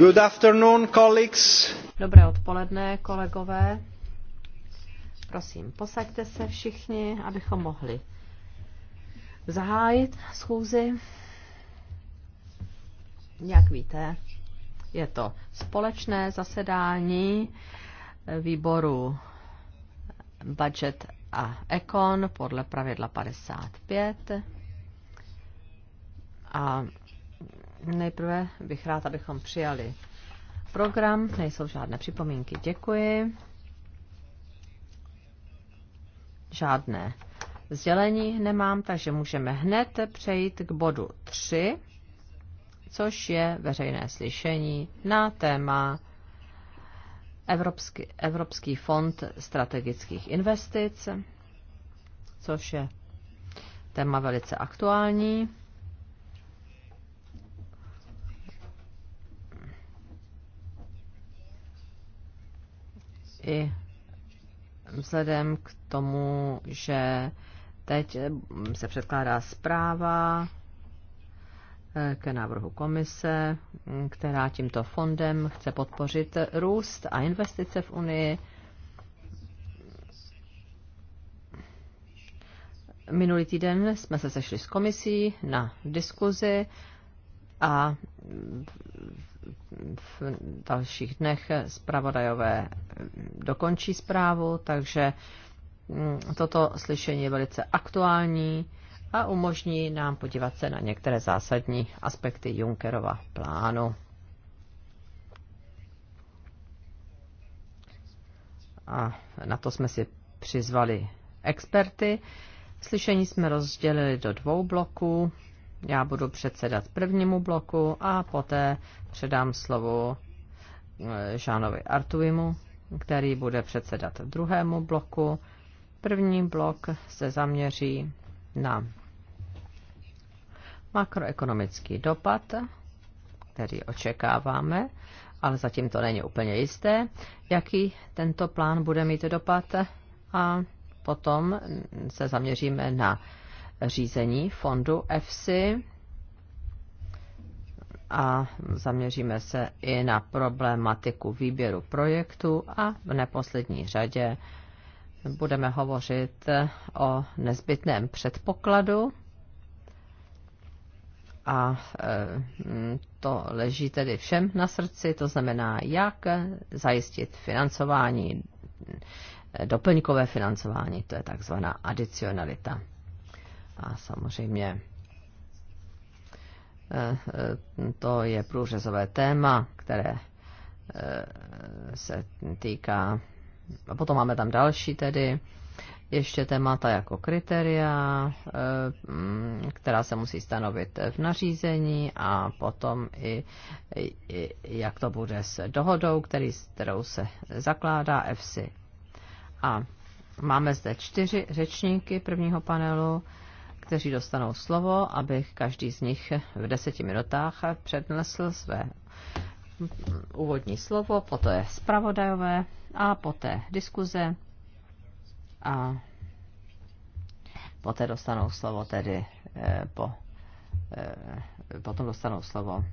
Good afternoon, colleagues. Dobré odpoledne, kolegové. Prosím, posaďte se všichni, abychom mohli zahájit schůzi. Jak víte, je to společné zasedání výboru budget a ekon podle pravidla 55. A Nejprve bych rád, abychom přijali program. Nejsou žádné připomínky. Děkuji. Žádné sdělení nemám, takže můžeme hned přejít k bodu 3, což je veřejné slyšení na téma Evropský, Evropský fond strategických investic, což je téma velice aktuální i vzhledem k tomu, že teď se předkládá zpráva eh, ke návrhu komise, mm, která tímto fondem chce podpořit růst a investice v Unii. Minulý týden jsme se sešli s komisí na diskuzi a v dalších dnech zpravodajové dokončí zprávu, takže mm, toto slyšení je velice aktuální a umožní nám podívat se na některé zásadní aspekty Junckerova plánu. A na to jsme si přizvali experty. Slyšení jsme rozdělili do dvou bloků. Já budu předsedat prvnímu bloku a poté předám slovo eh, Žánovi Artuimu, který bude předsedat druhému bloku. První blok se zaměří na makroekonomický dopad, který očekáváme, ale zatím to není úplně jisté, jaký tento plán bude mít dopad a potom se zaměříme na řízení fondu EFSI a zaměříme se i na problematiku výběru projektu a v neposlední řadě budeme hovořit o nezbytném předpokladu a eh, to leží tedy všem na srdci, to znamená, jak zajistit financování, doplňkové financování, to je takzvaná adicionalita. A samozřejmě eh, eh, to je průřezové téma, které eh, se týká. A potom máme tam další tedy ještě témata jako kritéria, mm, která se musí stanovit v nařízení a potom i, i jak to bude s dohodou, který, kterou se zakládá EFSI. A máme zde čtyři řečníky prvního panelu kteří dostanou slovo, aby každý z nich v deseti minutách přednesl své úvodní slovo, poté zpravodajové a poté diskuze a poté dostanou slovo tedy eh, po, eh, potom dostanou slovo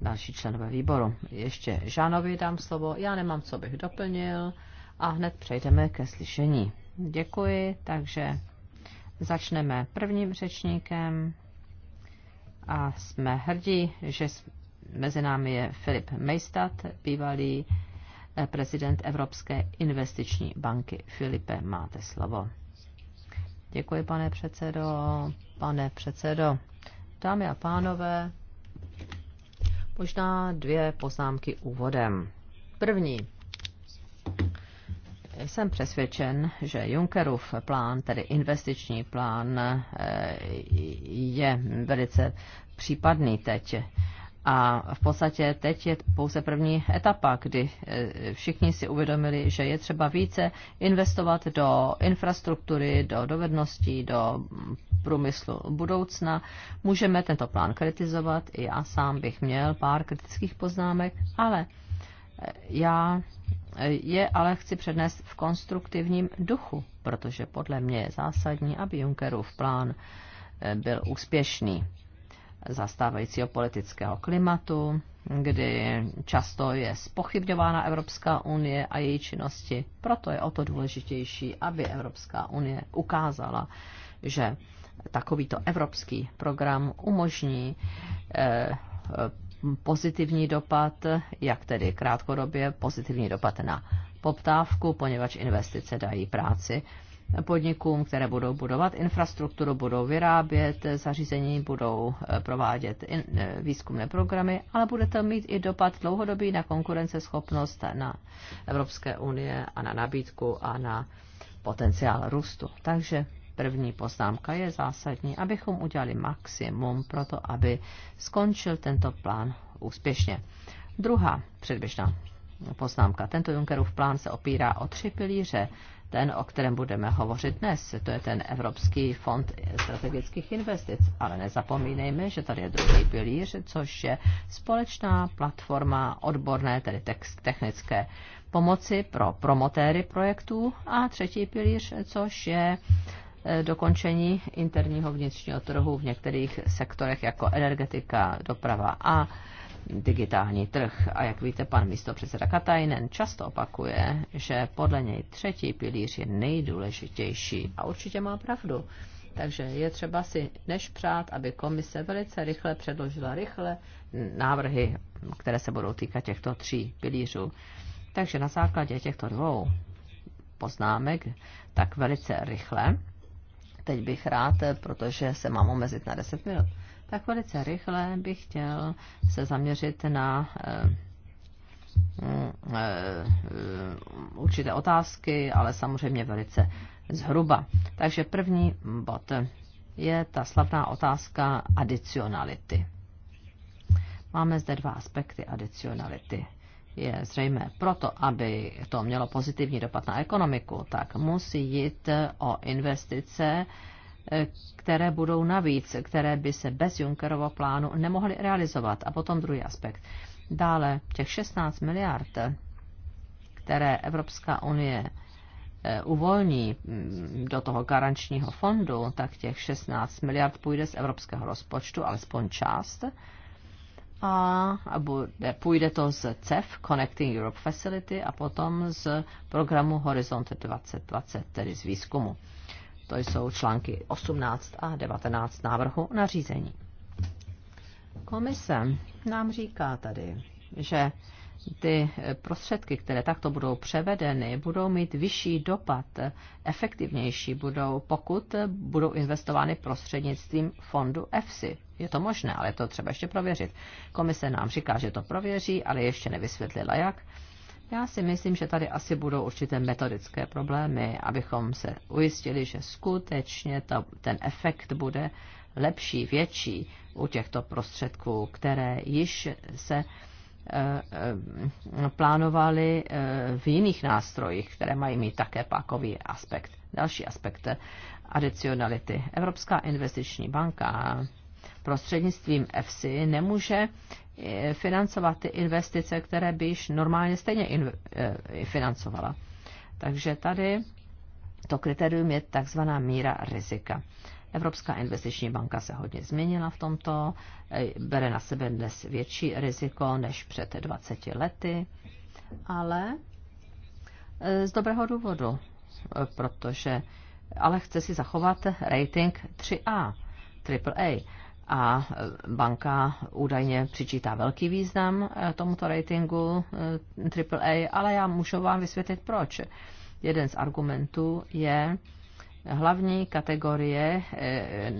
další členové výboru. Ještě Žánovi dám slovo, já nemám, co bych doplnil a hned přejdeme ke slyšení. Děkuji, takže Začneme prvním řečníkem a jsme hrdí, že mezi námi je Filip Mejstad, bývalý eh, prezident Evropské investiční banky. Filipe, máte slovo. Děkuji, pane předsedo. Pane předsedo, dámy a pánové, možná dvě poznámky úvodem. První. Jsem přesvědčen, že Junckerův plán, tedy investiční plán, eh, je velice případný teď. A v podstatě teď je pouze první etapa, kdy eh, všichni si uvědomili, že je třeba více investovat do infrastruktury, do dovedností, do průmyslu budoucna. Můžeme tento plán kritizovat, i já sám bych měl pár kritických poznámek, ale já eh, je ale chci přednést v konstruktivním duchu, protože podle mě je zásadní, aby Junckerův plán eh, byl úspěšný zastávajícího politického klimatu, kdy často je spochybňována Evropská unie a její činnosti. Proto je o to důležitější, aby Evropská unie ukázala, že takovýto evropský program umožní eh, pozitivní dopad, jak tedy krátkodobě pozitivní dopad na poptávku, poněvadž investice dají práci podnikům, které budou budovat infrastrukturu, budou vyrábět zařízení, budou eh, provádět in, eh, výzkumné programy, ale bude to mít i dopad dlouhodobý na konkurenceschopnost na Evropské unie a na nabídku a na potenciál růstu. Takže první poznámka je zásadní, abychom udělali maximum pro to, aby skončil tento plán úspěšně. Druhá předběžná poznámka. Tento Junckerův plán se opírá o tři pilíře. Ten, o kterém budeme hovořit dnes, to je ten Evropský fond strategických investic. Ale nezapomínejme, že tady je druhý pilíř, což je společná platforma odborné, tedy technické pomoci pro promotéry projektů. A třetí pilíř, což je Eh, dokončení interního vnitřního trhu v některých sektorech jako energetika, doprava a digitální trh. A jak víte, pan místo předseda Katajnen často opakuje, že podle něj třetí pilíř je nejdůležitější a určitě má pravdu. Takže je třeba si než přát, aby komise velice rychle předložila rychle návrhy, které se budou týkat těchto tří pilířů. Takže na základě těchto dvou poznámek, tak velice rychle teď bych rád, protože se mám omezit na 10 minut, tak velice rychle bych chtěl se zaměřit na eh, eh, eh, určité otázky, ale samozřejmě velice zhruba. Takže první bod je ta slavná otázka adicionality. Máme zde dva aspekty adicionality je zřejmé. Proto, aby to mělo pozitivní dopad na ekonomiku, tak musí jít o investice, které budou navíc, které by se bez Junckerova plánu nemohly realizovat. A potom druhý aspekt. Dále těch 16 miliard, které Evropská unie eh, uvolní mm, do toho garančního fondu, tak těch 16 miliard půjde z evropského rozpočtu, alespoň část, a, a bude, půjde to z CEF, Connecting Europe Facility, a potom z programu Horizont 2020, tedy z výzkumu. To jsou články 18 a 19 návrhu na řízení. Komise nám říká tady, že ty eh, prostředky, které takto budou převedeny, budou mít vyšší dopad, efektivnější budou, pokud eh, budou investovány prostřednictvím fondu EFSI. Je to možné, ale to třeba ještě prověřit. Komise nám říká, že to prověří, ale ještě nevysvětlila jak. Já si myslím, že tady asi budou určité metodické problémy, abychom se ujistili, že skutečně to, ten efekt bude lepší, větší u těchto prostředků, které již se Eh, eh, plánovali eh, v jiných nástrojích, které mají mít také pákový aspekt. Další aspekt adicionality. Evropská investiční banka prostřednictvím EFSI nemůže financovat ty investice, které by již normálně stejně financovala. Takže tady to kritérium je takzvaná míra rizika. Evropská investiční banka se hodně změnila v tomto, eh, bere na sebe dnes větší riziko než před 20 lety, ale eh, z dobrého důvodu, eh, protože ale chce si zachovat rating 3A, AAA a banka údajně přičítá velký význam tomuto ratingu AAA, ale já můžu vám vysvětlit proč. Jeden z argumentů je, hlavní kategorie eh,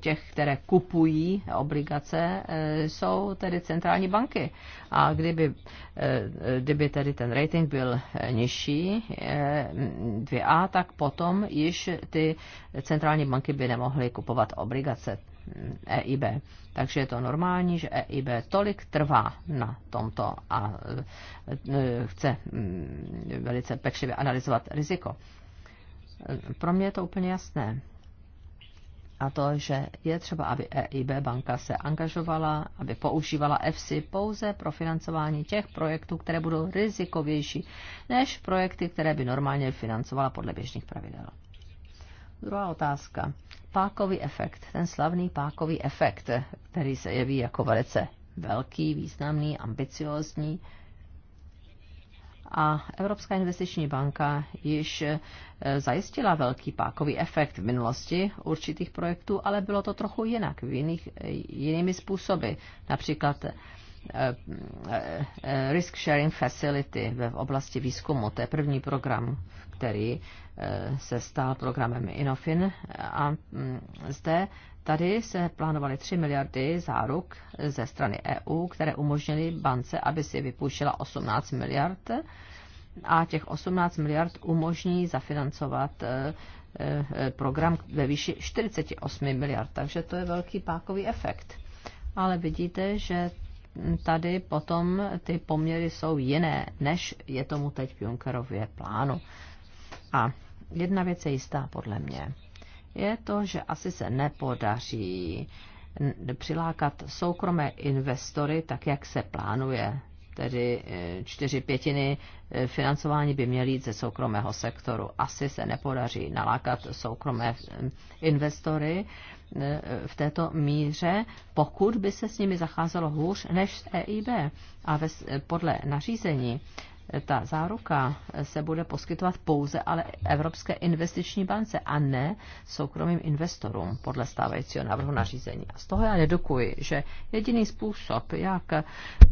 těch, které kupují obligace, eh, jsou tedy centrální banky. A kdyby, eh, kdyby tedy ten rating byl nižší, 2A, tak potom již ty centrální banky by nemohly kupovat obligace hm, EIB. Takže je to normální, že EIB tolik trvá na tomto a chce hm, velice pečlivě analyzovat riziko. Pro mě je to úplně jasné. A to, že je třeba, aby EIB banka se angažovala, aby používala EFSI pouze pro financování těch projektů, které budou rizikovější než projekty, které by normálně financovala podle běžných pravidel. Druhá otázka. Pákový efekt, ten slavný pákový efekt, který se jeví jako velice velký, významný, ambiciózní, a Evropská investiční banka již eh, zajistila velký pákový efekt v minulosti určitých projektů, ale bylo to trochu jinak, v jiných, eh, jinými způsoby. Například eh, Risk Sharing Facility v oblasti výzkumu. To je první program, který se stal programem Inofin a mm, zde Tady se plánovaly 3 miliardy záruk ze strany EU, které umožnily bance, aby si vypůjčila 18 miliard a těch 18 miliard umožní zafinancovat eh, eh, program ve výši 48 miliard. Takže to je velký pákový efekt. Ale vidíte, že tady potom ty poměry jsou jiné, než je tomu teď v Junckerově plánu. A jedna věc je jistá podle mě je to, že asi se nepodaří přilákat soukromé investory tak, jak se plánuje. Tedy e, čtyři pětiny e, financování by měly jít ze soukromého sektoru. Asi se nepodaří nalákat soukromé e, investory v této míře, pokud by se s nimi zacházelo hůř než EIB. A podle nařízení ta záruka se bude poskytovat pouze ale Evropské investiční bance a ne soukromým investorům podle stávajícího návrhu nařízení. A z toho já nedokuji, že jediný způsob, jak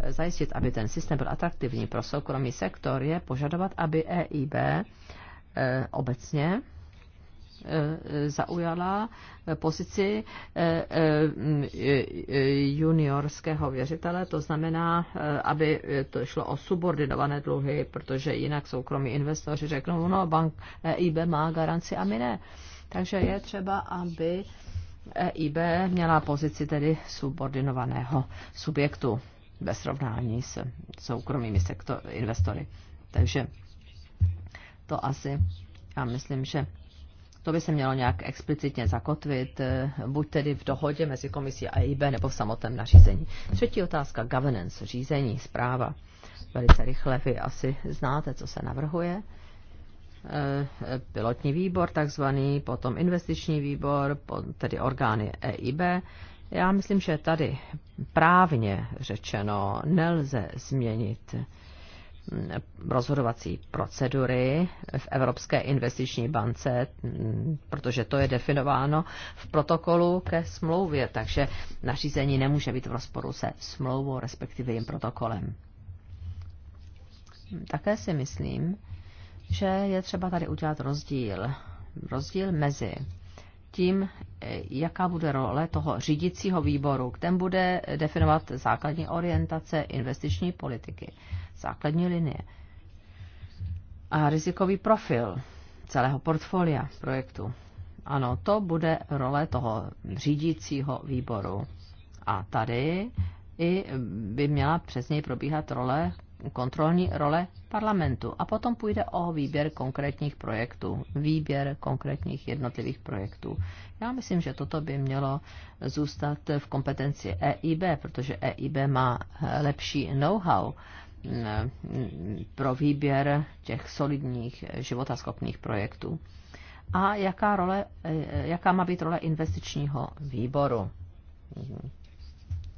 zajistit, aby ten systém byl atraktivní pro soukromý sektor, je požadovat, aby EIB eh, obecně Eh, zaujala eh, pozici eh, mm, juniorského věřitele, to znamená, aby to šlo o subordinované dluhy, protože jinak soukromí investoři řeknou, no bank EIB má garanci a my ne. Takže je třeba, aby EIB měla pozici tedy subordinovaného subjektu ve srovnání s soukromými sektor, investory. Takže to asi, já myslím, že to by se mělo nějak explicitně zakotvit, eh, buď tedy v dohodě mezi komisí a EIB nebo v samotném nařízení. Třetí otázka, governance, řízení, zpráva. Velice rychle vy asi znáte, co se navrhuje. Eh, eh, pilotní výbor takzvaný, potom investiční výbor, tedy orgány EIB. Já myslím, že tady právně řečeno nelze změnit rozhodovací procedury v Evropské investiční bance, protože to je definováno v protokolu ke smlouvě, takže nařízení nemůže být v rozporu se smlouvou, respektive jim protokolem. Také si myslím, že je třeba tady udělat rozdíl. Rozdíl mezi tím, jaká bude role toho řídicího výboru. Ten bude definovat základní orientace investiční politiky základní linie a rizikový profil celého portfolia projektu. Ano, to bude role toho řídícího výboru. A tady i by měla přes něj probíhat role, kontrolní role parlamentu. A potom půjde o výběr konkrétních projektů, výběr konkrétních jednotlivých projektů. Já myslím, že toto by mělo zůstat v kompetenci EIB, protože EIB má lepší know-how pro výběr těch solidních životaschopných projektů. A jaká, role, jaká má být role investičního výboru?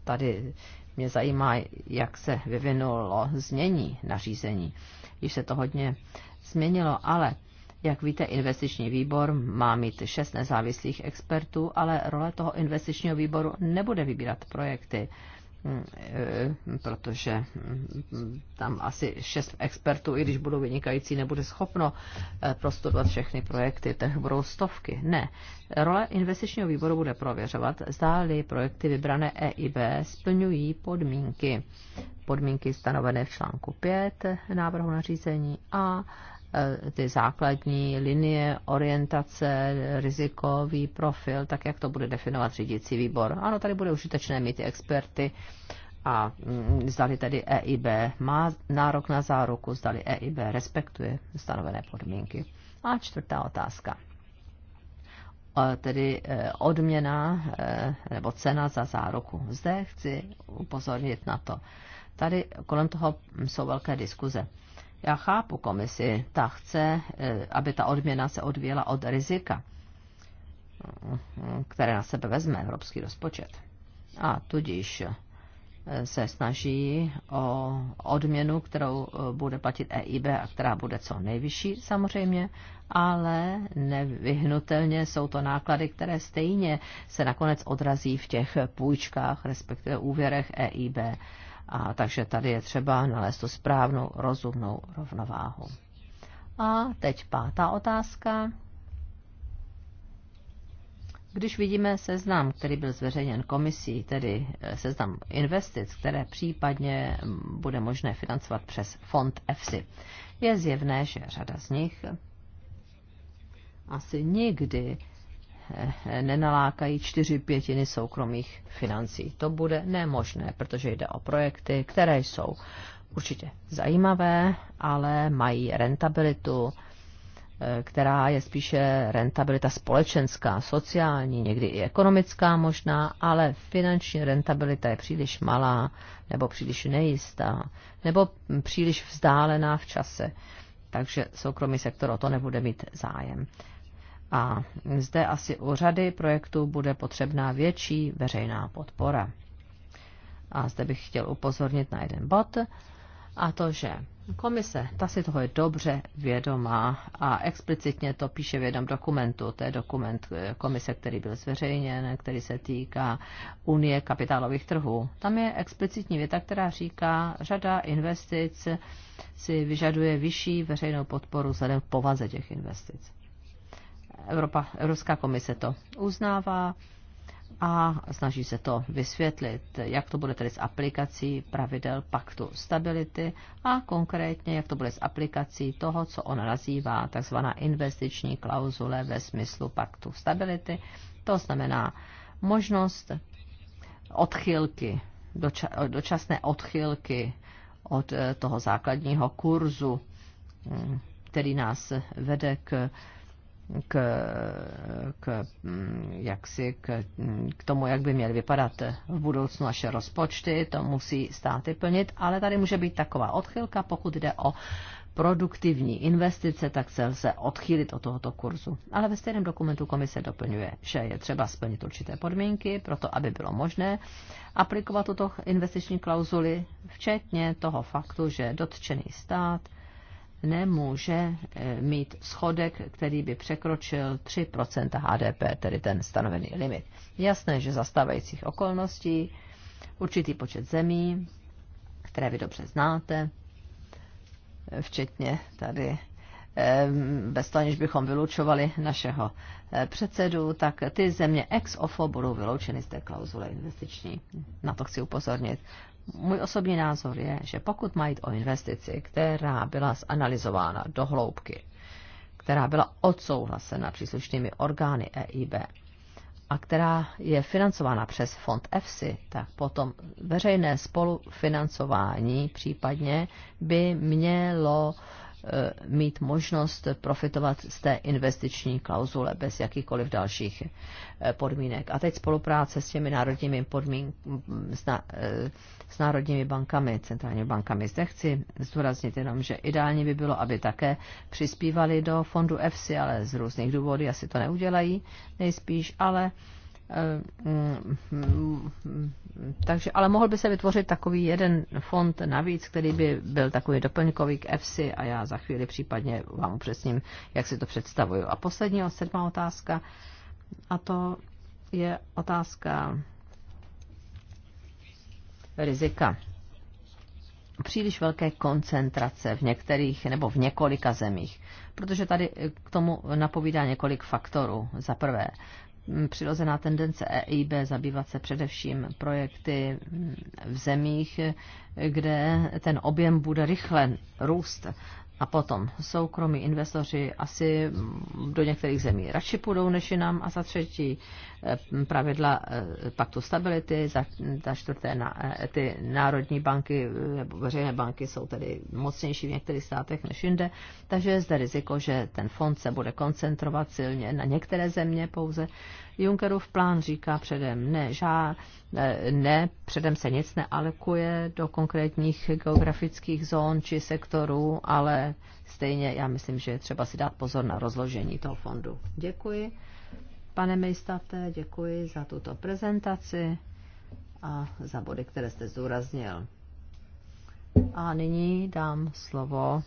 Tady mě zajímá, jak se vyvinulo změní nařízení. Již se to hodně změnilo, ale jak víte, investiční výbor má mít šest nezávislých expertů, ale role toho investičního výboru nebude vybírat projekty. Mm, e, protože mm, tam asi šest expertů, i když budou vynikající, nebude schopno e, prostudovat všechny projekty, tak budou stovky. Ne. Role investičního výboru bude prověřovat, zdáli projekty vybrané EIB splňují podmínky. Podmínky stanovené v článku 5 návrhu nařízení a Eh, ty základní linie, orientace, rizikový profil, tak jak to bude definovat řídící výbor. Ano, tady bude užitečné mít ty experty a mm, zdali tedy EIB má nárok na záruku, zdali EIB respektuje stanovené podmínky. A čtvrtá otázka. Eh, tedy eh, odměna nebo cena za záruku. Zde chci upozornit na to. Tady kolem toho jsou velké diskuze já chápu komisi, ta chce, eh, aby ta odměna se odvíjela od rizika, eh, které na sebe vezme evropský rozpočet. A tudíž eh, se snaží o odměnu, kterou bude platit EIB a která bude co nejvyšší samozřejmě, ale nevyhnutelně jsou to náklady, které stejně se nakonec odrazí v těch půjčkách, respektive úvěrech EIB. A takže tady je třeba nalézt tu správnou, rozumnou rovnováhu. A teď pátá otázka. Když vidíme seznam, který byl zveřejněn komisí, tedy eh, seznam investic, které případně mm, bude možné financovat přes fond EFSI, je zjevné, že řada z nich asi nikdy nenalákají čtyři pětiny soukromých financí. To bude nemožné, protože jde o projekty, které jsou určitě zajímavé, ale mají rentabilitu, eh, která je spíše rentabilita společenská, sociální, někdy i ekonomická možná, ale finanční rentabilita je příliš malá, nebo příliš nejistá, nebo příliš vzdálená v čase. Takže soukromý sektor o to nebude mít zájem. A zde asi u řady projektů bude potřebná větší veřejná podpora. A zde bych chtěl upozornit na jeden bod, a to, že komise, ta si toho je dobře vědomá a explicitně to píše v jednom dokumentu. To je dokument eh, komise, který byl zveřejněn, který se týká Unie kapitálových trhů. Tam je explicitní věta, která říká, řada investic si vyžaduje vyšší veřejnou podporu vzhledem k povaze těch investic. Evropa, Evropská komise to uznává a snaží se to vysvětlit, jak to bude tedy s aplikací pravidel paktu stability a konkrétně, jak to bude s aplikací toho, co on nazývá tzv. investiční klauzule ve smyslu paktu stability. To znamená možnost odchylky, doča, dočasné odchylky od eh, toho základního kurzu, mm, který nás vede k k, k, si k, k tomu, jak by měly vypadat v budoucnu naše rozpočty, to musí státy plnit, ale tady může být taková odchylka, pokud jde o produktivní investice, tak se lze odchýlit od tohoto kurzu. Ale ve stejném dokumentu komise doplňuje, že je třeba splnit určité podmínky pro to, aby bylo možné aplikovat tuto investiční klauzuli, včetně toho faktu, že dotčený stát – nemůže eh, mít schodek, který by překročil 3 HDP, tedy ten stanovený limit. Jasné, že za stávajících okolností určitý počet zemí, které vy dobře znáte, včetně tady bez toho, aniž bychom vylučovali našeho eh, předsedu, tak ty země ex ofo budou vyloučeny z té klauzule investiční. Na to chci upozornit. Můj osobní názor je, že pokud mají o investici, která byla zanalizována do hloubky, která byla odsouhlasena příslušnými orgány EIB a která je financována přes fond EFSI, tak potom veřejné spolufinancování případně by mělo uh, Eh, mít možnost profitovat z té investiční klauzule bez jakýchkoliv dalších eh, podmínek. A teď spolupráce s těmi národními podmínk, s, na, eh, s národními bankami, centrálními bankami. Zde chci zdůraznit jenom, že ideálně by bylo, aby také přispívali do fondu EFSI, ale z různých důvodů asi to neudělají nejspíš, ale takže, ale mohl by se vytvořit takový jeden fond navíc, který by byl takový doplňkový k EFSI a já za chvíli případně vám upřesním, jak si to představuju. A poslední sedmá otázka a to je otázka rizika. Příliš velké koncentrace v některých nebo v několika zemích, protože tady k tomu napovídá několik faktorů. Za prvé, přirozená tendence EIB zabývat se především projekty v zemích, kde ten objem bude rychle růst. A potom soukromí investoři asi do některých zemí radši půjdou než jinam. A za třetí eh, pravidla eh, paktu stability, za, za čtvrté na, eh, ty národní banky nebo veřejné banky jsou tedy mocnější v některých státech než jinde. Takže je zde riziko, že ten fond se bude koncentrovat silně na některé země pouze, Junckerův plán říká předem ne, žá, ne, předem se nic nealekuje do konkrétních geografických zón či sektorů, ale stejně já myslím, že je třeba si dát pozor na rozložení toho fondu. Děkuji. Pane Mejstate, děkuji za tuto prezentaci a za body, které jste zdůraznil. A nyní dám slovo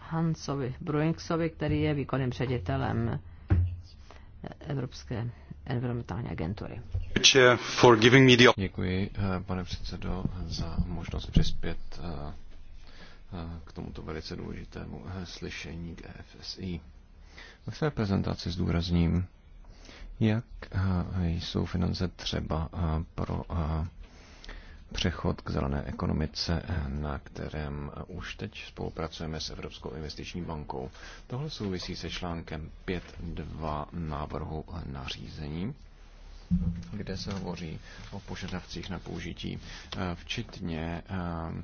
Hansovi Bruinksovi, který je výkonným ředitelem Evropské environmentální agentury. Děkuji, eh, pane předsedo, za možnost přispět eh, eh, k tomuto velice důležitému slyšení k FSI. Ve své prezentaci zdůrazním, jak jsou finance třeba pro přechod k zelené ekonomice, eh, na kterém už teď spolupracujeme s Evropskou investiční bankou. Tohle souvisí se článkem 5.2 návrhu nařízení kde se hovoří o požadavcích na použití, eh, včetně eh,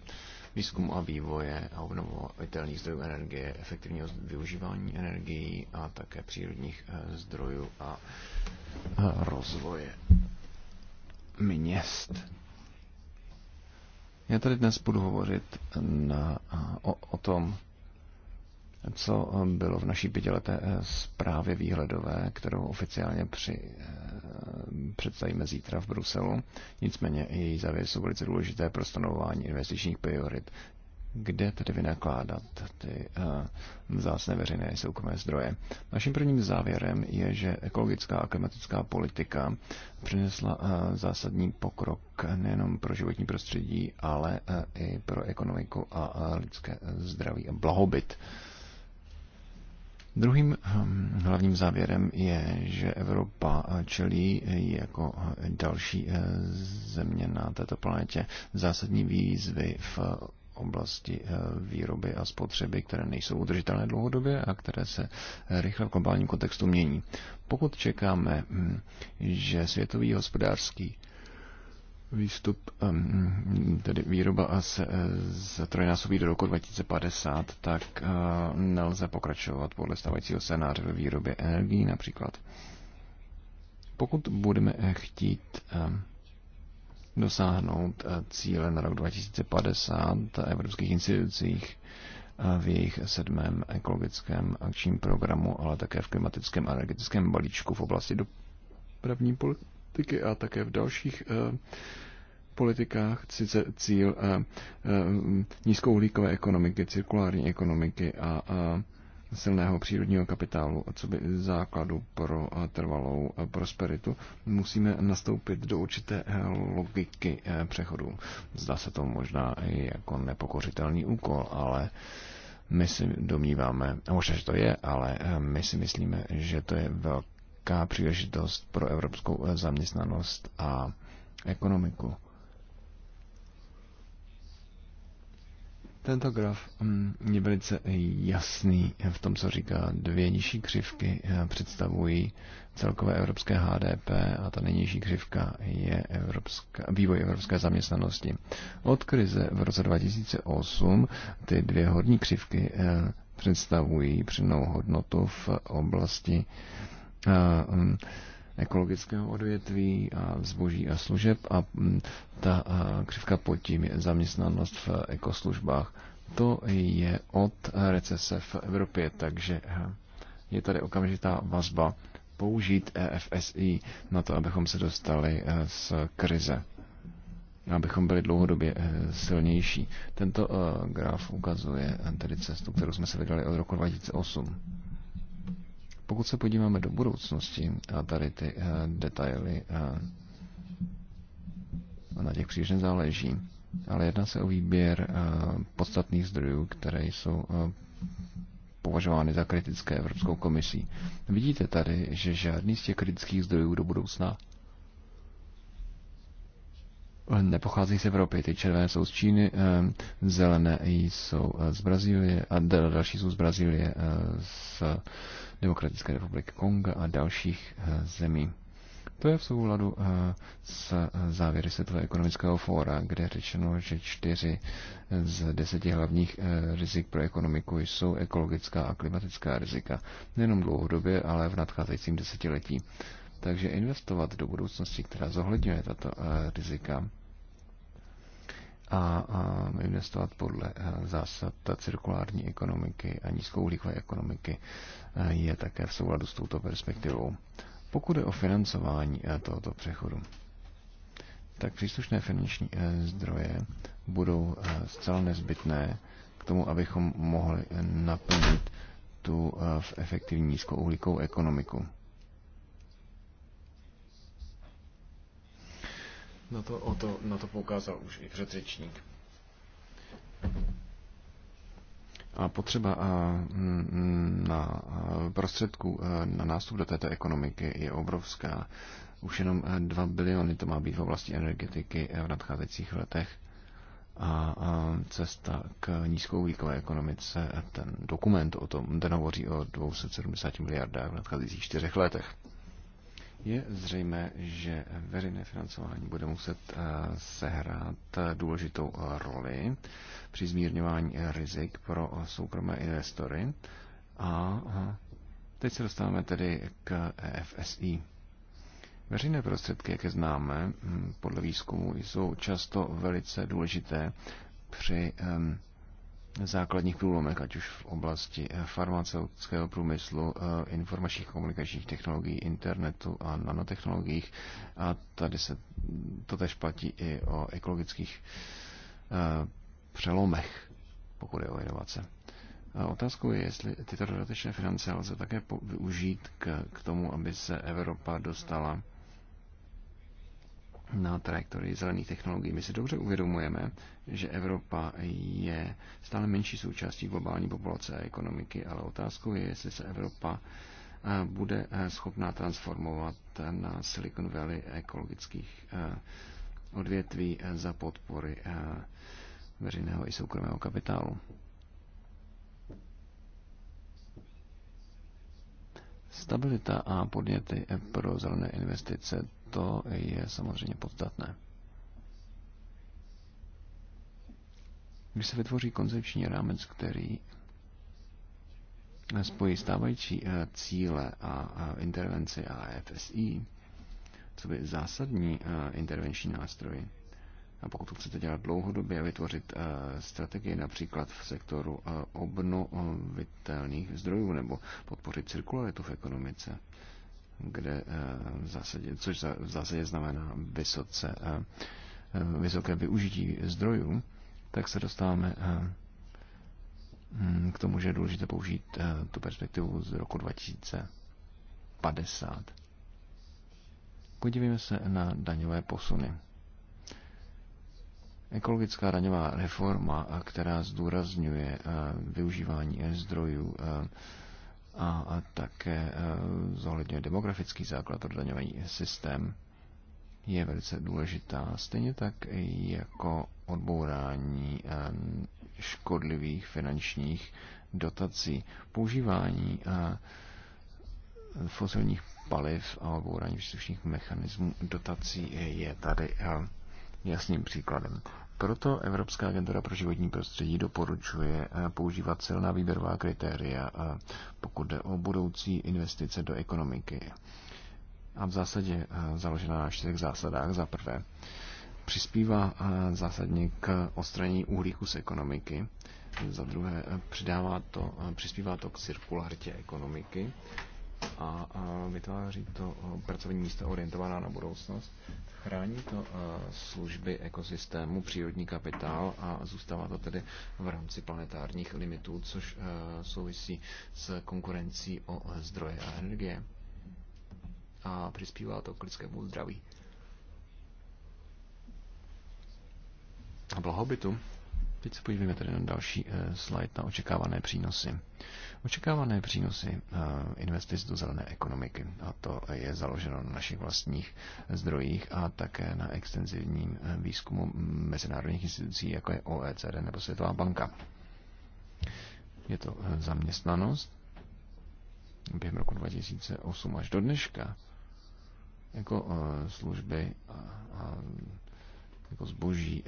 výzkumu a vývoje a obnovitelných zdrojů energie, efektivního využívání energií a také přírodních zdrojů a rozvoje měst. Já tady dnes budu hovořit na, o, o tom, co bylo v naší pětileté eh, zprávě výhledové, kterou oficiálně při, eh, představíme zítra v Bruselu. Nicméně její závěry jsou velice důležité pro stanovování investičních priorit kde tedy vynakládat ty eh, vzácné veřejné soukromé zdroje. Naším prvním závěrem je, že ekologická a klimatická politika přinesla eh, zásadní pokrok nejenom pro životní prostředí, ale eh, i pro ekonomiku a lidské zdraví a blahobyt. Druhým hm, hlavním závěrem je, že Evropa čelí jako další země na této planetě zásadní výzvy v oblasti eh, výroby a spotřeby, které nejsou udržitelné dlouhodobě a které se eh, rychle v globálním kontextu mění. Pokud čekáme, hm, že světový hospodářský výstup, hm, hm, tedy výroba se zatrojnásobí eh, do roku 2050, tak nelze pokračovat podle stávajícího scénáře ve výrobě energií například. Pokud budeme chtít dosáhnout eh, cíle na rok 2050 evropských institucích eh, v jejich sedmém ekologickém akčním programu, ale také v klimatickém a energetickém balíčku v oblasti dopravní politiky a také v dalších eh, politikách, sice cíl nízkouhlíkové ekonomiky, cirkulární ekonomiky a, a silného přírodního kapitálu, co by základu pro eh, trvalou eh, prosperitu, musíme nastoupit do určité eh, logiky přechodu. Zdá se to možná i jako nepokořitelný úkol, ale my si domníváme, a možná, že to je, ale my si myslíme, že to je velká příležitost pro evropskou zaměstnanost a ekonomiku. Tento graf mm, je velice jasný v tom, co říká. Dvě nižší křivky eh, představují celkové evropské HDP a ta nejnižší křivka je evropská, vývoj evropské zaměstnanosti. Od krize v roce 2008 ty dvě horní křivky eh, představují přednou hodnotu v oblasti eh, mm, ekologického odvětví a zboží a služeb a mm, ta křivka pod tím je zaměstnanost v ekoslužbách. To je od recese v Evropě, takže eh, je tady okamžitá vazba použít EFSI na to, abychom se dostali eh, z krize abychom byli dlouhodobě eh, silnější. Tento graf ukazuje tedy cestu, kterou jsme se vydali od roku 2008. Pokud se podíváme do budoucnosti a tady ty eh, detaily eh, na těch příliš záleží, ale jedná se o výběr eh, podstatných zdrojů, které jsou považovány za kritické Evropskou komisí. Vidíte tady, že žádný z těch kritických zdrojů do budoucna nepochází z Evropy. Ty červené jsou z Číny, zelené jsou z Brazílie a další jsou z Brazílie, z Demokratické republiky Konga a dalších eh, zemí. To je v souladu eh, s eh, závěry Světového ekonomického fóra, kde je řečeno, že čtyři z deseti hlavních rizik pro ekonomiku jsou ekologická a klimatická rizika. Nejenom dlouhodobě, ale v nadcházejícím desetiletí. Takže investovat do budoucnosti, která zohledňuje tato rizika, a, a investovat podle eh, zásad cirkulární ekonomiky a nízkouhlíkové ekonomiky eh, je také v souladu s touto perspektivou. Pokud je o financování eh, tohoto přechodu, tak příslušné finanční zdroje budou zcela nezbytné k tomu, abychom mohli naplnit tu v efektivní nízkouhlíkovou ekonomiku. Na to, o to, na to poukázal už i předřečník. A potřeba mm, na prostředku na nástup do této ekonomiky je obrovská. Už jenom 2 biliony to má být v oblasti energetiky e, v nadcházejících letech. A cesta k nízkouhlíkové ekonomice, ten dokument o tom, ten hovoří o 270 miliardách v nadcházejících čtyřech letech je zřejmé, že veřejné financování bude muset eh, sehrát eh, důležitou eh, roli při zmírňování rizik pro soukromé investory. A teď se dostáváme tedy k FSI. Veřejné prostředky, jak je známe, hm, podle výzkumu jsou často velice důležité při um, základních průlomek, ať už v oblasti eh, farmaceutického průmyslu, eh, informačních komunikačních technologií, internetu a nanotechnologiích. A tady se to tež platí i o ekologických eh, přelomech, pokud je o inovace. A otázkou je, jestli tyto dodatečné finance lze také využít k, k tomu, aby se Evropa dostala na trajektorii zelených technologií. My si dobře uvědomujeme, že Evropa je stále menší součástí globální populace a ekonomiky, ale otázkou je, jestli se Evropa eh, bude eh, schopná transformovat na Silicon Valley ekologických eh, odvětví za podpory veřejného i soukromého kapitálu. Stabilita a podněty pro zelené investice, to je samozřejmě podstatné. Když se vytvoří koncepční rámec, který spojí stávající eh, cíle a intervenci a FSI, co by zásadní eh, intervenční nástroj, a pokud to chcete dělat dlouhodobě a vytvořit eh, strategii například v sektoru eh, obnovitelných zdrojů nebo podpořit cirkularitu v ekonomice, kde eh, v zásadě, což v zásadě znamená vysoce, vysoké využití zdrojů, tak se dostáváme mm, k tomu, že je důležité použít tu perspektivu z roku 2050. Podívejme se na daňové posuny. Ekologická daňová reforma, která zdůrazňuje eh, využívání zdrojů eh, a také eh, zohledňuje demografický základ pro daňový systém, je velice důležitá. Stejně tak jako odbourání škodlivých finančních dotací, používání fosilních paliv a odbourání příslušných mechanismů dotací je tady jasným příkladem. Proto Evropská agentura pro životní prostředí doporučuje eh, používat silná výběrová kritéria, eh, pokud jde o budoucí investice do ekonomiky. A v zásadě eh, založená na čtyřech zásadách. Za prvé, přispívá zásadně k odstranění uhlíku z ekonomiky. Za druhé, přidává to, přispívá to k cirkularitě ekonomiky a vytváří to pracovní místa orientovaná na budoucnost. Chrání to eh, služby ekosystému, přírodní kapitál a zůstává to tedy v rámci planetárních limitů, což eh, souvisí s konkurencí o eh, zdroje a energie. A přispívá to k lidskému zdraví. A blahobytu. Teď se podívejme tedy na další slide na očekávané přínosy. Očekávané přínosy eh, investic do zelené ekonomiky, a to je založeno na našich vlastních zdrojích a také na extenzivním eh, výzkumu mezinárodních institucí, jako je OECD nebo Světová banka. Je to eh, zaměstnanost během roku 2008 až do dneška jako služby a, a jako zboží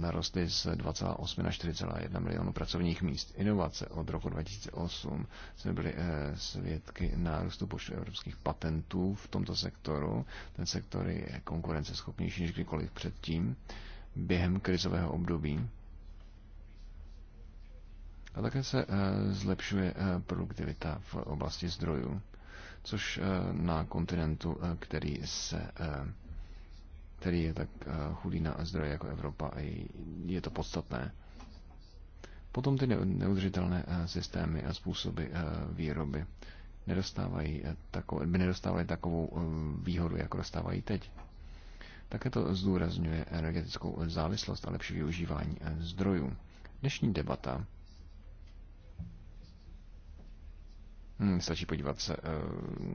narostly z 2,8 na 4,1 milionu pracovních míst. Inovace od roku 2008 jsme byli eh, svědky nárůstu počtu evropských patentů v tomto sektoru. Ten sektor je konkurenceschopnější než kdykoliv předtím během krizového období. A také se eh, zlepšuje eh, produktivita v oblasti zdrojů, což na kontinentu, který se který je tak eh, chudý na zdroje jako Evropa a je to podstatné. Potom ty neudržitelné eh, systémy a způsoby eh, výroby nedostávají takovou, by nedostávají takovou výhodu, jako dostávají teď. Také to zdůrazňuje energetickou závislost a lepší využívání zdrojů. Dnešní debata Hmm, stačí podívat se eh,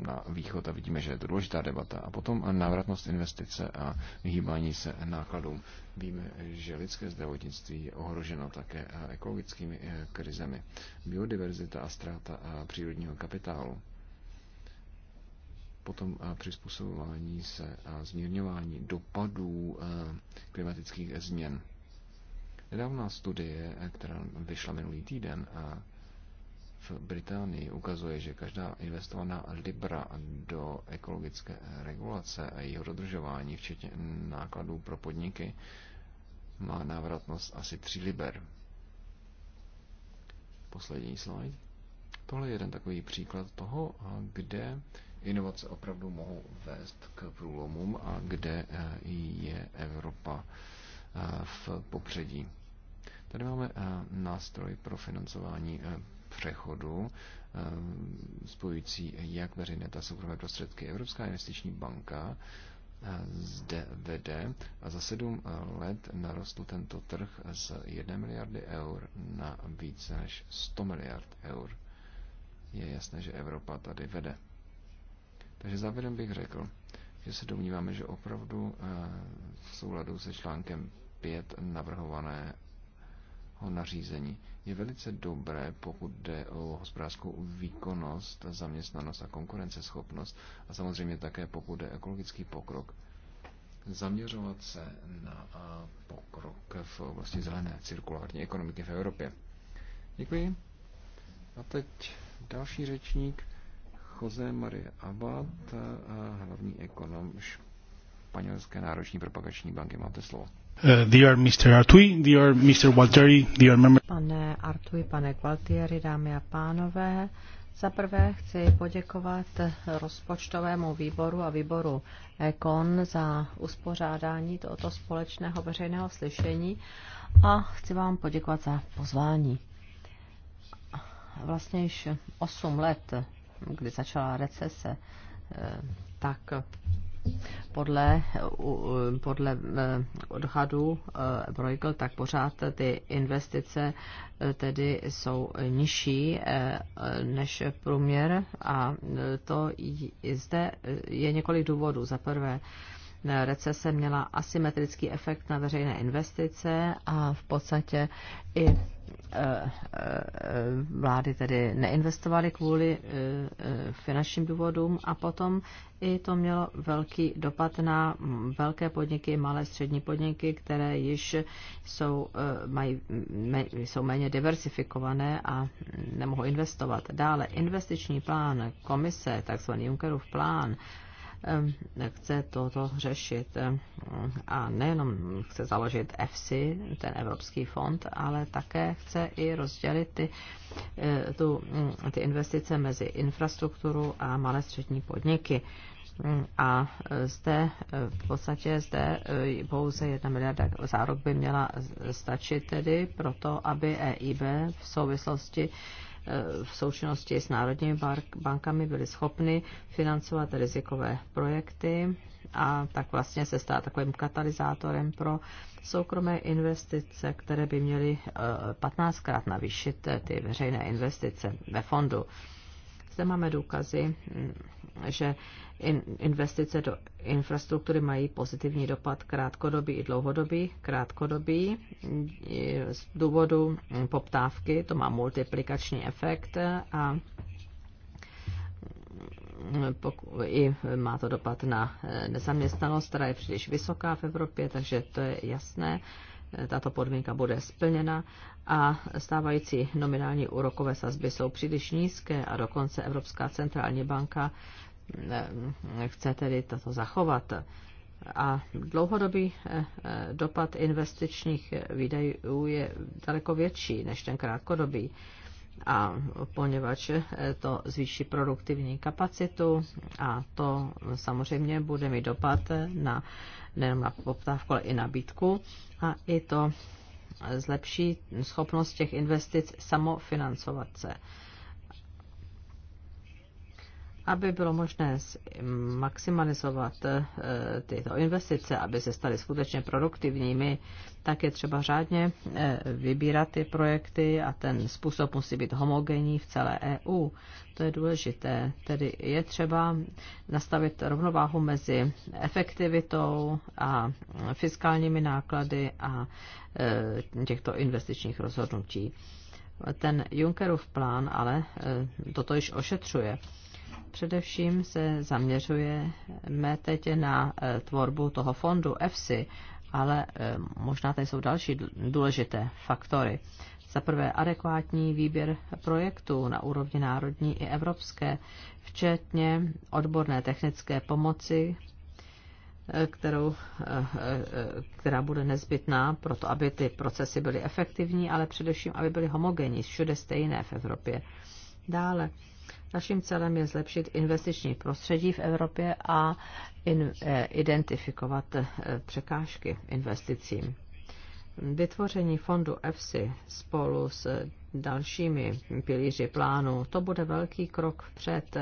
na východ a vidíme, že je to důležitá debata. A potom návratnost investice a vyhýbání se nákladům. Víme, že lidské zdravotnictví je ohroženo také eh, ekologickými eh, krizemi. Biodiverzita a ztráta přírodního kapitálu. Potom přizpůsobování se a zmírňování dopadů klimatických změn. Nedávná studie, která vyšla minulý týden, a v Británii ukazuje, že každá investovaná libra do ekologické regulace a jejího dodržování, včetně nákladů pro podniky, má návratnost asi 3 liber. Poslední slide. Tohle je jeden takový příklad toho, kde inovace opravdu mohou vést k průlomům a kde e, je Evropa e, v popředí. Tady máme e, nástroj pro financování přechodu eh, spojující jak veřejné, tak soukromé prostředky. Evropská investiční banka eh, zde vede a za sedm eh, let narostl tento trh z 1 miliardy eur na více než 100 miliard eur. Je jasné, že Evropa tady vede. Takže závěrem bych řekl, že se domníváme, že opravdu v souladu se článkem 5 navrhovaného nařízení je velice dobré, pokud jde o hospodářskou výkonnost, zaměstnanost a konkurenceschopnost a samozřejmě také pokud jde ekologický pokrok, zaměřovat se na pokrok v oblasti zelené cirkulární ekonomiky v Evropě. Děkuji. A teď další řečník, Jose Marie Abad, hlavní ekonom Španělské národní propagační banky. Máte slovo. Eh, dear Mr. Artui, dear Mr. Walteri, dear member. Pane Artui, pane Gualtieri, dámy a pánové, za prvé chci poděkovat rozpočtovému výboru a výboru Econ za uspořádání tohoto společného veřejného slyšení a chci vám poděkovat za pozvání. Vlastně již 8 let, kdy začala recese, eh, tak podle, podle eh, odhadu eh, Bruegel, tak pořád ty investice eh, tedy jsou nižší než průměr a to zde je několik důvodů. Za prvé, recese měla asymetrický efekt na veřejné investice a v podstatě i Eh, eh, vlády tedy neinvestovaly kvůli eh, finančním důvodům a potom i to mělo velký dopad na velké podniky, malé střední podniky, které již jsou, mají, jsou méně diversifikované a nemohou investovat. Dále investiční plán komise, takzvaný Junckerův plán, Eh, chce toto řešit eh, a nejenom chce založit EFSI, ten Evropský fond, ale také chce i rozdělit ty, eh, tu, mm, ty investice mezi infrastrukturu a malé střední podniky. Mm, a zde v podstatě zde pouze jedna miliarda zárok by měla stačit tedy proto, aby EIB v souvislosti v součinnosti s národními bankami byly schopny financovat rizikové projekty a tak vlastně se stát takovým katalyzátorem pro soukromé investice, které by měly 15krát eh, navýšit eh, ty veřejné investice ve fondu. Zde máme důkazy, mm, že investice do infrastruktury mají pozitivní dopad krátkodobý i dlouhodobý. Krátkodobý z důvodu poptávky, to má multiplikační efekt a i má to dopad na e, nezaměstnanost, která je příliš vysoká v Evropě, takže to je jasné. E, tato podmínka bude splněna a stávající nominální úrokové sazby jsou příliš nízké a dokonce Evropská centrální banka chce tedy toto zachovat. A dlouhodobý eh, eh, dopad investičních výdajů je daleko větší než ten krátkodobý. A poněvadž eh, to zvýší produktivní kapacitu a to samozřejmě bude mít dopad na, nejen na poptávku, ale i nabídku a i to zlepší schopnost těch investic samofinancovat se aby bylo možné maximalizovat eh, tyto investice, aby se staly skutečně produktivními, tak je třeba řádně eh, vybírat ty projekty a ten způsob musí být homogenní v celé EU. To je důležité. Tedy je třeba nastavit rovnováhu mezi efektivitou a fiskálními náklady a eh, těchto investičních rozhodnutí. Ten Junckerův plán ale toto již ošetřuje Především se zaměřujeme teď na e, tvorbu toho fondu EFSI, ale e, možná tady jsou další důležité faktory. Za prvé adekvátní výběr projektů na úrovni národní i evropské, včetně odborné technické pomoci, e, kterou, která bude nezbytná pro to, aby ty procesy byly efektivní, ale především, aby byly homogenní, všude stejné v Evropě. Dále, naším celem je zlepšit investiční prostředí v Evropě a in, eh, identifikovat eh, překážky investicím. Vytvoření fondu EFSI spolu s eh, dalšími pilíři plánu, to bude velký krok před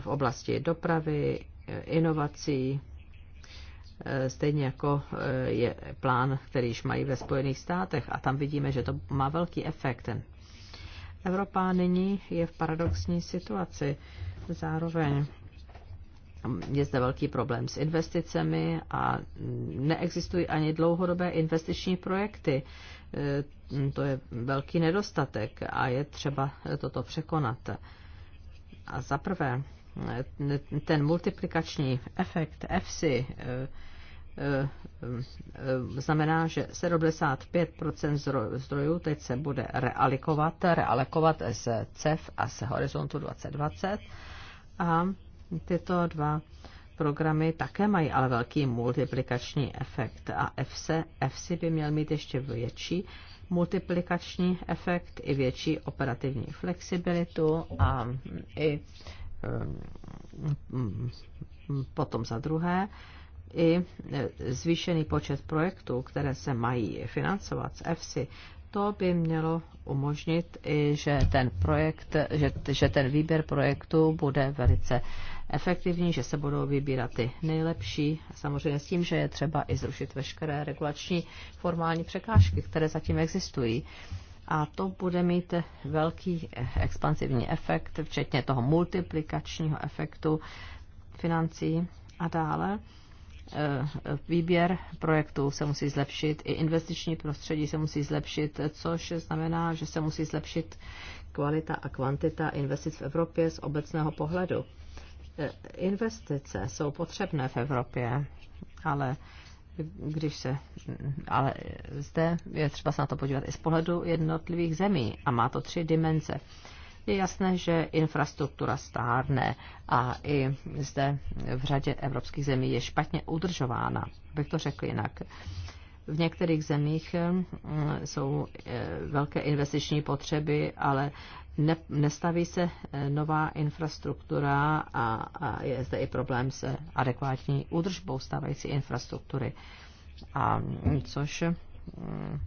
v oblasti dopravy, inovací, stejně jako je plán, který již mají ve Spojených státech a tam vidíme, že to má velký efekt, ten Evropa nyní je v paradoxní situaci. Zároveň je zde velký problém s investicemi a neexistují ani dlouhodobé investiční projekty. E, to je velký nedostatek a je třeba toto překonat. A za prvé, e, ten multiplikační efekt EFSI Eh, eh, znamená, že 75% zdrojů teď se bude realikovat, realikovat z CEF a z Horizontu 2020 a tyto dva programy také mají ale velký multiplikační efekt a EFSE, EFSI by měl mít ještě větší multiplikační efekt i větší operativní flexibilitu a i eh, potom za druhé i zvýšený počet projektů, které se mají financovat z EFSI, to by mělo umožnit i, že ten projekt, že, že ten výběr projektu bude velice efektivní, že se budou vybírat ty nejlepší. Samozřejmě s tím, že je třeba i zrušit veškeré regulační formální překážky, které zatím existují. A to bude mít velký expansivní efekt, včetně toho multiplikačního efektu financí a dále Eh, výběr projektů se musí zlepšit, i investiční prostředí se musí zlepšit, což znamená, že se musí zlepšit kvalita a kvantita investic v Evropě z obecného pohledu. Eh, investice jsou potřebné v Evropě, ale když se, ale zde je třeba se na to podívat i z pohledu jednotlivých zemí a má to tři dimenze je jasné, že infrastruktura stárne a i zde v řadě evropských zemí je špatně udržována, bych to řekl jinak. V některých zemích eh, jsou eh, velké investiční potřeby, ale ne, nestaví se eh, nová infrastruktura a, a je zde i problém se adekvátní údržbou stávající infrastruktury. A mm, což mm,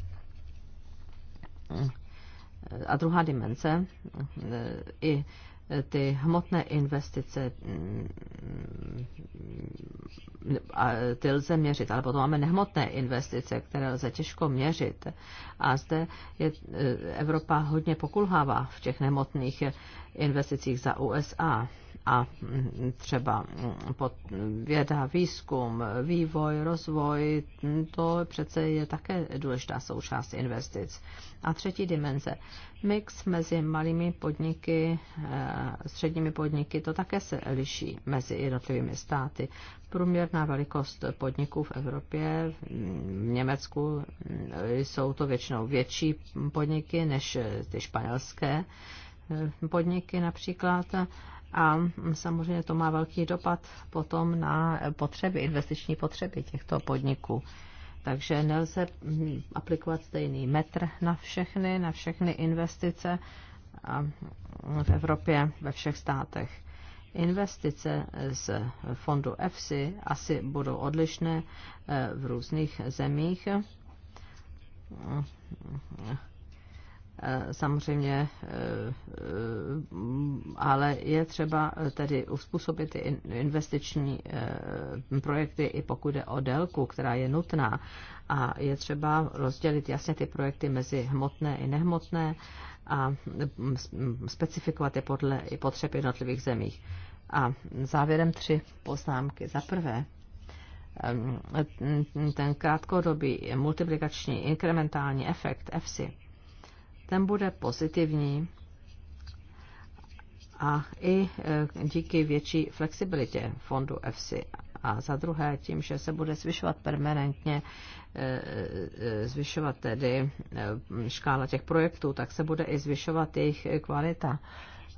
a druhá dimenze, i ty hmotné investice a ty lze měřit, ale potom máme nehmotné investice, které lze těžko měřit. A zde je, Evropa hodně pokulhává v těch nehmotných investicích za USA a třeba pod věda, výzkum, vývoj, rozvoj, to přece je také důležitá součást investic. A třetí dimenze, mix mezi malými podniky, eh, středními podniky, to také se liší mezi jednotlivými státy. Průměrná velikost podniků v Evropě, v Německu eh, jsou to většinou větší podniky než ty španělské eh, podniky například a samozřejmě to má velký dopad potom na potřeby, investiční potřeby těchto podniků. Takže nelze hm, aplikovat stejný metr na všechny, na všechny investice hm, v Evropě, ve všech státech. Investice z fondu EFSI asi budou odlišné eh, v různých zemích hm, Eh, samozřejmě, eh, eh, ale je třeba tedy uspůsobit ty investiční projekty i pokud jde o délku, která je nutná a je třeba rozdělit jasně ty projekty mezi hmotné i nehmotné a mm, mm, specifikovat je podle i potřeb jednotlivých zemích. A závěrem tři poznámky. Za prvé, ten krátkodobý multiplikační inkrementální efekt EFSI ten bude pozitivní a i e, díky větší flexibilitě fondu EFSI. A za druhé tím, že se bude zvyšovat permanentně, e, e, zvyšovat tedy škála těch projektů, tak se bude i zvyšovat jejich kvalita.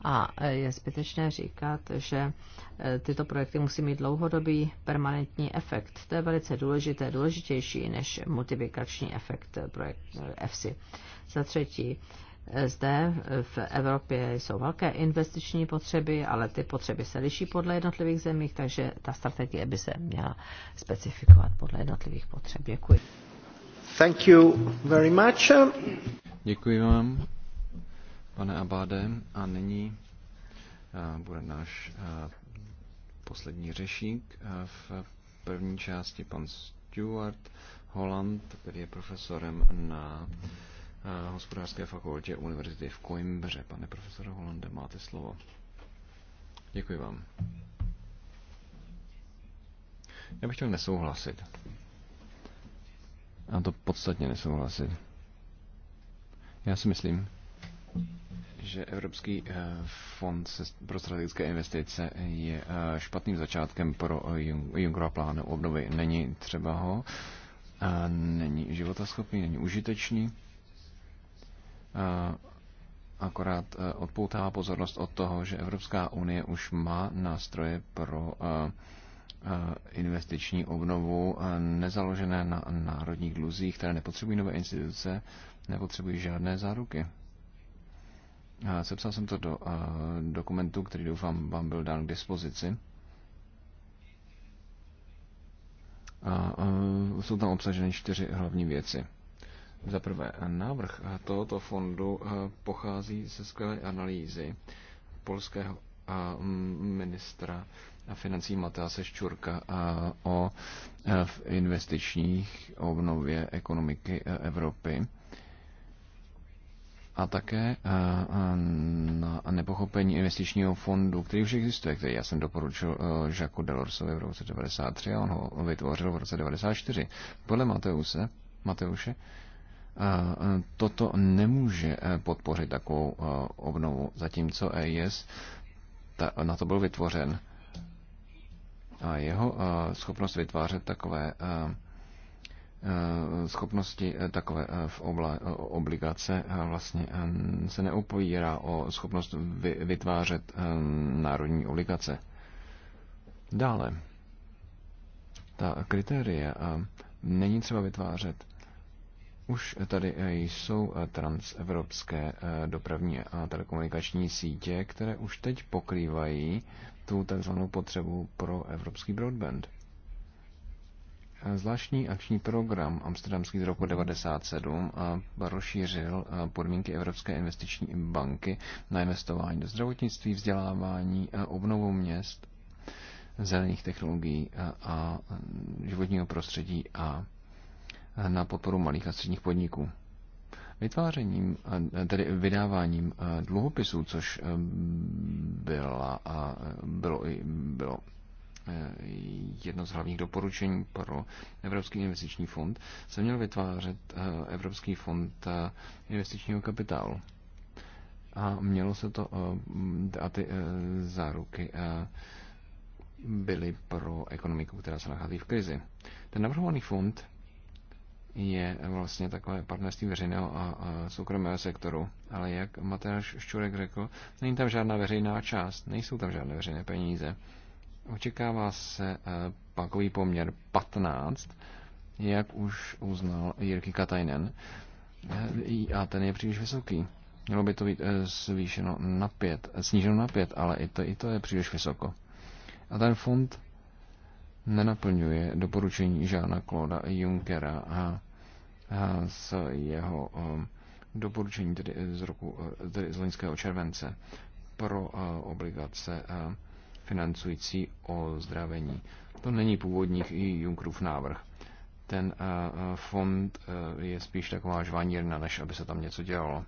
A e, je zbytečné říkat, že e, tyto projekty musí mít dlouhodobý permanentní efekt. To je velice důležité, důležitější než multiplikační efekt e, projekt EFSI. Za třetí, zde v Evropě jsou velké investiční potřeby, ale ty potřeby se liší podle jednotlivých zemí, takže ta strategie by se měla specifikovat podle jednotlivých potřeb. Děkuji. Thank you very much. Děkuji vám pane Abáde. A nyní eh, bude náš eh, poslední řešík eh, v první části pan Stuart Holland, který je profesorem na hospodářské fakultě Univerzity v Coimbře. Pane profesore Holande, máte slovo. Děkuji vám. Já bych chtěl nesouhlasit. A to podstatně nesouhlasit. Já si myslím, že Evropský eh, fond pro strategické investice je eh, špatným začátkem pro eh, Junckerova plánu obnovy. Není třeba ho, není životaschopný, není užitečný, akorát odpoutává pozornost od toho, že Evropská unie už má nástroje pro investiční obnovu nezaložené na národních dluzích, které nepotřebují nové instituce, nepotřebují žádné záruky. Sepsal jsem to do dokumentu, který doufám vám byl dán k dispozici. A jsou tam obsaženy čtyři hlavní věci. Za prvé, návrh tohoto fondu pochází ze skvělé analýzy polského ministra financí Matáse Ščurka o investičních obnově ekonomiky e, Evropy a také eh, eh, na nepochopení investičního fondu, který už existuje, který já jsem doporučil eh, Jacques Delorsovi v roce 93 a on ho vytvořil v roce 94. Podle Mateuse, Mateuše toto nemůže podpořit takovou obnovu, zatímco EIS na to byl vytvořen. A jeho schopnost vytvářet takové Eh, schopnosti eh, takové eh, v obla, obligace vlastně se neopojírá o schopnost vytvářet národní obligace. Dále, ta kritéria není třeba vytvářet. Už tady jsou transevropské dopravní a telekomunikační sítě, které už teď pokrývají tu tzv. potřebu pro evropský broadband. Zvláštní akční program Amsterdamský z roku 1997 eh, rozšířil eh, podmínky Evropské investiční banky na investování do zdravotnictví, vzdělávání, eh, obnovu měst, zelených technologií a životního prostředí a na podporu malých a středních podniků. Vytvářením, tedy vydáváním dluhopisů, což byla, bylo, bylo jedno z hlavních doporučení pro Evropský investiční fond, se měl vytvářet eh, Evropský fond eh, investičního kapitálu. A mělo se to, eh, a ty záruky byly pro ekonomiku, která se nachází v krizi. Ten navrhovaný fond je vlastně takové partnerství veřejného a, soukromého sektoru. Ale jak Mateáš Ščurek řekl, není tam žádná veřejná část, nejsou tam žádné veřejné peníze. Očekává se pakový eh, poměr 15, jak už uznal Jirky Katajnen, eh, a ten je příliš vysoký. Mělo by to být eh, zvýšeno na 5, sníženo na 5, ale i to, i to je příliš vysoko. A ten fond nenaplňuje doporučení Žána Kloda Junckera a, a z jeho um, doporučení tedy z, roku, tedy z loňského července pro uh, obligace uh, financující ozdravení. To není původní Junkrův návrh. Ten eh, eh, fond eh, je spíš taková žvanírna, než aby se tam něco dělalo.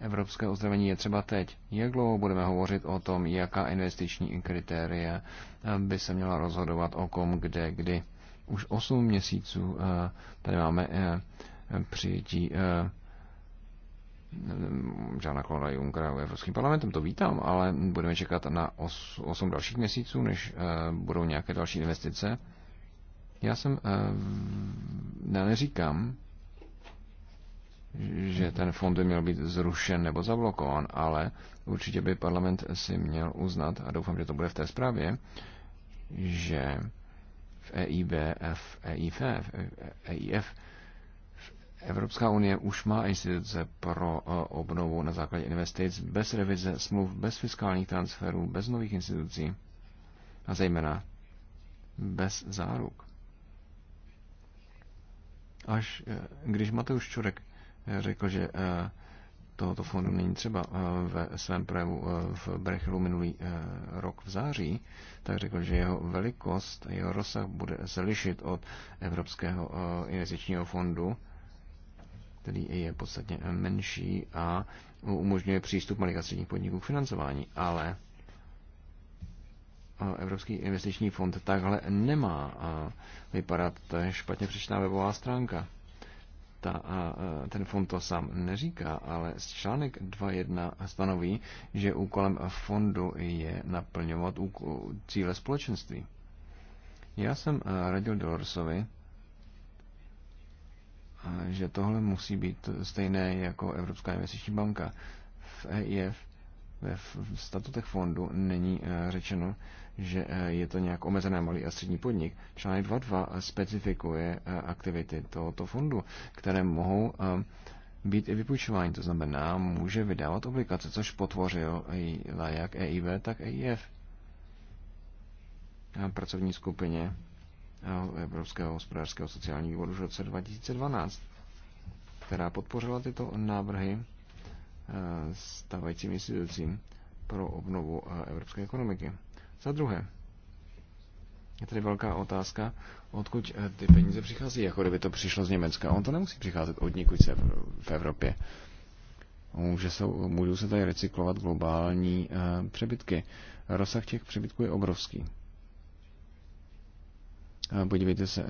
Evropské ozdravení je třeba teď. Jak dlouho budeme hovořit o tom, jaká investiční kritéria by se měla rozhodovat o kom, kde, kdy? Už 8 měsíců tady máme přijetí Žána Klona Junckera Evropským parlamentem, to vítám, ale budeme čekat na 8 dalších měsíců, než eh, budou nějaké další investice. Já jsem, já eh, neříkám, že ten fond by měl být zrušen nebo zablokován, ale určitě by parlament si měl uznat, a doufám, že to bude v té zprávě, že v EIB, v EIF, EIF e Evropská unie už má instituce pro eh, obnovu na základě investic bez revize smluv, bez fiskálních transferů, bez nových institucí a zejména bez záruk. Až eh, když Mateusz Čurek eh, řekl, že tohoto fondu není třeba ve svém projevu v Brechelu minulý rok v září, tak řekl, že jeho velikost, jeho rozsah bude se lišit od Evropského investičního fondu, který je podstatně menší a umožňuje přístup malých a středních podniků k financování, ale eh, Evropský investiční fond takhle nemá eh, vypadat. To je špatně přečtená webová stránka. Ta, a, eh, ten fond to sám neříká, ale článek 2.1 stanoví, že úkolem fondu je naplňovat cíle společenství. Já jsem radil Dolorsovi, že tohle musí být stejné jako Evropská investiční banka. V EIF, ve statutech fondu, není eh, řečeno, že eh, je to nějak omezené malý a střední podnik. Článek 2.2 specifikuje eh, aktivity tohoto fondu, které mohou být i vypůjčování, to znamená, může vydávat obligace, což potvořil jak EIB, tak EIF. A pracovní skupině Evropského hospodářského sociálního výboru v roce 2012, která podpořila tyto návrhy eh, stávajícím institucím pro obnovu eh, evropské ekonomiky. Za druhé, je tady velká otázka, odkud eh, ty peníze přichází, jako kdyby to přišlo z Německa. On to nemusí přicházet od nikud se v Evropě. Může se, můžou se tady recyklovat globální přebytky. Rozsah těch přebytků je obrovský podívejte se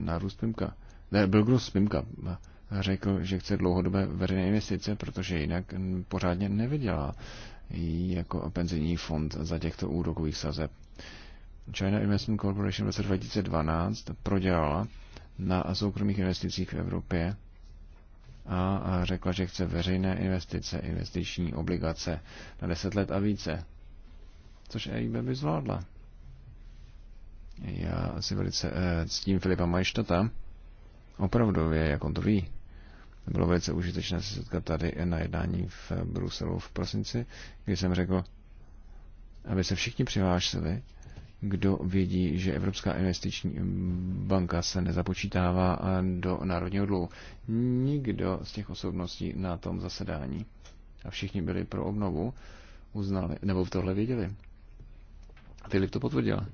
na růst Pimka, ne, byl Gross Pimka, řekl, že chce dlouhodobé veřejné investice, protože jinak pořádně nevydělá jako penzijní fond za těchto úrokových sazeb. China Investment Corporation v roce 2012 prodělala na soukromých investicích v Evropě a řekla, že chce veřejné investice, investiční obligace na 10 let a více, což EIB by zvládla. Já si velice eh, ctím Filipa Majštata. Opravdu je, jak on to ví. Bylo velice užitečné se setkat tady na jednání v eh, Bruselu v prosinci, kdy jsem řekl, aby se všichni přihlásili, kdo vědí, že Evropská investiční mm, banka se nezapočítává eh, do národního dluhu. Nikdo z těch osobností na tom zasedání a všichni byli pro obnovu, uznali, nebo v tohle věděli. Filip to potvrdil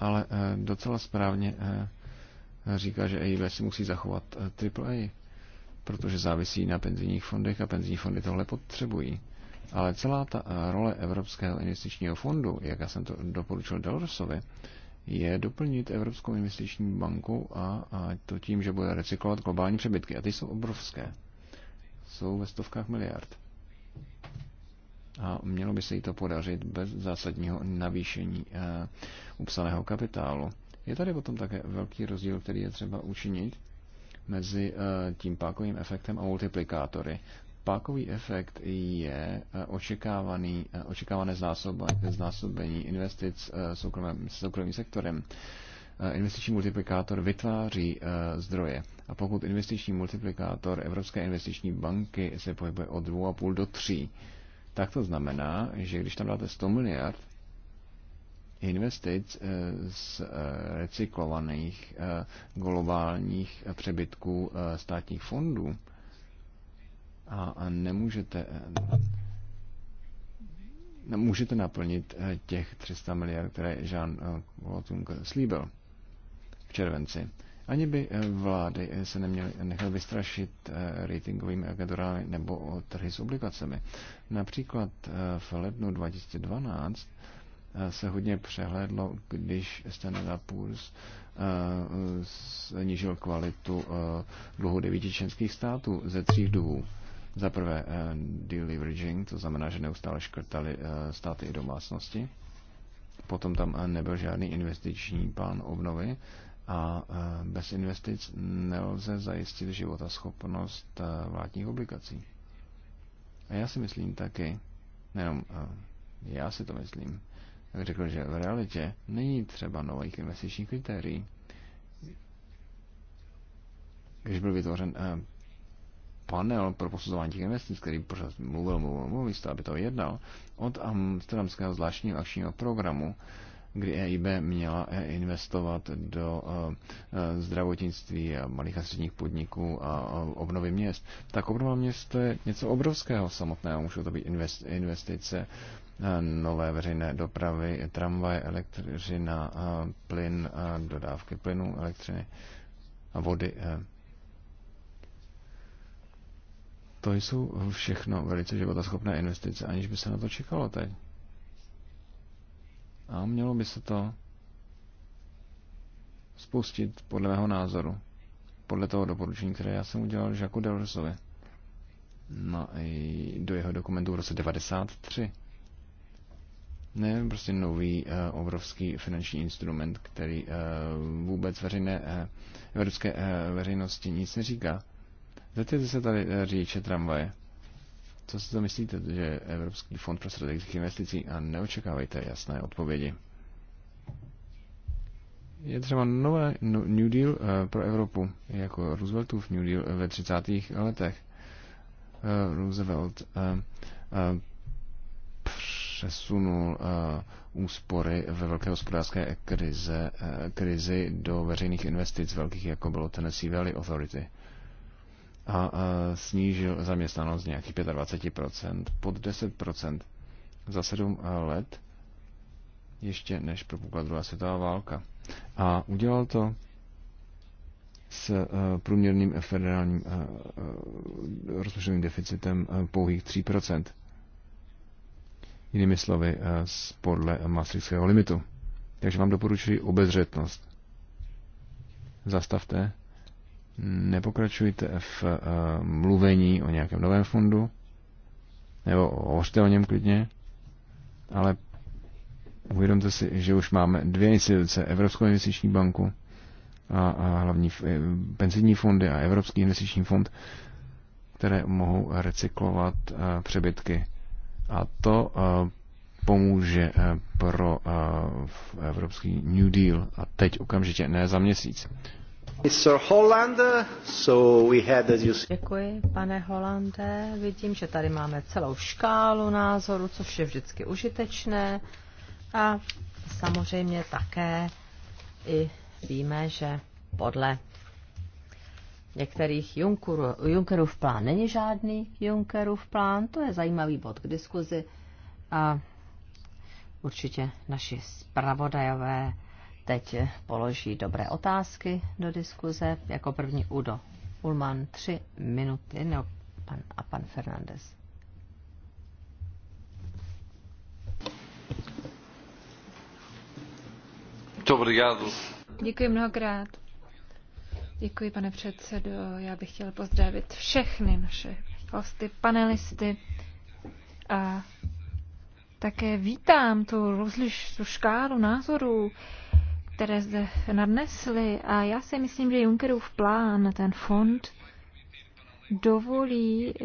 ale eh, docela správně eh, říká, že EIB si musí zachovat AAA, eh, protože závisí na penzijních fondech a penzijní fondy tohle potřebují. Ale celá ta role Evropského investičního fondu, jak já jsem to doporučil Delorsovi, je doplnit Evropskou investiční banku a, a to tím, že bude recyklovat globální přebytky. A ty jsou obrovské. Jsou ve stovkách miliard a mělo by se jí to podařit bez zásadního navýšení eh, upsaného kapitálu. Je tady potom také velký rozdíl, který je třeba učinit mezi eh, tím pákovým efektem a multiplikátory. Pákový efekt je eh, očekávaný, očekávané znásobení investic soukromým, soukromým sektorem. Investiční multiplikátor vytváří zdroje. A pokud investiční multiplikátor Evropské investiční banky se pohybuje od 2,5 do 3, tak to znamená, že když tam dáte 100 miliard investic eh, z eh, recyklovaných eh, globálních přebytků státních fondů a nemůžete můžete naplnit těch 300 miliard, které Jean Claude slíbil v červenci. Ani by eh, vlády eh, se neměly nechat vystrašit eh, ratingovými agenturami nebo trhy s obligacemi. Například v lednu 2012 se hodně přehlédlo, když Standard Poor's snížil kvalitu dluhu devíti členských států ze tří dluhů. Za prvé deleveraging, to znamená, že neustále škrtali státy i domácnosti. Potom tam nebyl žádný investiční plán obnovy a e, bez investic nelze zajistit životaschopnost e, vládních obligací. A já si myslím taky, nejenom e, já si to myslím, tak řekl, že v realitě není třeba nových investičních kritérií. Když byl vytvořen panel pro posuzování těch investic, který pořád mluvil, mluvil, mluvil, místo, aby to jednal, od Amsterdamského zvláštního akčního programu, kdy EIB měla investovat do eh, eh, zdravotnictví a malých a středních podniků a obnovy měst, tak obnova měst to je něco obrovského samotného. Můžou to být investice eh, nové veřejné dopravy, tramvaj, elektřina, plyn, dodávky plynu, elektřiny a vody. To jsou všechno velice životaschopné investice, aniž by se na to čekalo teď. A mělo by se to spustit podle mého názoru, podle toho doporučení, které já jsem udělal Žaku Delorsovi i do jeho dokumentu v roce 93. Ne, prostě nový e, obrovský finanční instrument, který e, vůbec veřejné, e, evropské veřejnosti nic neříká. Zatěte se tady e, řidiče tramvaje. Co si to myslíte, že Evropský fond pro strategických investicí a neočekávejte jasné odpovědi? Je třeba nové New Deal eh, pro Evropu, jako Rooseveltův New Deal ve 30. letech. Eh, Roosevelt eh, přesunul úspory ve velké hospodářské krize, krizi do veřejných investic velkých, jako bylo Tennessee Valley Authority a snížil zaměstnanost z nějakých 25% pod 10% za 7 eh, let, ještě než propukla druhá světová válka. A udělal to s eh, průměrným federálním eh, rozpočtovým deficitem pouhých 3%. Jinými slovy, podle maastrichtského limitu. Takže vám doporučuji obezřetnost. Zastavte nepokračujte v eh, mluvení o nějakém novém fondu, nebo hořte o něm klidně, ale uvědomte si, že už máme dvě instituce, Evropskou investiční banku a, a hlavní eh, penzijní fondy a Evropský investiční fond, které mohou recyklovat eh, přebytky. A to pomůže pro Evropský New Deal a teď okamžitě, ne za měsíc. Děkuji, pane Holande. Vidím, že tady máme celou škálu názorů, což je vždycky užitečné. A samozřejmě také i víme, že podle některých Junkerů, Junkerův plán není žádný Junkerův plán. To je zajímavý bod k diskuzi. A určitě naši spravodajové teď položí dobré otázky do diskuze. Jako první Udo Ulman, tři minuty, no, pan, a pan Fernandez. Děkuji mnohokrát. Děkuji, pane předsedo. Já bych chtěl pozdravit všechny naše hosty, panelisty a také vítám tu rozliš, tu škálu názorů, které zde nadnesly. A já si myslím, že Junckerův plán, ten fond, dovolí eh,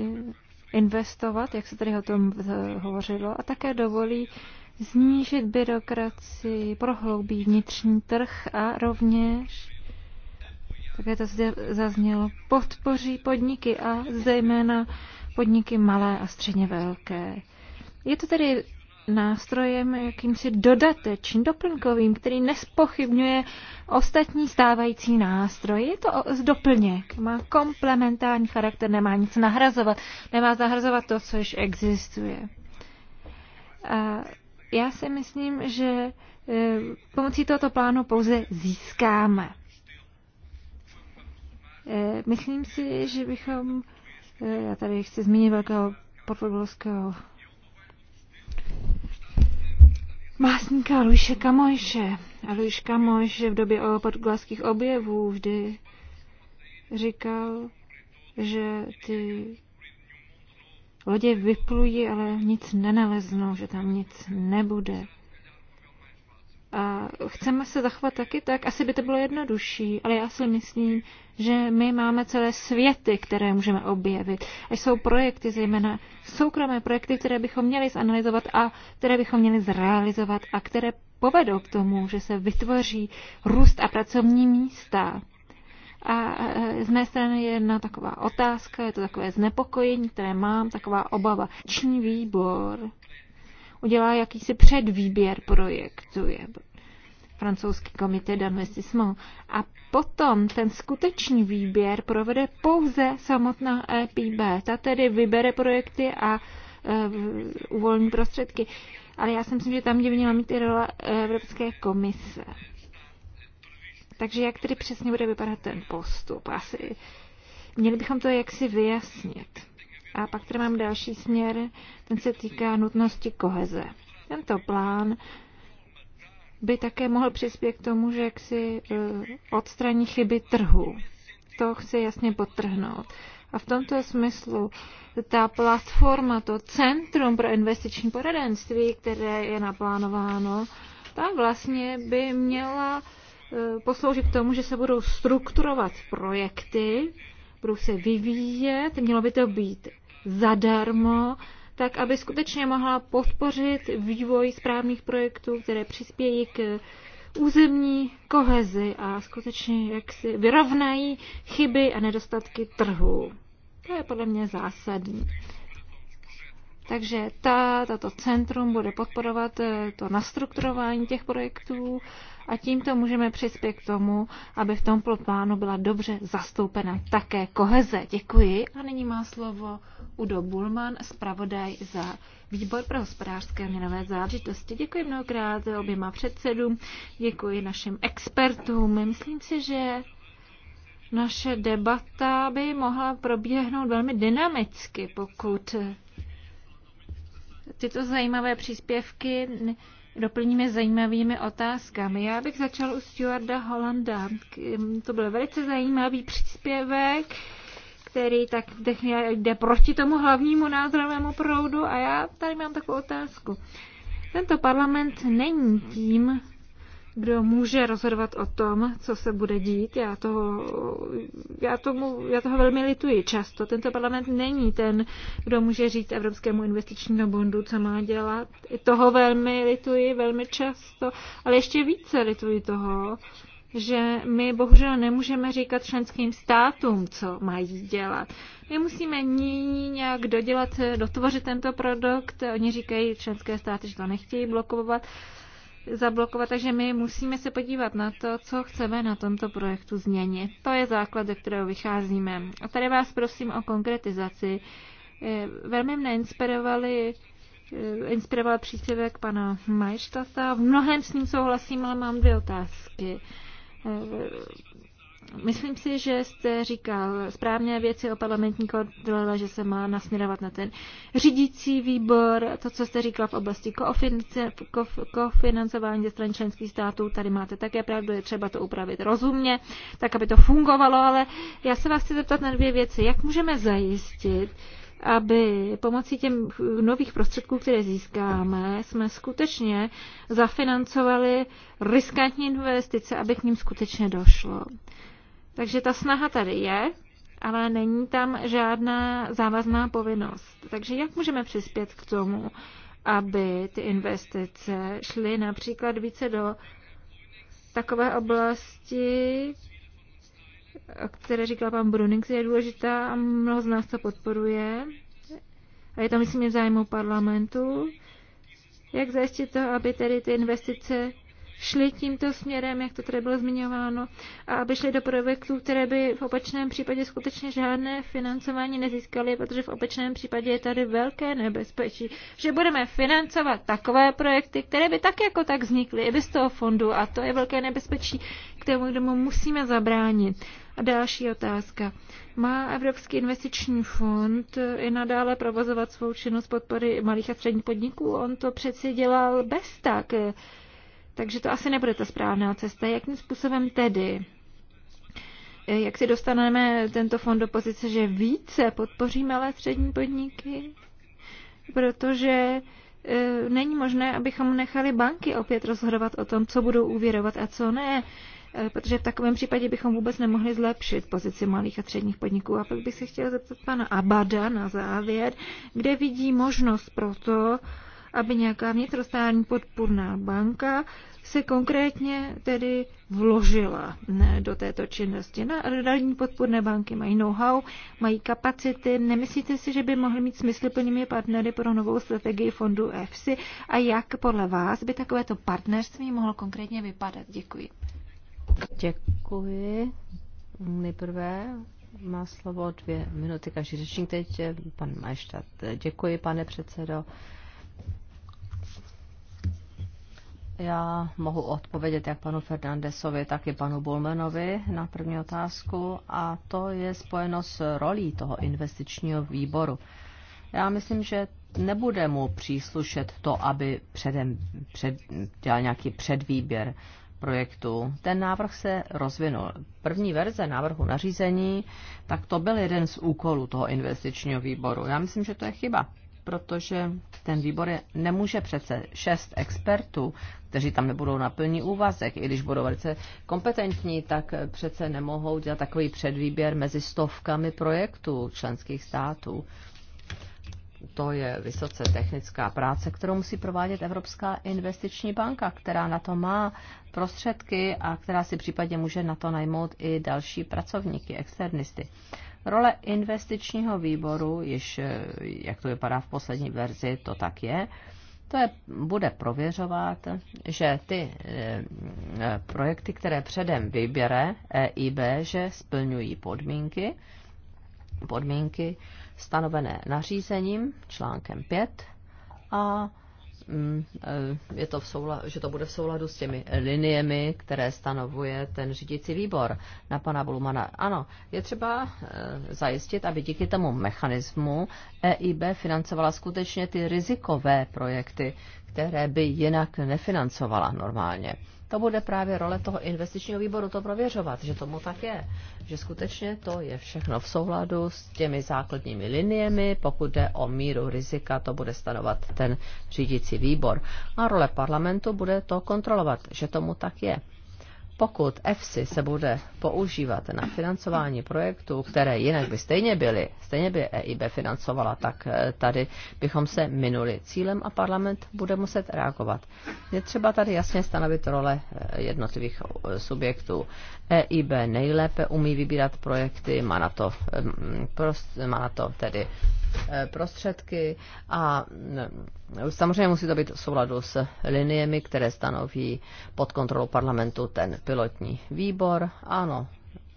investovat, jak se tady o tom hovořilo, a také dovolí znížit byrokracii, prohloubí vnitřní trh a rovněž, také to zde zaznělo, podpoří podniky a zejména podniky malé a středně velké. Je to tedy nástrojem jakýmsi dodatečným, doplňkovým, který nespochybňuje ostatní stávající nástroje. Je to doplněk, má komplementární charakter, nemá nic nahrazovat, nemá zahrazovat to, co již existuje. A já si myslím, že e, pomocí tohoto plánu pouze získáme. E, myslím si, že bychom, e, já tady chci zmínit velkého portugalského Másníka Luise Kamojše. A Luis Kamojš v době podglaských objevů vždy říkal, že ty lodě vyplují, ale nic nenaleznou, že tam nic nebude a chceme se zachovat taky tak, asi by to bylo jednodušší, ale já si myslím, že my máme celé světy, které můžeme objevit. A jsou projekty, zejména soukromé projekty, které bychom měli zanalizovat a které bychom měli zrealizovat a které povedou k tomu, že se vytvoří růst a pracovní místa. A z mé strany je jedna taková otázka, je to takové znepokojení, které mám, taková obava. Ční výbor udělá jakýsi předvýběr projektu. Je francouzský komité d'investissement. A potom ten skutečný výběr provede pouze samotná EPB. Ta tedy vybere projekty a e, uvolní prostředky. Ale já si myslím, že tam by měla mít i rola Evropské komise. Takže jak tedy přesně bude vypadat ten postup? Asi měli bychom to jaksi vyjasnit. A pak tady mám další směr, ten se týká nutnosti koheze. Tento plán by také mohl přispět k tomu, že jaksi e, odstraní chyby trhu. To chci jasně potrhnout. A v tomto smyslu ta platforma, to centrum pro investiční poradenství, které je naplánováno, ta vlastně by měla e, posloužit k tomu, že se budou strukturovat projekty, budou se vyvíjet, mělo by to být zadarmo, tak aby skutečně mohla podpořit vývoj správných projektů, které přispějí k územní kohezi a skutečně jak si vyrovnají chyby a nedostatky trhu. To je podle mě zásadní. Takže ta, tato centrum bude podporovat eh, to nastrukturování těch projektů a tímto můžeme přispět k tomu, aby v tom plánu byla dobře zastoupena také koheze. Děkuji a nyní má slovo Udo Bulman, zpravodaj za Výbor pro hospodářské a měnové záležitosti. Děkuji mnohokrát oběma předsedům, děkuji našim expertům. Myslím si, že naše debata by mohla proběhnout velmi dynamicky, pokud tyto zajímavé příspěvky doplníme zajímavými otázkami. Já bych začal u Stuarda Hollanda. To byl velice zajímavý příspěvek, který tak jde proti tomu hlavnímu názorovému proudu a já tady mám takovou otázku. Tento parlament není tím kdo může rozhodovat o tom, co se bude dít. Já, toho, já, tomu, já toho velmi lituji často. Tento parlament není ten, kdo může říct Evropskému investičnímu bondu, co má dělat. Toho velmi lituji, velmi často, ale ještě více lituji toho, že my bohužel nemůžeme říkat členským státům, co mají dělat. My musíme nyní nějak dodělat, dotvořit tento produkt. Oni říkají členské státy, že to nechtějí blokovat zablokovat, takže my musíme se podívat na to, co chceme na tomto projektu změnit. To je základ, ze kterého vycházíme. A tady vás prosím o konkretizaci. Eh, velmi mne inspirovali eh, inspiroval příspěvek pana Majštata. V mnohem s ním souhlasím, ale mám dvě otázky. Eh, Myslím si, že jste říkal správné věci o parlamentní kontrole, že se má nasměrovat na ten řídící výbor, to, co jste říkal v oblasti kofinancování ze strany členských států, tady máte také pravdu, je třeba to upravit rozumně, tak, aby to fungovalo, ale já se vás chci zeptat na dvě věci. Jak můžeme zajistit, aby pomocí těm nových prostředků, které získáme, jsme skutečně zafinancovali riskantní investice, aby k ním skutečně došlo. Takže ta snaha tady je, ale není tam žádná závazná povinnost. Takže jak můžeme přispět k tomu, aby ty investice šly například více do takové oblasti, které říkal pan Bruning, je důležitá a mnoho z nás to podporuje. A je to, myslím, v zájmu parlamentu. Jak zajistit to, aby tedy ty investice šli tímto směrem, jak to tady bylo zmiňováno, a aby šli do projektů, které by v opačném případě skutečně žádné financování nezískaly, protože v opačném případě je tady velké nebezpečí, že budeme financovat takové projekty, které by tak jako tak vznikly i bez toho fondu a to je velké nebezpečí, kterému domu musíme zabránit. A další otázka. Má Evropský investiční fond i nadále provozovat svou činnost podpory malých a středních podniků? On to přeci dělal bez tak. Takže to asi nebude ta správná cesta. Jakým způsobem tedy? Eh, jak si dostaneme tento fond do pozice, že více podpoříme malé střední podniky? Protože eh, není možné, abychom nechali banky opět rozhodovat o tom, co budou úvěrovat a co ne, eh, protože v takovém případě bychom vůbec nemohli zlepšit pozici malých a středních podniků. A pak bych se chtěla zeptat pana Abada na závěr, kde vidí možnost pro to, aby nějaká vnitrostátní podpůrná banka se konkrétně tedy vložila do této činnosti. Národní podpůrné banky mají know-how, mají kapacity. Nemyslíte si, že by mohly mít smysluplnými partnery pro novou strategii fondu EFSI a jak podle vás by takovéto partnerství mohlo konkrétně vypadat? Děkuji. Děkuji. Nejprve má slovo dvě minuty každý řečník. Teď eh, pan Majštat. Děkuji, pane předsedo. Já mohu odpovědět jak panu Fernandesovi, tak i panu Bulmenovi na první otázku a to je spojeno s rolí toho investičního výboru. Já myslím, že nebude mu příslušet to, aby předem, před, dělal nějaký předvýběr projektu. Ten návrh se rozvinul. První verze návrhu nařízení, tak to byl jeden z úkolů toho investičního výboru. Já myslím, že to je chyba, protože ten výbor je, nemůže přece šest expertů, kteří tam nebudou na plný úvazek, i když budou velice kompetentní, tak přece nemohou dělat takový předvýběr mezi stovkami projektů členských států. To je vysoce technická práce, kterou musí provádět Evropská investiční banka, která na to má prostředky a která si případně může na to najmout i další pracovníky, externisty. Role investičního výboru, již eh, jak to vypadá v poslední verzi, to tak je, to je, bude prověřovat, že ty e, projekty, které předem vybere EIB, že splňují podmínky, podmínky stanovené nařízením, článkem 5, a Mm, eh, je to v souladu, že to bude v souladu s těmi liniemi, které stanovuje ten řídící výbor na pana Blumana. Ano, je třeba eh, zajistit, aby díky tomu mechanismu EIB financovala skutečně ty rizikové projekty, které by jinak nefinancovala normálně to bude právě role toho investičního výboru to prověřovat, že tomu tak je, že skutečně to je všechno v souladu s těmi základními liniemi, pokud jde o míru rizika, to bude stanovat ten řídící výbor. A role parlamentu bude to kontrolovat, že tomu tak je. Pokud EFSI se bude používat na financování projektů, které jinak by stejně byly, stejně by EIB financovala, tak eh, tady bychom se minuli cílem a parlament bude muset reagovat. Je třeba tady jasně stanovit role eh, jednotlivých eh, subjektů. EIB nejlépe umí vybírat projekty, má na to, prost, má na to tedy e, prostředky a e, samozřejmě musí to být v souladu s liniemi, které stanoví pod kontrolou parlamentu ten pilotní výbor. Ano,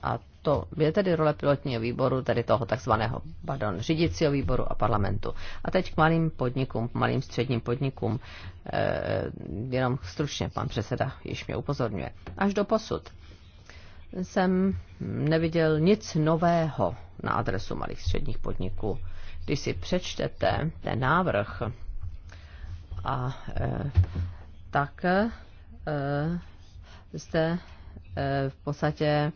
a to je tedy role pilotního výboru, tedy toho takzvaného, pardon, řídícího výboru a parlamentu. A teď k malým podnikům, malým středním podnikům, e, e, jenom stručně pan předseda již mě upozorňuje. Až do posud jsem neviděl nic nového na adresu malých středních podniků. Když si přečtete ten návrh, a e, tak e, jste e, v podstatě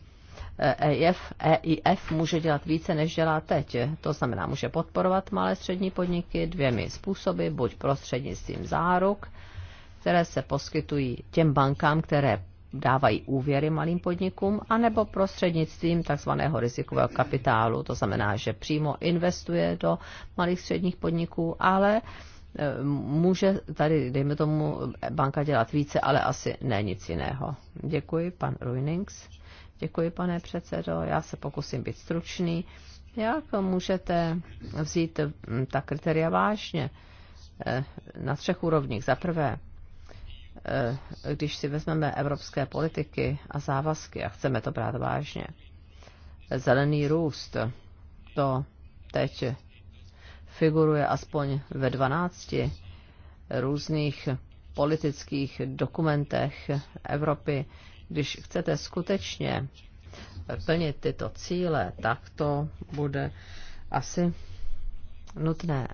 EIF, e EIF může dělat více, než dělá teď. To znamená, může podporovat malé střední podniky dvěmi způsoby, buď prostřednictvím záruk, které se poskytují těm bankám, které dávají úvěry malým podnikům, anebo prostřednictvím tzv. rizikového kapitálu. To znamená, že přímo investuje do malých středních podniků, ale e, může tady, dejme tomu, banka dělat více, ale asi ne nic jiného. Děkuji, pan Ruinings. Děkuji, pane předsedo. Já se pokusím být stručný. Jak můžete vzít ta kritéria vážně? E, na třech úrovních. Za prvé, Eh, když si vezmeme evropské politiky a závazky a chceme to brát vážně, zelený růst, to teď figuruje aspoň ve 12 různých politických dokumentech Evropy. Když chcete skutečně plnit tyto cíle, tak to bude asi nutné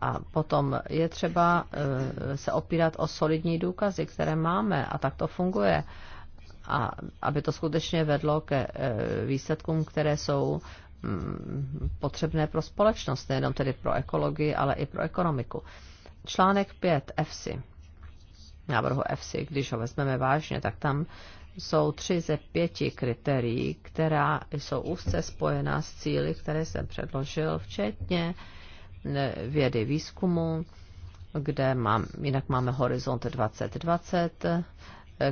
a potom je třeba eh, se opírat o solidní důkazy, které máme a tak to funguje. A aby to skutečně vedlo ke eh, výsledkům, které jsou mm, potřebné pro společnost, nejenom tedy pro ekologii, ale i pro ekonomiku. Článek 5 EFSI, návrhu EFSI, když ho vezmeme vážně, tak tam jsou tři ze pěti kritérií, která jsou úzce spojená s cíly, které jsem předložil, včetně uh, vědy výzkumu, kde mám, jinak máme Horizont 2020, eh,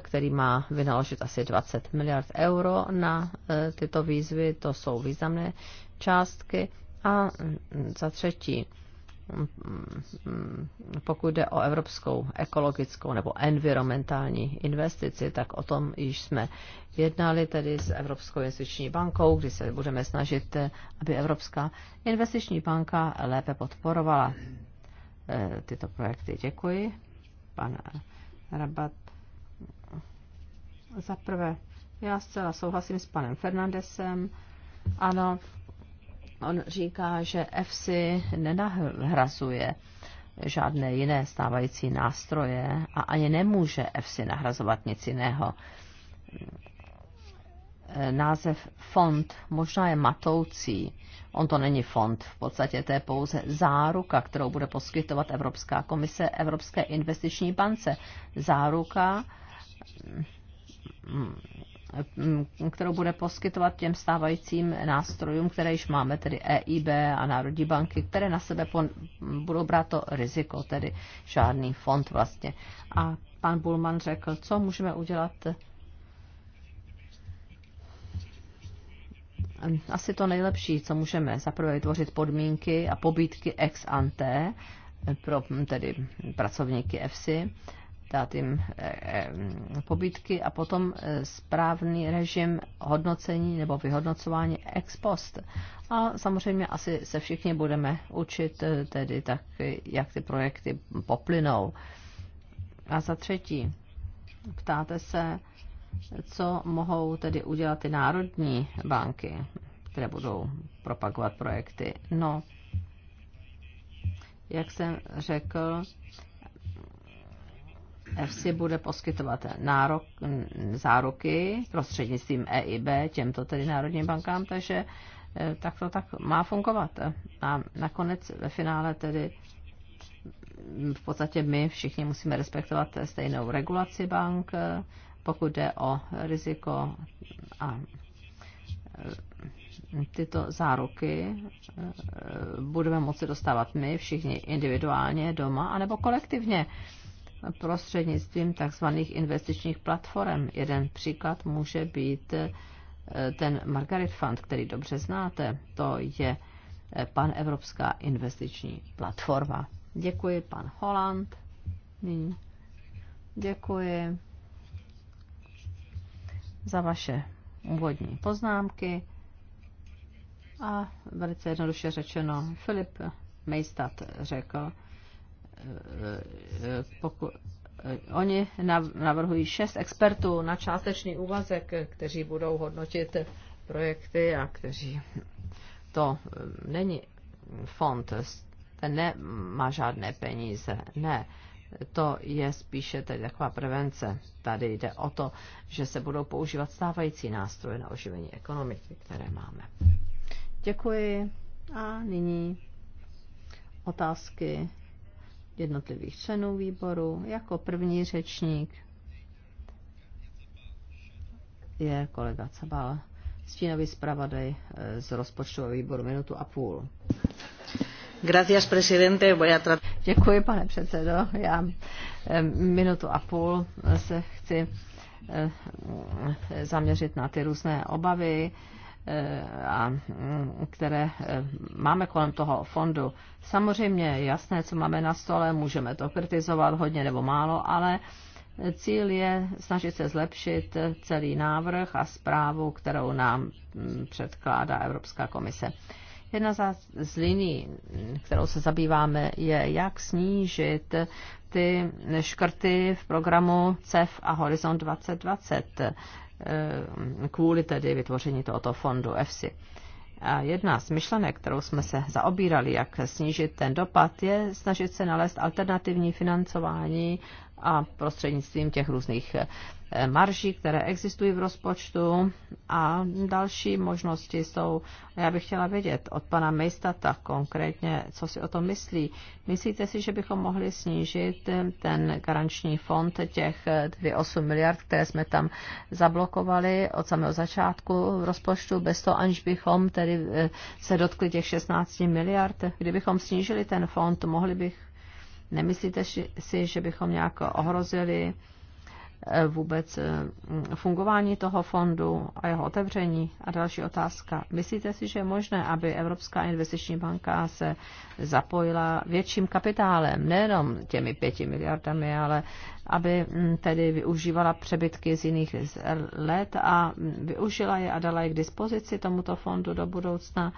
který má vynaložit asi 20 miliard euro na eh, tyto výzvy, to jsou významné částky. A mm, za třetí, pokud jde o evropskou ekologickou nebo environmentální investici, tak o tom již jsme jednali tedy s Evropskou investiční bankou, kdy se budeme snažit, eh, aby Evropská investiční banka lépe podporovala eh, tyto projekty. Děkuji, pan Rabat. Za prvé, já zcela souhlasím s panem Fernandesem. Ano, On říká, že EFSI nenahrazuje žádné jiné stávající nástroje a ani nemůže EFSI nahrazovat nic jiného. Název fond možná je matoucí. On to není fond, v podstatě to je pouze záruka, kterou bude poskytovat Evropská komise Evropské investiční bance. Záruka Eh, kterou bude poskytovat těm stávajícím nástrojům, které již máme, tedy EIB a Národní banky, které na sebe budou brát to riziko, tedy žádný fond vlastně. A pan Bulman řekl, co můžeme udělat asi to nejlepší, co můžeme zaprvé vytvořit podmínky a pobídky ex ante pro tedy pracovníky EFSI dát jim eh, eh, pobytky a potom eh, správný režim hodnocení nebo vyhodnocování ex post. A samozřejmě asi se všichni budeme učit tedy tak, jak ty projekty poplynou. A za třetí, ptáte se, co mohou tedy udělat ty národní banky, které budou propagovat projekty. No, jak jsem řekl, EFSI bude poskytovat nárok, záruky prostřednictvím EIB těmto tedy národním bankám, takže eh, tak to tak má fungovat. A nakonec ve finále tedy v podstatě my všichni musíme respektovat stejnou regulaci bank, pokud jde o riziko a eh, tyto záruky eh, budeme moci dostávat my všichni individuálně doma anebo kolektivně prostřednictvím tzv. investičních platform. Jeden příklad může být eh, ten Margaret Fund, který dobře znáte. To je eh, pan Evropská investiční platforma. Děkuji, pan Holland. Nyní. Děkuji za vaše úvodní poznámky. A velice jednoduše řečeno, Filip Mejstat řekl, poku, oni navrhují šest expertů na částečný úvazek, kteří budou hodnotit projekty a kteří to eh, není fond, ten nemá žádné peníze, ne. To je spíše tedy taková prevence. Tady jde o to, že se budou používat stávající nástroje na oživení ekonomiky, které máme. Děkuji. A nyní otázky jednotlivých členů výboru. Jako první řečník je kolega Cabal, stínový zpravodaj eh, z rozpočtového výboru minutu a půl. Gracias, presidente. Voy a Děkuji, pane předsedo. Já eh, minutu a půl eh, se chci zaměřit na ty různé obavy, Eh, a mm, které eh, máme kolem toho fondu. Samozřejmě je jasné, co máme na stole, můžeme to kritizovat hodně nebo málo, ale cíl je snažit se zlepšit celý návrh a zprávu, kterou nám mm, předkládá Evropská komise. Jedna z liní, kterou se zabýváme, je, jak snížit ty škrty v programu CEF a Horizon 2020 Eh, kvůli tedy vytvoření tohoto fondu EFSI. A jedna z myšlenek, kterou jsme se zaobírali, jak snížit ten dopad, je snažit se nalézt alternativní financování a prostřednictvím těch různých marží, které existují v rozpočtu a další možnosti jsou. Já bych chtěla vědět od pana Mejstata konkrétně, co si o tom myslí. Myslíte si, že bychom mohli snížit ten garanční fond těch 2,8 miliard, které jsme tam zablokovali od samého začátku v rozpočtu, bez toho, aniž bychom tedy eh, se dotkli těch 16 miliard? Kdybychom snížili ten fond, mohli bych Nemyslíte si, že bychom nějak ohrozili vůbec eh, fungování toho fondu a jeho otevření? A další otázka. Myslíte si, že je možné, aby Evropská investiční banka se zapojila větším kapitálem, nejenom těmi pěti miliardami, ale aby mm, tedy využívala přebytky z jiných let a mm, využila je a dala je k dispozici tomuto fondu do budoucna?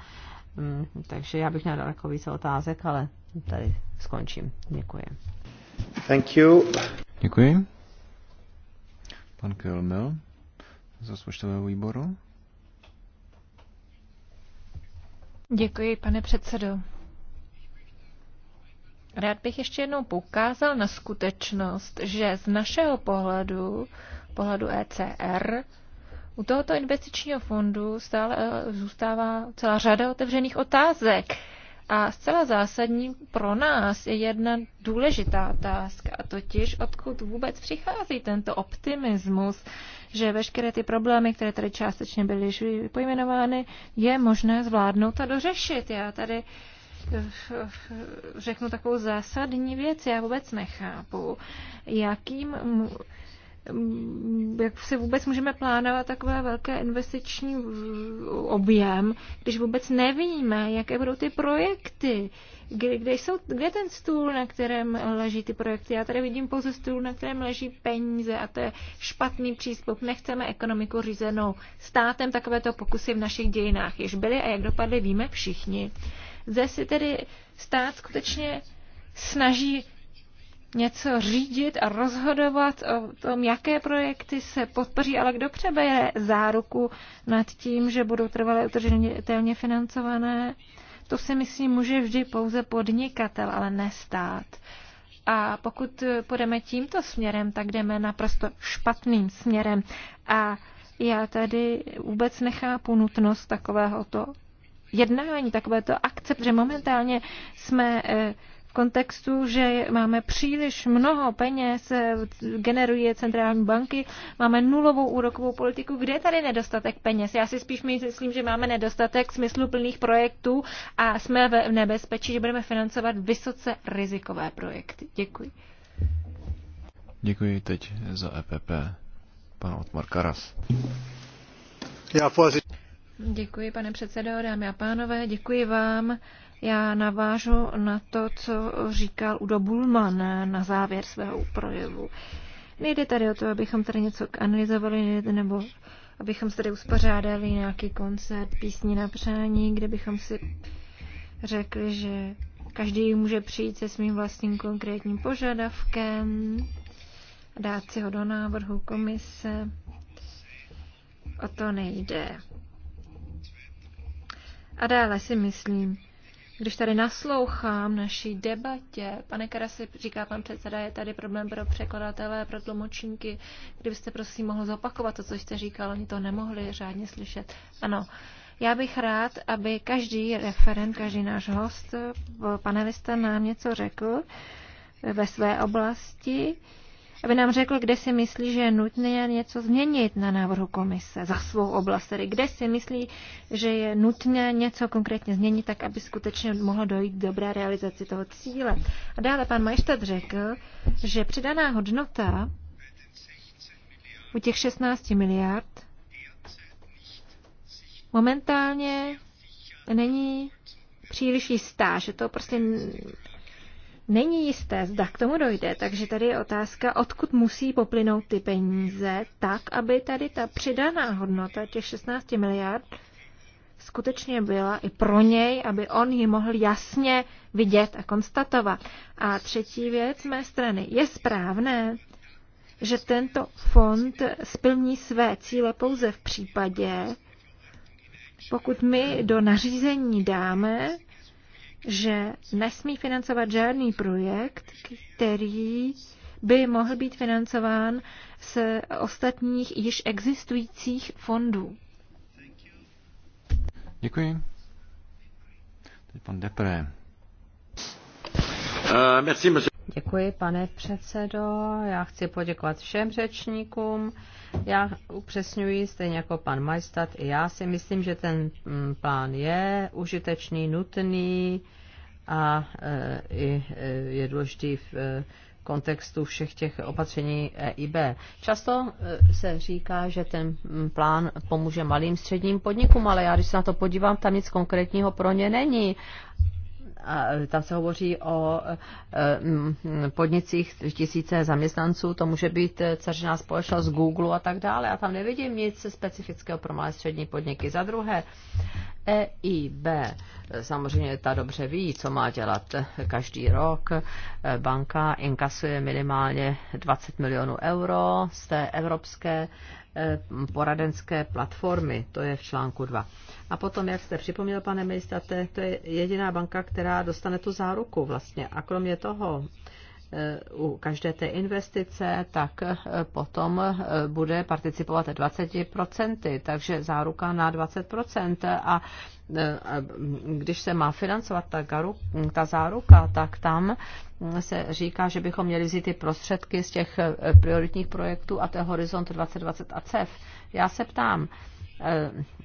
Mm, takže já bych měla daleko více otázek, ale tady skončím. Děkuji. Thank you. Děkuji pan Kelmel z rozpočtového výboru. Děkuji, pane předsedo. Rád bych ještě jednou poukázal na skutečnost, že z našeho pohledu, pohledu ECR, u tohoto investičního fondu stále e, zůstává celá řada otevřených otázek. A zcela zásadní pro nás je jedna důležitá otázka, a totiž odkud vůbec přichází tento optimismus, že veškeré ty problémy, které tady částečně byly pojmenovány, je možné zvládnout a dořešit. Já tady eh, eh, řeknu takovou zásadní věc, já vůbec nechápu, jakým Mm, jak si vůbec můžeme plánovat takové velké investiční objem, když vůbec nevíme, jaké budou ty projekty, kde, kde, jsou, kde je ten stůl, na kterém leží ty projekty. Já tady vidím pouze stůl, na kterém leží peníze a to je špatný přístup. Nechceme ekonomiku řízenou státem. Takovéto pokusy v našich dějinách již byly a jak dopadly, víme všichni. Zde si tedy stát skutečně snaží něco řídit a rozhodovat o tom, jaké projekty se podpoří, ale kdo přebere záruku nad tím, že budou trvalé udržitelně financované, to si myslím může vždy pouze podnikatel, ale ne stát. A pokud půjdeme tímto směrem, tak jdeme naprosto špatným směrem. A já tady vůbec nechápu nutnost takovéhoto jednání, takovéto akce, protože momentálně jsme eh, kontextu, že máme příliš mnoho peněz, eh, generuje centrální banky, máme nulovou úrokovou politiku. Kde je tady nedostatek peněz? Já si spíš myslím, že máme nedostatek smysluplných projektů a jsme v nebezpečí, že budeme financovat vysoce rizikové projekty. Děkuji. Děkuji teď za EPP. Pan Otmar Karas. Já Děkuji, pane předsedo, dámy a pánové, děkuji vám já navážu na to, co říkal Udo Bulman na závěr svého projevu. Nejde tady o to, abychom tady něco analyzovali nebo abychom tady uspořádali nějaký koncert písní na přání, kde bychom si řekli, že každý může přijít se svým vlastním konkrétním požadavkem, dát si ho do návrhu komise. O to nejde. A dále si myslím, když tady naslouchám naší debatě, pane Karasi, říká pan předseda, je tady problém pro překladatele, pro tlumočníky. Kdybyste prosím mohl zopakovat to, co jste říkal, oni to nemohli řádně slyšet. Ano, já bych rád, aby každý referent, každý náš host, panelista nám něco řekl ve své oblasti aby nám řekl, kde si myslí, že je nutné něco změnit na návrhu komise za svou oblast, tedy kde si myslí, že je nutné něco konkrétně změnit, tak aby skutečně mohlo dojít k dobré realizaci toho cíle. A dále pan Majštad řekl, že přidaná hodnota u těch 16 miliard momentálně není příliš jistá, že to prostě není jisté, zda k tomu dojde. Takže tady je otázka, odkud musí poplynout ty peníze, tak, aby tady ta přidaná hodnota těch 16 miliard skutečně byla i pro něj, aby on ji mohl jasně vidět a konstatovat. A třetí věc z mé strany. Je správné, že tento fond splní své cíle pouze v případě, pokud my do nařízení dáme že nesmí financovat žádný projekt, který by mohl být financován z ostatních již existujících fondů. Děkuji. Teď pan Depré. Uh, merci, Děkuji, pane předsedo. Já chci poděkovat všem řečníkům. Já upřesňuji, stejně jako pan Majstat, i já si myslím, že ten mm, plán je užitečný, nutný a e, e, je důležitý v e, kontextu všech těch opatření EIB. Často se říká, že ten mm, plán pomůže malým středním podnikům, ale já když se na to podívám, tam nic konkrétního pro ně není a e, tam se hovoří o e, podnicích tisíce zaměstnanců, to může být e, ceřená společnost Google a tak dále. A tam nevidím nic specifického pro malé střední podniky. Za druhé, EIB, samozřejmě ta dobře ví, co má dělat každý rok. Banka inkasuje minimálně 20 milionů euro z té evropské Eh, poradenské platformy, to je v článku 2. A potom, jak jste připomněl, pane ministrate, to je jediná banka, která dostane tu záruku vlastně. A kromě toho, eh, u každé té investice, tak eh, potom bude participovat 20%, takže záruka na 20%. A když se má financovat ta, ta záruka, tak tam se říká, že bychom měli vzít ty prostředky z těch eh, prioritních projektů a to je Horizont 2020 a CEF. Já se ptám,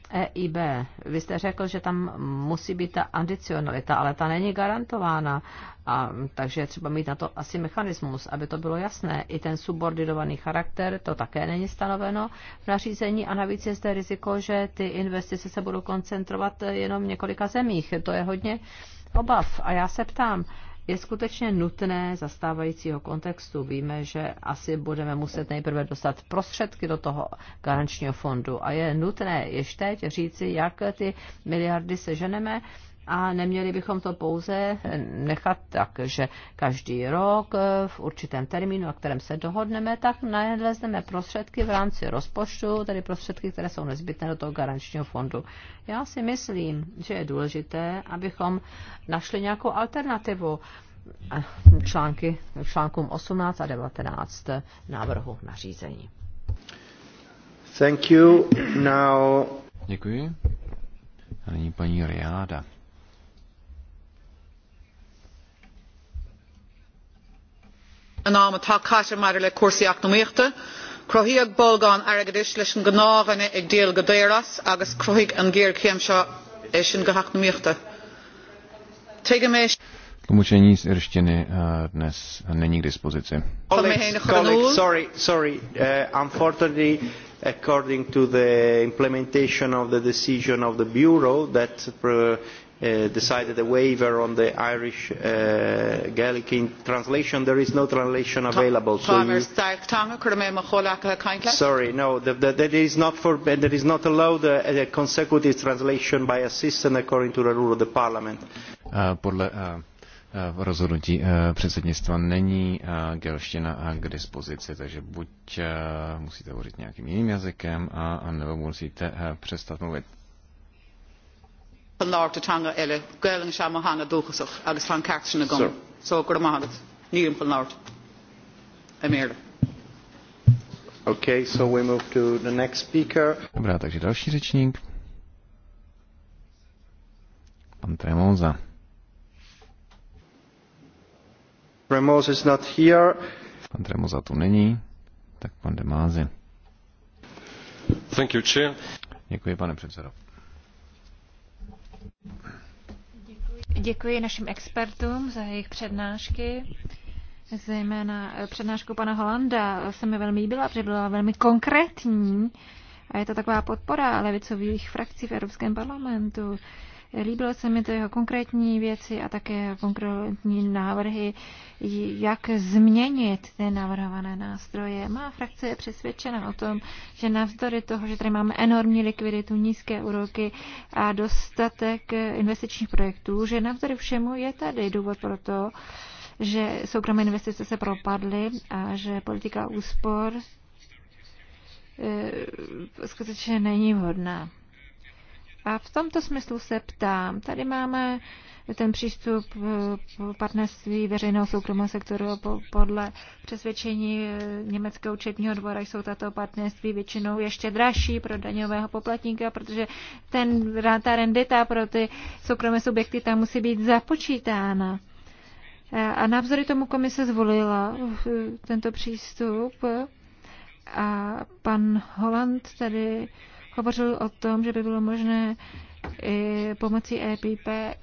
EIB, eh, e vy jste řekl, že tam musí být ta adicionalita, ale ta není garantována, a, takže je třeba mít na to asi mechanismus, aby to bylo jasné. I ten subordinovaný charakter, to také není stanoveno v nařízení a navíc je zde riziko, že ty investice se budou koncentrovat jenom v několika zemích. To je hodně obav a já se ptám, je skutečně nutné zastávajícího kontextu. Víme, že asi budeme muset nejprve dostat prostředky do toho garančního fondu a je nutné ještě teď říci, jak ty miliardy seženeme a neměli bychom to pouze nechat tak, že každý rok eh, v určitém termínu, o kterém se dohodneme, tak nalezneme prostředky v rámci rozpočtu, tedy prostředky, které jsou nezbytné do toho garančního fondu. Já si myslím, že je důležité, abychom našli nějakou alternativu eh, články, článkům 18 a 19 návrhu nařízení. Thank you. Now... Děkuji. A nyní paní Riáda. ná atá caiir mar le cuasaíach nóíochta bolgán leis an ag déal go agus an ggéir é sin go mééis Tlumočení z irštiny eh, dnes není k dispozici. sorry, sorry. Uh, unfortunately, according to the implementation of the decision of the Bureau that eh, Uh, decided a waiver on the Irish uh, Gaelic in translation. There is no translation available. So you, sorry, no, that is not for, that is not allowed a, uh, a consecutive translation by assistant according to the rule of the parliament. Uh, podle, uh... V uh, rozhodnutí předsednictva není gelština k dispozici, takže buď musíte hovořit nějakým jiným jazykem, a, a nebo musíte přestat mluvit láirtatanga eile se hána dúchasach agus so a méle. so we move to the next speaker. Dobrá, takže další řečník. Pan Tremosa. Tremosa is not here. Pan Tremosa tu není, tak pan Demázy. Thank you, chair. Děkuji, pane předsedo. Děkuji našim expertům za jejich přednášky. Zejména eh, přednášku pana Holanda se mi velmi líbila, protože byla velmi konkrétní a je to taková podpora levicových frakcí v Evropském parlamentu. Líbilo se mi to jeho konkrétní věci a také konkrétní návrhy, jak změnit ty navrhované nástroje. Má frakce je přesvědčena o tom, že navzdory toho, že tady máme enormní likviditu, nízké úroky a dostatek investičních projektů, že navzdory všemu je tady důvod pro to, že soukromé investice se propadly a že politika úspor eh, skutečně není vhodná. A v tomto smyslu se ptám, tady máme ten přístup eh, partnerství veřejného soukromého sektoru podle přesvědčení eh, Německého účetního dvora jsou tato partnerství většinou ještě dražší pro daňového poplatníka, protože ten, ta rendita pro ty soukromé subjekty tam musí být započítána. Eh, a navzory tomu komise zvolila tento přístup a pan Holland tady hovořil o tom, že by bylo možné pomocí EPP eh,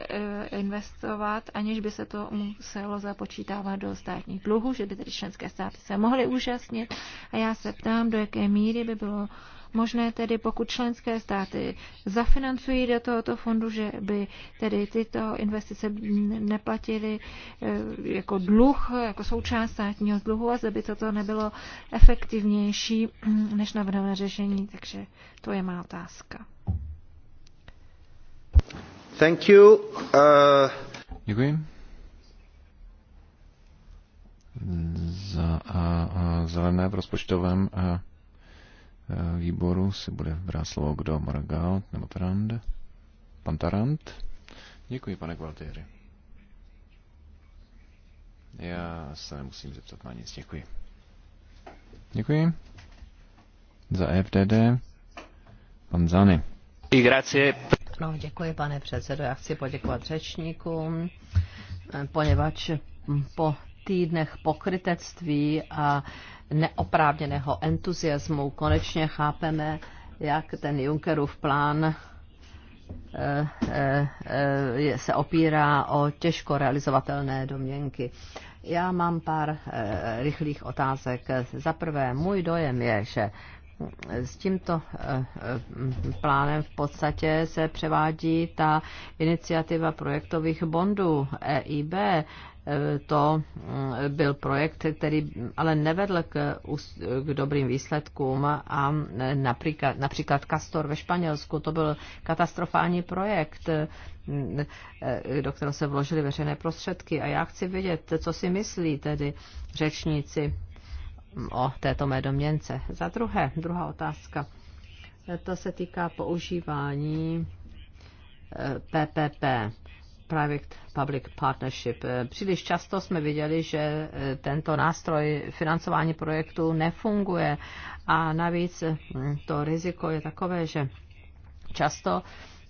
investovat, aniž by se to muselo započítávat do státních dluhů, že by tedy členské státy se mohly účastnit. A já se ptám, do jaké míry by bylo možné tedy, pokud členské státy zafinancují do tohoto fondu, že by tedy tyto investice neplatily eh, jako dluh, jako součást státního dluhu a zde by toto nebylo efektivnější mm, než navrhované řešení. Takže to je má otázka. Thank you. Uh... Děkuji za a, uh, a uh, zelené v rozpočtovém a, uh, Eh, výboru si bude brát slovo kdo? Margal nebo Tarand? Pan Tarand? Děkuji, pane Gualtieri. Já se nemusím zeptat na nic, děkuji. Děkuji. Za e FDD pan Zany. No, děkuji, pane předsedo. Já chci poděkovat řečníkům, eh, poněvadž po týdnech pokrytectví a neoprávněného entuziasmu. Konečně chápeme, jak ten Junckerův plán eh, eh, eh, se opírá o těžko realizovatelné domněnky. Já mám pár rychlých otázek. Za prvé, můj dojem je, že s tímto plánem v podstatě se převádí ta iniciativa projektových bondů EIB to mm, byl projekt, který ale nevedl k, k dobrým výsledkům a například, například Castor ve Španělsku, to byl katastrofální projekt, mm, do kterého se vložily veřejné prostředky a já chci vědět, co si myslí tedy řečníci o této mé domněnce. Za druhé, druhá otázka. To se týká používání PPP eh, Private-Public Partnership. Eh, příliš často jsme viděli, že eh, tento nástroj financování projektů nefunguje a navíc hm, to riziko je takové, že často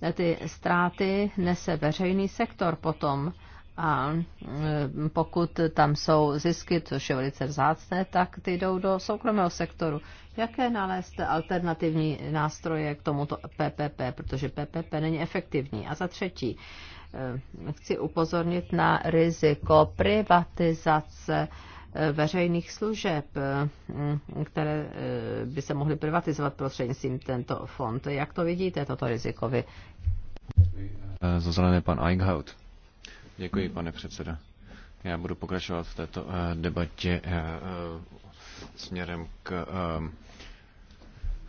eh, ty ztráty nese veřejný sektor potom a hm, pokud tam jsou zisky, což je velice vzácné, tak ty jdou do soukromého sektoru. Jaké nalézt alternativní nástroje k tomuto PPP, protože PPP není efektivní. A za třetí, Eh, chci upozornit na riziko privatizace eh, veřejných služeb, eh, které by se mohly privatizovat prostřednictvím tento fond. Jak to vidíte, toto riziko vy? Zazelené pan Eichhout. Děkuji, pane předseda. Já budu pokračovat v této debatě směrem k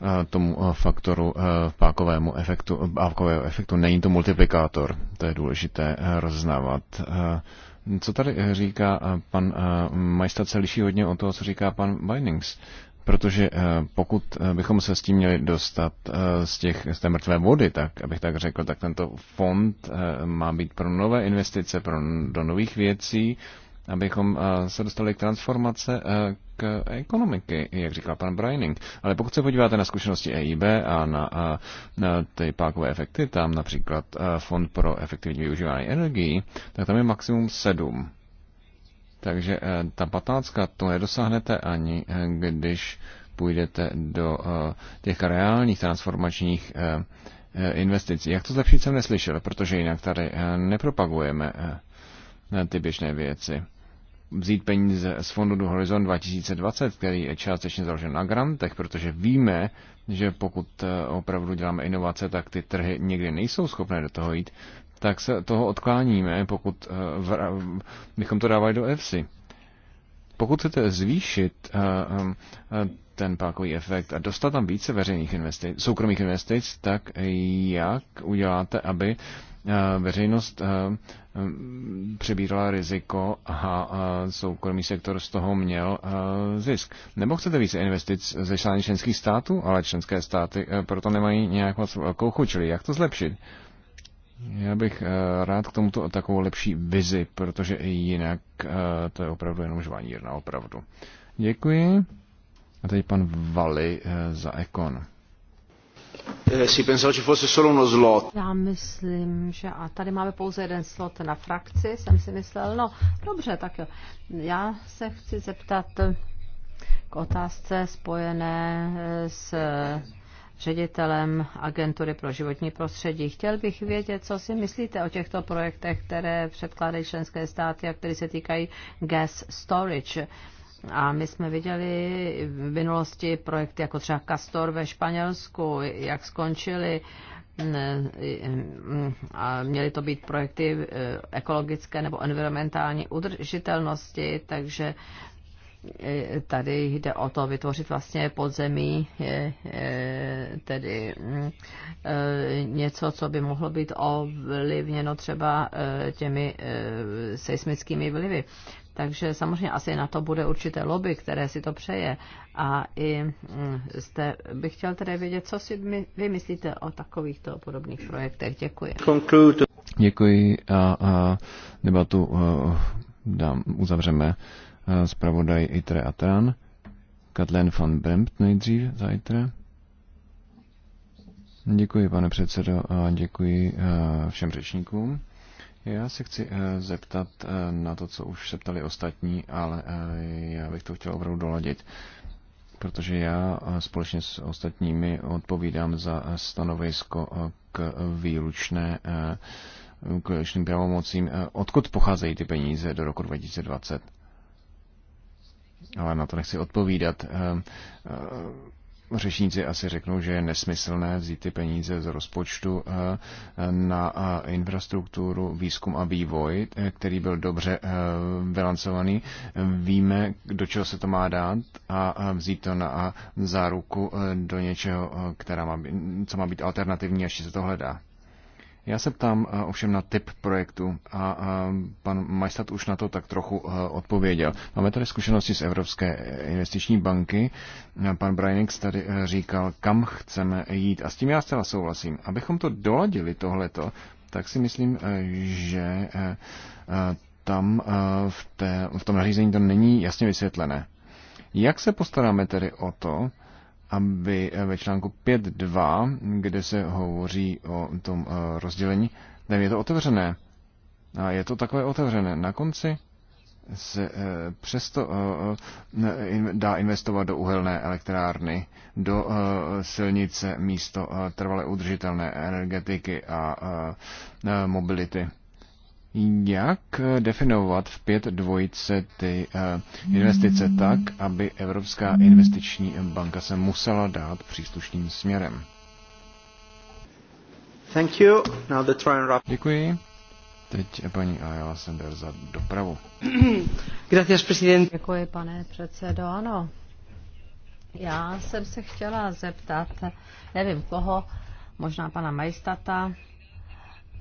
Eh, tomu eh, faktoru eh, pákovému efektu, pákového efektu. Není to multiplikátor, to je důležité rozznávat. Co tady říká pan majstat se liší hodně od toho, co říká pan Bindings. Protože pokud bychom se s tím měli dostat z, těch, z té mrtvé vody, tak abych tak řekl, tak tento fond má být pro nové investice, pro, do nových věcí, abychom se dostali k transformace, ekonomiky, jak říkal pan Brining. Ale pokud se podíváte na zkušenosti EIB a na, a, na ty pákové efekty, tam například Fond pro efektivní využívání energií, tak tam je maximum 7. Takže e, ta patnáctka to nedosáhnete ani, e, když půjdete do e, těch reálních transformačních investicí. Jak to zlepšit jsem neslyšel, protože jinak tady nepropagujeme ty běžné věci vzít peníze z fondu do Horizon 2020, který je částečně založen na grantech, protože víme, že pokud eh, opravdu děláme inovace, tak ty trhy někdy nejsou schopné do toho jít, tak se toho odkláníme, pokud eh, bychom to dávali do EFSI. Pokud chcete zvýšit eh, ten pákový efekt a dostat tam více veřejných investic, soukromých investic, tak jak uděláte, aby Eh, veřejnost eh, mm, přebírala riziko a eh, soukromý sektor z toho měl zisk. Nebo chcete více investic ze strany členských států, ale členské státy proto nemají nějak moc velkou chuť, čili jak to zlepšit? Já bych rád k tomuto takovou lepší vizi, protože jinak to je opravdu jenom žvanírna, opravdu. Děkuji. A teď pan Vali za Ekon. Eh, si pensavo ci fosse solo uno slot. Já myslím, že a tady máme pouze jeden slot na frakci, jsem si myslel, no dobře, tak jo. Já se chci zeptat k otázce spojené eh, s ředitelem Agentury pro životní prostředí. Chtěl bych vědět, co si myslíte o těchto projektech, které předkládají členské státy a které se týkají gas storage a my jsme viděli v minulosti projekty jako třeba Castor ve Španělsku, jak skončili, mm, mm, A měly to být projekty eh, ekologické nebo environmentální udržitelnosti, takže eh, tady jde o to vytvořit vlastně podzemí, eh, tedy mm, něco, co by mohlo být ovlivněno třeba těmi seismickými vlivy. Takže samozřejmě asi na to bude určité lobby, které si to přeje. A i mm, jste, bych chtěl tedy vědět, co si my, vy myslíte o takovýchto podobných projektech. Děkuji. Děkuji a, a debatu eh, dám, uzavřeme eh, zpravodaj ITRE a TRAN. Katlén van Bremt nejdřív za ITRE. Děkuji, pane předsedo, a děkuji eh, všem řečníkům. Já se chci eh, zeptat eh, na to, co už se ptali ostatní, ale eh, já bych to chtěl opravdu doladit, protože já společně s ostatními odpovídám za stanovisko k výlučné k výlučným pravomocím. Odkud pocházejí ty peníze do roku 2020? Ale na to nechci odpovídat řečníci asi řeknou, že je nesmyslné vzít ty peníze z rozpočtu eh, na eh, infrastrukturu, výzkum a vývoj, eh, který byl dobře bilancovaný. Víme, do čeho se to má dát a vzít to na záruku do něčeho, která má, být, co má být alternativní, až se to hledá. Já se ptám eh, ovšem na typ projektu a eh, pan Majstat už na to tak trochu eh, odpověděl. Máme tady zkušenosti z Evropské investiční banky. Pan Brajnix tady říkal, kam chceme jít. A s tím já zcela souhlasím. Abychom to doladili tohleto, tak si myslím, že tam v, té, v tom nařízení to není jasně vysvětlené. Jak se postaráme tedy o to, aby eh, ve článku 5.2, kde se hovoří o tom eh, rozdělení, tam je to otevřené. A je to takové otevřené. Na konci se eh, přesto dá investovat do uhelné elektrárny, do silnice místo trvale udržitelné energetiky a mobility jak eh, definovat v pět dvojice ty eh, investice tak, aby Evropská investiční banka se musela dát příslušným směrem. Thank you. Now the try and wrap. Děkuji. Teď eh, paní Ayala Sender za dopravu. Gracias, president. Děkuji, pane předsedo. Ano, já jsem se chtěla zeptat, nevím koho, možná pana Majstata,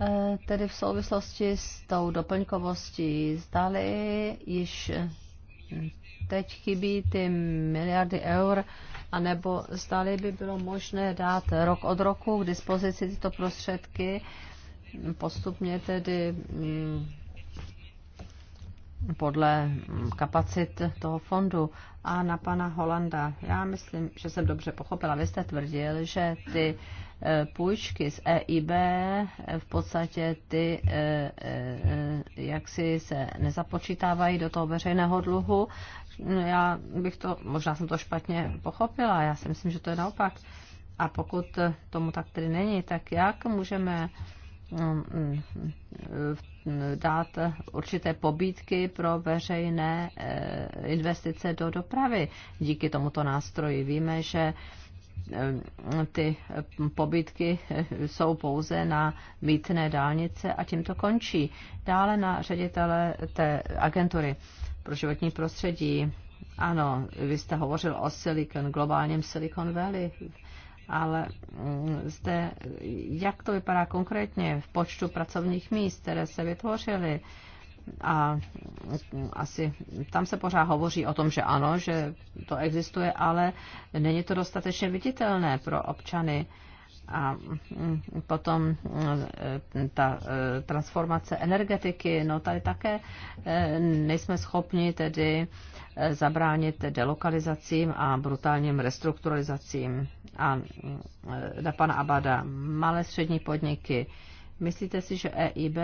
Eh, tedy v souvislosti s tou doplňkovostí. Zdali již eh, teď chybí ty miliardy eur, anebo zdali by bylo možné dát rok od roku k dispozici tyto prostředky, postupně tedy mm, podle mm, kapacit toho fondu. A na pana Holanda, já myslím, že jsem dobře pochopila, vy jste tvrdil, že ty Eh, půjčky z EIB eh, v podstatě ty eh, jaksi se nezapočítávají do toho veřejného dluhu. Mm, já bych to, možná jsem to špatně pochopila, já si myslím, že to je naopak. A pokud tomu tak tedy není, tak jak můžeme mm, mm, dát určité pobídky pro veřejné investice do dopravy díky tomuto nástroji. Víme, že Eh, ty eh, pobytky eh, jsou pouze na mítné dálnice a tím to končí. Dále na ředitele té agentury pro životní prostředí. Ano, vy jste hovořil o Silicon, globálním Silicon Valley, ale mm, zde, jak to vypadá konkrétně v počtu pracovních míst, které se vytvořily? a asi tam se pořád hovoří o tom, že ano, že to existuje, ale není to dostatečně viditelné pro občany. A potom eh, ta eh, transformace energetiky, no tady také eh, nejsme schopni tedy zabránit delokalizacím a brutálním restrukturalizacím. A na pana Abada, malé střední podniky, myslíte si, že EIB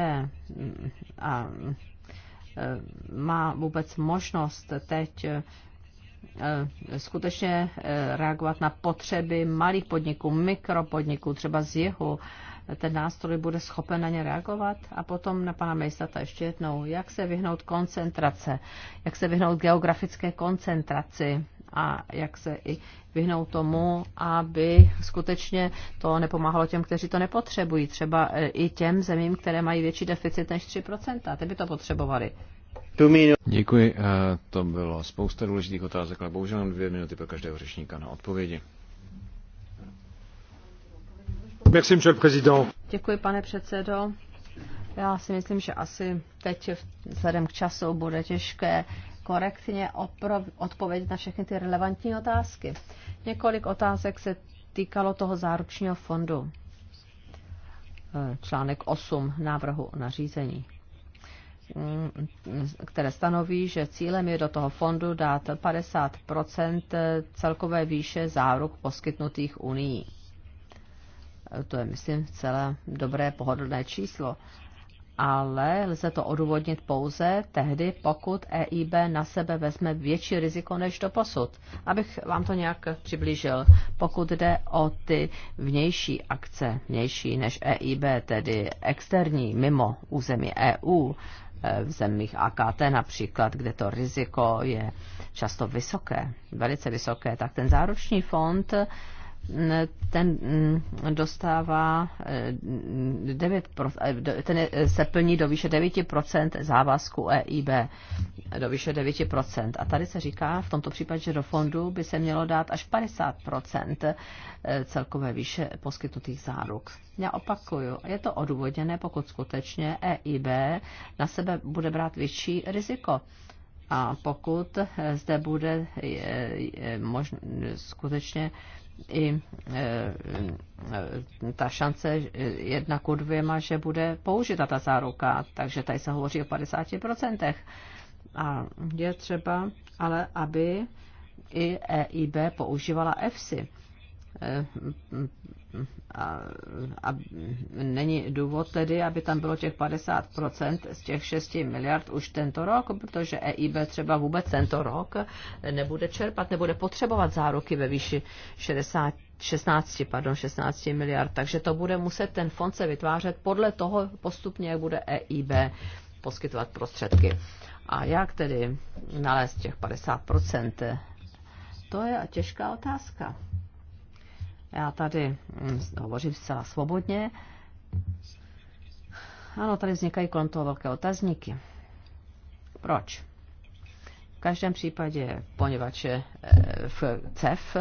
mm, a Eh, má vůbec možnost teď eh, skutečně eh, reagovat na potřeby malých podniků, mikropodniků, třeba z jihu. Ten nástroj bude schopen na ně reagovat. A potom na pana Mejstata ještě jednou, jak se vyhnout koncentrace, jak se vyhnout geografické koncentraci a jak se i vyhnout tomu, aby skutečně to nepomáhalo těm, kteří to nepotřebují. Třeba eh, i těm zemím, které mají větší deficit než 3%. Ty by to potřebovali. Děkuji, eh, to bylo spousta důležitých otázek, ale bohužel mám dvě minuty pro každého řečníka na odpovědi. Děkuji, pane předsedo. Já si myslím, že asi teď vzhledem k času bude těžké korektně odpovědět na všechny ty relevantní otázky. Několik otázek se týkalo toho záručního fondu. E, článek 8 návrhu nařízení mm, které stanoví, že cílem je do toho fondu dát 50 celkové výše záruk poskytnutých Unii. E, to je, myslím, celé dobré pohodlné číslo ale lze to odůvodnit pouze tehdy, pokud EIB na sebe vezme větší riziko než do posud. Abych vám to nějak přiblížil, pokud jde o ty vnější akce, vnější než EIB, tedy externí, mimo území EU, eh, v zemích AKT například, kde to riziko je často vysoké, velice vysoké, tak ten záruční fond ten mm, dostává 9%, eh, eh, ten eh, se plní do výše 9% závazku EIB, do výše 9%. A tady se říká v tomto případě, že do fondu by se mělo dát až 50% celkové výše poskytnutých záruk. Já opakuju, je to odůvodněné, pokud skutečně EIB na sebe bude brát větší riziko. A pokud zde bude je, je, možn, skutečně i e, e, ta šance e, jedna ku dvěma, že bude použita ta záruka, takže tady se hovoří o 50%. A je třeba ale, aby i EIB používala EFSI Eh, eh, eh, a, a není důvod tedy, aby tam bylo těch 50% z těch 6 miliard už tento rok, protože EIB třeba vůbec tento rok nebude čerpat, nebude potřebovat záruky ve výši 60 16, pardon, 16 miliard, takže to bude muset ten fond se vytvářet podle toho postupně, jak bude EIB poskytovat prostředky. A jak tedy nalézt těch 50%? To je těžká otázka. Já tady hm, hovořím zcela svobodně. Ano, tady vznikají kolem toho velké otazníky. Proč? V každém případě, poněvadž eh, v CEF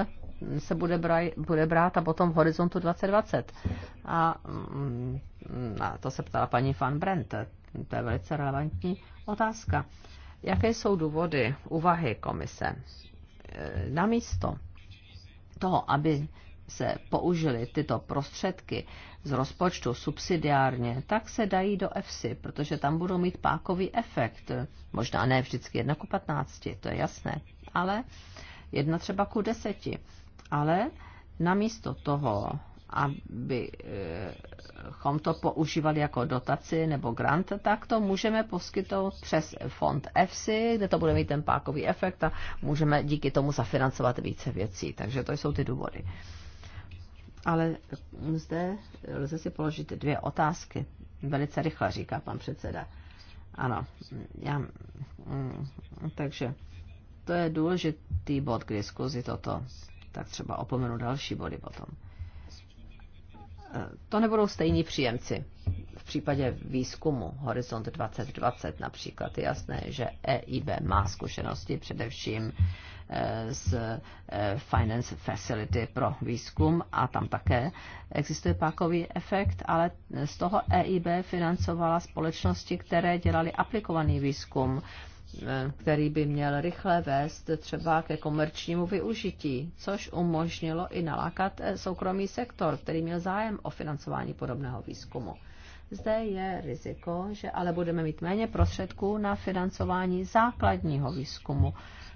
se bude, braj, bude brát a potom v horizontu 2020. A na hm, to se ptala paní Van Brent. To je velice relevantní otázka. Jaké jsou důvody, uvahy komise? Eh, namísto toho, aby se použili tyto prostředky z rozpočtu subsidiárně, tak se dají do EFSI, protože tam budou mít pákový efekt. Možná ne vždycky 1 ku 15, to je jasné, ale jedna třeba ku 10. Ale namísto toho, abychom to používali jako dotaci nebo grant, tak to můžeme poskytnout přes fond EFSI, kde to bude mít ten pákový efekt a můžeme díky tomu zafinancovat více věcí. Takže to jsou ty důvody. Ale zde lze si položit dvě otázky. Velice rychle, říká pan předseda. Ano, já, mm, takže to je důležitý bod k diskuzi toto. Tak třeba opomenu další body potom. E, to nebudou stejní příjemci. V případě výzkumu Horizont 2020 například je jasné, že EIB má zkušenosti především z eh, Finance Facility pro výzkum a tam také existuje pákový efekt, ale z toho EIB financovala společnosti, které dělali aplikovaný výzkum eh, který by měl rychle vést třeba ke komerčnímu využití, což umožnilo i nalákat eh, soukromý sektor, který měl zájem o financování podobného výzkumu. Zde je riziko, že ale budeme mít méně prostředků na financování základního výzkumu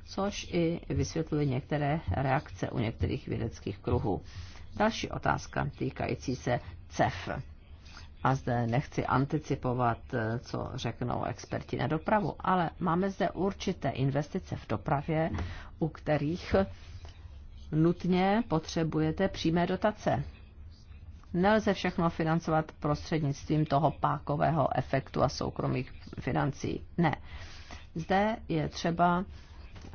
což i vysvětluje některé reakce u některých vědeckých kruhů. Další otázka týkající se CEF. A zde nechci anticipovat, eh, co řeknou experti na dopravu, ale máme zde určité investice v dopravě, u kterých nutně potřebujete přímé dotace. Nelze všechno financovat prostřednictvím toho pákového efektu a soukromých financí. Ne. Zde je třeba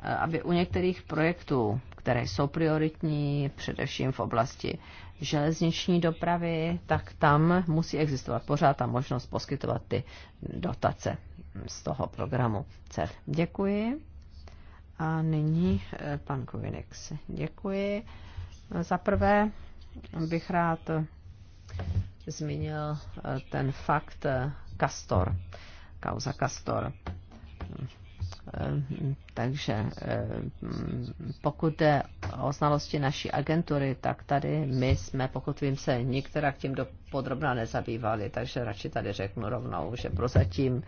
Eh, aby u některých projektů, které jsou prioritní, především v oblasti železniční dopravy, tak tam musí existovat pořád ta možnost poskytovat ty dotace z toho programu CEF. Děkuji. A nyní eh, pan Kovinex. Děkuji. Za prvé bych rád zmínil eh, ten fakt Castor, kauza Castor Ehm, takže ehm, pokud jde o znalosti naší agentury, tak tady my jsme, pokud vím, se některá k tím do nezabývali, takže radši tady řeknu rovnou, že prozatím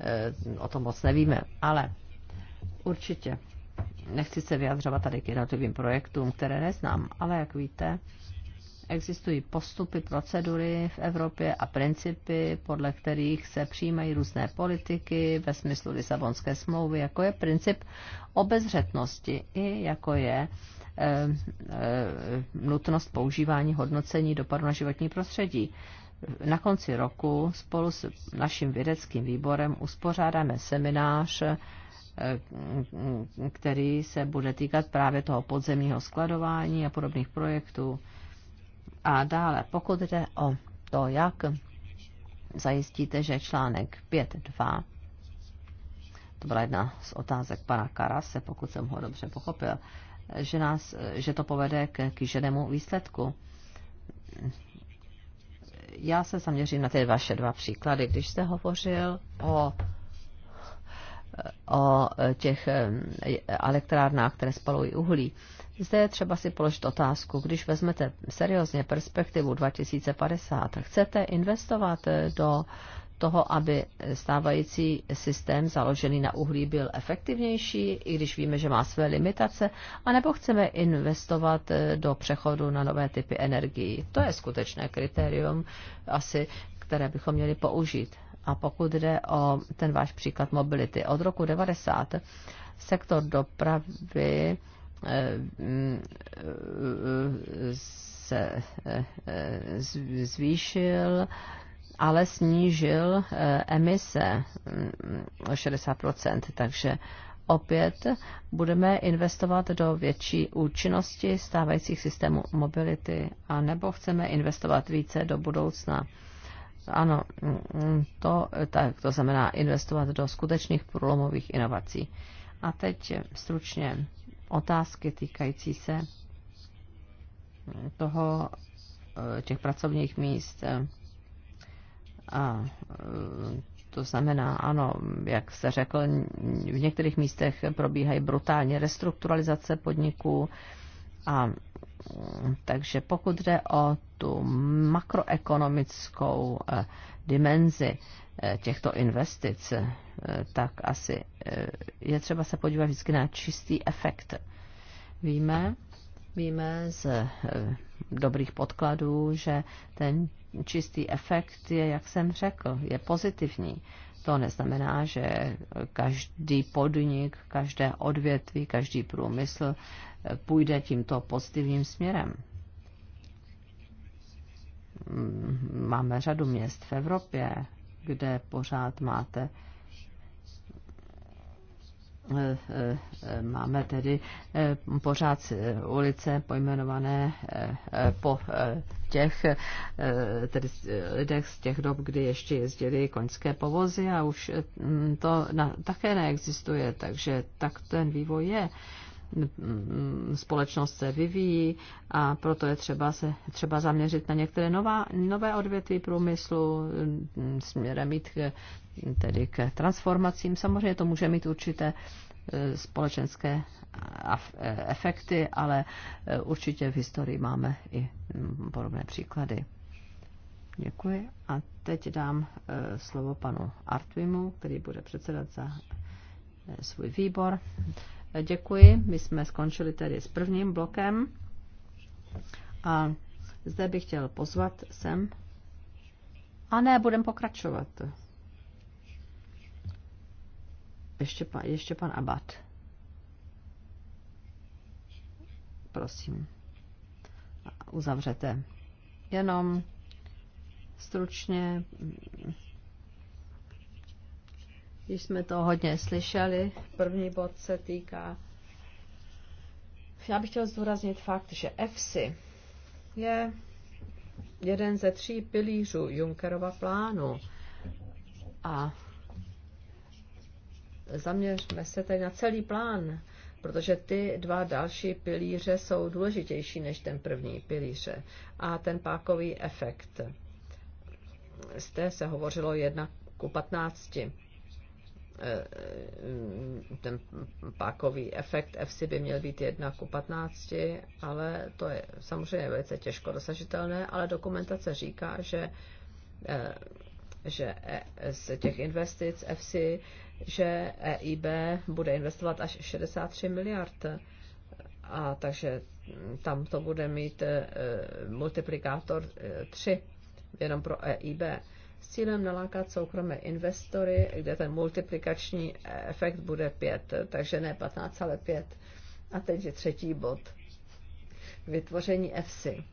ehm, o tom moc nevíme, ale určitě nechci se vyjadřovat tady k jednotlivým projektům, které neznám, ale jak víte, existují postupy, procedury v Evropě a principy, podle kterých se přijímají různé politiky ve smyslu Lisabonské smlouvy, jako je princip obezřetnosti i jako je e, e, nutnost používání hodnocení dopadu na životní prostředí. Na konci roku spolu s naším vědeckým výborem uspořádáme seminář, eh, který se bude týkat právě toho podzemního skladování a podobných projektů a dále, pokud jde o to, jak zajistíte, že článek 5.2, to byla jedna z otázek pana Karase, pokud jsem ho dobře pochopil, že, nás, že to povede k kýženému výsledku. Já se zaměřím na ty vaše dva příklady. Když jste hovořil o o těch eh, elektrárnách, které spalují uhlí. Zde je třeba si položit otázku, když vezmete seriózně perspektivu 2050, chcete investovat eh, do toho, aby stávající systém založený na uhlí byl efektivnější, i když víme, že má své limitace, anebo chceme investovat eh, do přechodu na nové typy energií. To je skutečné kritérium asi, které bychom měli použít. A pokud jde o ten váš příklad mobility, od roku 90 sektor dopravy se eh, zvýšil, ale snížil eh, emise mm, o 60 takže opět budeme investovat do větší účinnosti stávajících systémů mobility, a nebo chceme investovat více do budoucna. Ano, mm, to, tak, to znamená investovat do skutečných průlomových inovací. A teď stručně otázky týkající se eh, toho, eh, těch pracovních míst. A eh, to znamená, ano, jak se řekl, v některých místech probíhají brutální restrukturalizace podniků. A takže pokud jde o tu makroekonomickou dimenzi těchto investic, Eh, tak asi eh, je třeba se podívat vždycky na čistý efekt. Víme, víme z eh, dobrých podkladů, že ten čistý efekt je, jak jsem řekl, je pozitivní. To neznamená, že každý podnik, každé odvětví, každý průmysl půjde tímto pozitivním směrem. Mm, máme řadu měst v Evropě, kde pořád máte uh, máme tedy eh, pořád ulice pojmenované eh, po eh, těch tedy lidech z těch dob, kdy ještě jezdili koňské povozy a už mm, to na, také neexistuje, takže tak ten vývoj je mm, společnost se vyvíjí a proto je třeba se třeba zaměřit na některé nová, nové odvětví průmyslu, mm, směrem jít k tedy k transformacím. Samozřejmě to může mít určité e, společenské e, efekty, ale e, určitě v historii máme i mm, podobné příklady. Děkuji. A teď dám slovo panu Artvimu, který bude předsedat za svůj výbor. Děkuji. My jsme skončili tedy s prvním blokem. A zde bych chtěl pozvat sem. A ne, budem pokračovat. Ještě pan, ještě pan Abad. Prosím. Uzavřete. Jenom stručně. Když jsme to hodně slyšeli. První bod se týká. Já bych chtěl zdůraznit fakt, že EFSI je jeden ze tří pilířů Junckerova plánu. A zaměřme se tady na celý plán, protože ty dva další pilíře jsou důležitější než ten první pilíře. A ten pákový efekt. Z té se hovořilo 1 ku 15 e, e, ten pákový efekt FC by měl být 1 ku 15, ale to je samozřejmě velice těžko dosažitelné, ale dokumentace říká, že e, že z těch investic FC že EIB bude investovat až 63 miliard. A takže tam to bude mít e, multiplikátor 3 e, jenom pro EIB s cílem nalákat soukromé investory, kde ten multiplikační efekt bude 5, takže ne 15, ale 5. A teď je třetí bod. Vytvoření EFSI.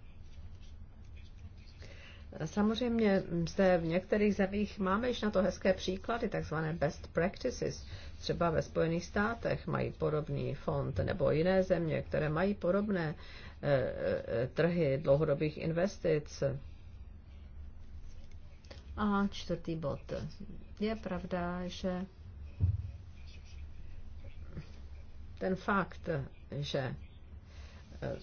Samozřejmě zde v některých zemích máme již na to hezké příklady, takzvané best practices. Třeba ve Spojených státech mají podobný fond nebo jiné země, které mají podobné eh, eh, trhy dlouhodobých investic. A čtvrtý bod. Je pravda, že ten fakt, že eh,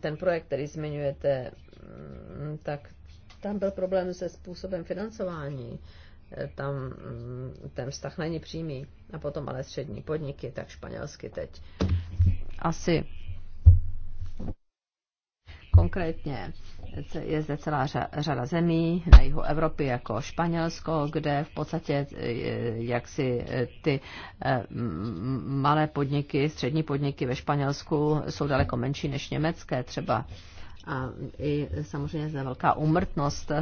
ten projekt, který zmiňujete, mm, tak tam byl problém se způsobem financování. Eh, tam mm, ten vztah není přímý. A potom ale střední podniky, tak španělsky teď. Asi Konkrétně je zde celá řada zemí na jihu Evropy, jako Španělsko, kde v podstatě eh, jak si eh, ty eh, malé podniky, střední podniky ve Španělsku jsou daleko menší než německé třeba. A i samozřejmě zde velká umrtnost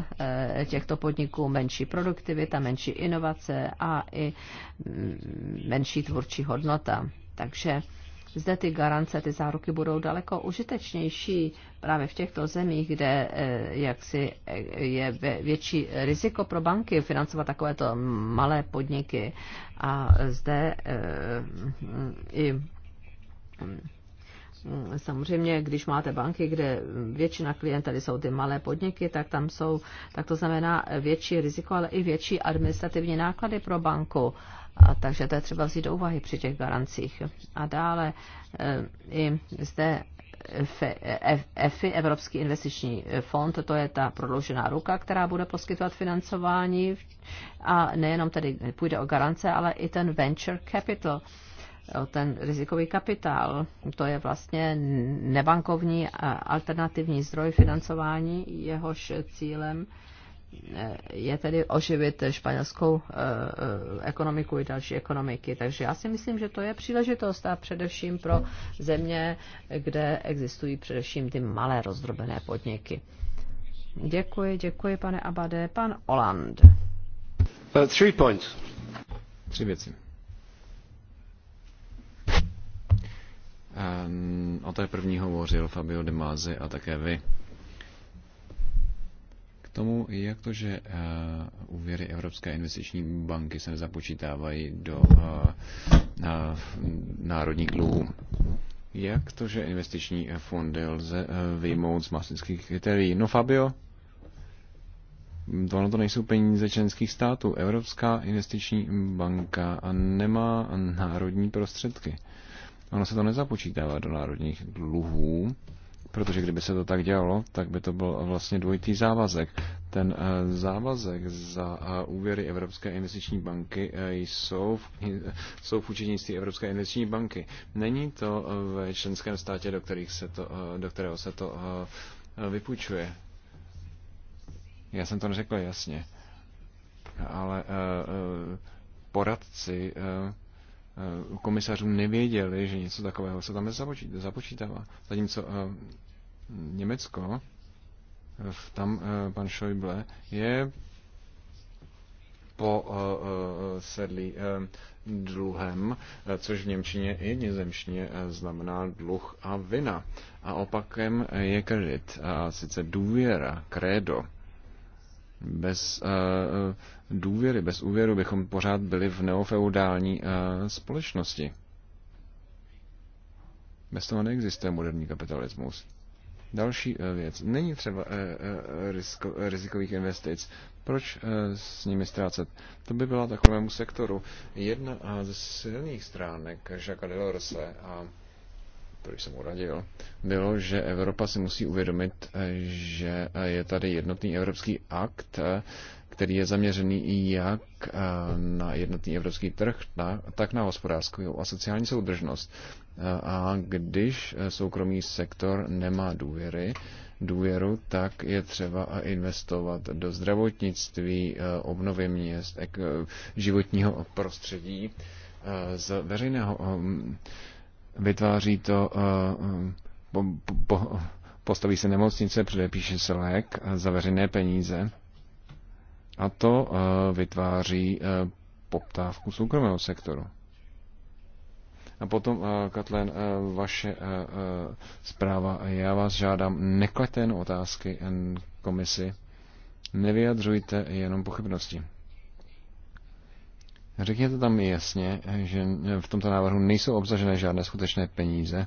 těchto podniků, menší produktivita, menší inovace a i mm, menší tvůrčí hodnota. Takže zde ty garance, ty záruky budou daleko užitečnější právě v těchto zemích, kde eh, jaksi eh, je větší riziko pro banky financovat takovéto malé podniky. A zde eh, i Samozřejmě, když máte banky, kde většina klientů jsou ty malé podniky, tak tam jsou, tak to znamená větší riziko, ale i větší administrativní náklady pro banku. A takže to je třeba vzít do úvahy při těch garancích. A dále eh, i zde EFI, Evropský investiční fond, to je ta prodloužená ruka, která bude poskytovat financování a nejenom tedy půjde o garance, ale i ten venture capital ten rizikový kapitál. To je vlastně nebankovní alternativní zdroj financování, jehož cílem eh, je tedy oživit španělskou eh, eh, ekonomiku i další ekonomiky. Takže já si myslím, že to je příležitost a především pro země, kde existují především ty malé rozdrobené podniky. Děkuji, děkuji, pane Abade. Pan Oland. Uh, three points. Tři věci. Ehm, o té první hovořil Fabio De Mazi a také vy. K tomu, jak to, že eh, úvěry Evropské investiční banky se nezapočítávají do eh, národních dluhů. Jak to, že investiční fondy lze eh, vyjmout z masnických kritérií? No Fabio, ono to nejsou peníze členských států. Evropská investiční banka nemá národní prostředky. Ono se to nezapočítává do národních dluhů, protože kdyby se to tak dělalo, tak by to byl vlastně dvojitý závazek. Ten eh, závazek za eh, úvěry Evropské investiční banky eh, jsou v, jsou v účetnictví Evropské investiční banky. Není to ve členském státě, do, kterých se to, do kterého se to vypůjčuje. Já jsem to neřekl jasně. Ale poradci Eh, komisařům nevěděli, že něco takového se tam započítává. Zatímco eh, Německo, eh, tam pan Schäuble je po sedlí dluhem, což v Němčině i nizemštině znamená dluh a vina. A opakem je kredit, a sice důvěra, krédo. Bez eh, eh, důvěry, bez úvěru bychom pořád byli v neofeudální eh, společnosti. Bez toho neexistuje moderní kapitalismus. Další věc. Není třeba risko, rizikových investic. Proč s nimi ztrácet? To by byla takovému sektoru jedna ze silných stránek Jacques Delorse a který jsem uradil, bylo, že Evropa si musí uvědomit, eh, že eh, je tady jednotný evropský akt, eh, který je zaměřený jak na jednotný evropský trh, tak na hospodářskou a sociální soudržnost. A když soukromý sektor nemá důvěry, důvěru, tak je třeba investovat do zdravotnictví, obnovy měst, životního prostředí z veřejného Vytváří to, eh, mm, po, po, postaví se nemocnice, předepíše se lék za veřejné peníze a to eh, vytváří eh, poptávku soukromého sektoru. A potom, Katlen, vaše zpráva. Já vás žádám, neklaďte jen otázky komisi, nevyjadřujte jenom pochybnosti. Řekněte tam jasně, že v tomto návrhu nejsou obsažené žádné skutečné peníze,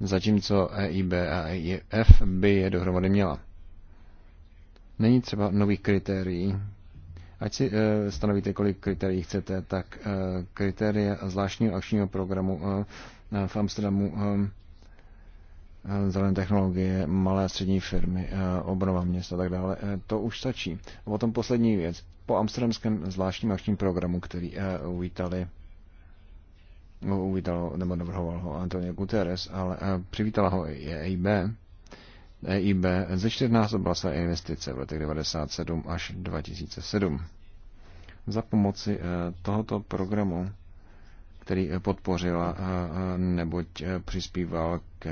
zatímco EIB a EIF by je dohromady měla. Není třeba nových kritérií. Ať si e, stanovíte, kolik kritérií chcete, tak e, kritéria zvláštního akčního programu e, v Amsterdamu e, zelené technologie, malé a střední firmy, obnova města a tak dále. To už stačí. A potom poslední věc po amsterdamském zvláštním akčním programu, který eh, uvítali no, uvítal nebo navrhoval ho Antonio Guterres, ale eh, přivítala ho i EIB. EIB ze 14 své investice v letech 97 až 2007. Za pomoci eh, tohoto programu, který podpořila, neboť přispíval k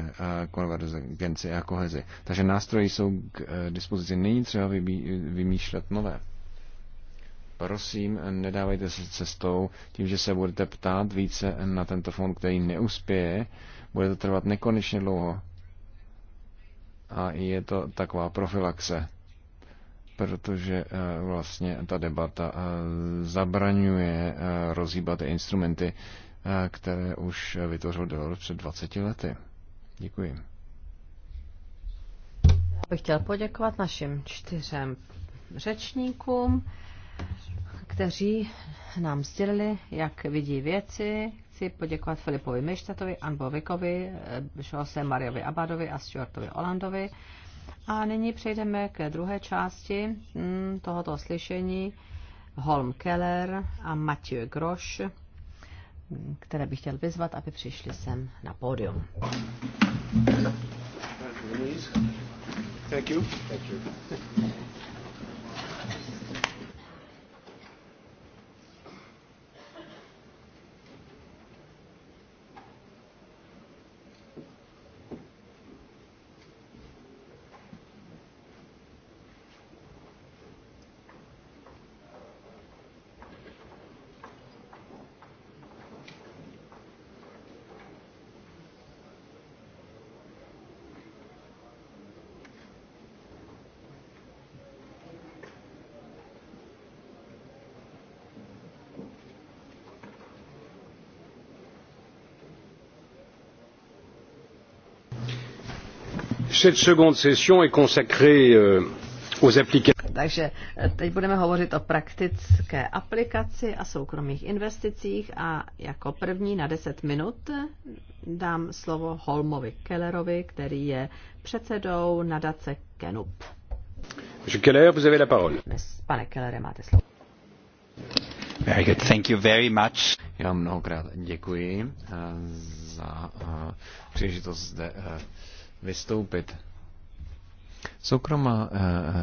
konvergenci a kohezi. Takže nástroje jsou k dispozici. Není třeba vymýšlet nové prosím, nedávejte se cestou tím, že se budete ptát více na tento fond, který neuspěje. Bude to trvat nekonečně dlouho. A je to taková profilaxe, protože eh, vlastně ta debata eh, zabraňuje eh, rozhýbat instrumenty, které už vytvořil Delor před 20 lety. Děkuji. Já bych chtěl poděkovat našim čtyřem řečníkům kteří nám sdělili, jak vidí věci. Chci poděkovat Filipovi Anbo Vikovi, Jose Mariovi Abadovi a Stuartovi Olandovi. A nyní přejdeme k druhé části mm, tohoto slyšení. Holm Keller a Mathieu Groš, které bych chtěl vyzvat, aby přišli sem na pódium. Thank you. Thank you. Euh, Takže eh, teď budeme hovořit o praktické aplikaci a soukromých investicích a jako první na 10 minut eh, dám slovo Holmovi Kellerovi, který je předsedou nadace Kenup. Keller, vous avez la parole. Pane Kellere, máte slovo. Very good. Thank you very much. Já mnohokrát děkuji eh, za příležitost zde vystoupit. Soukromá eh,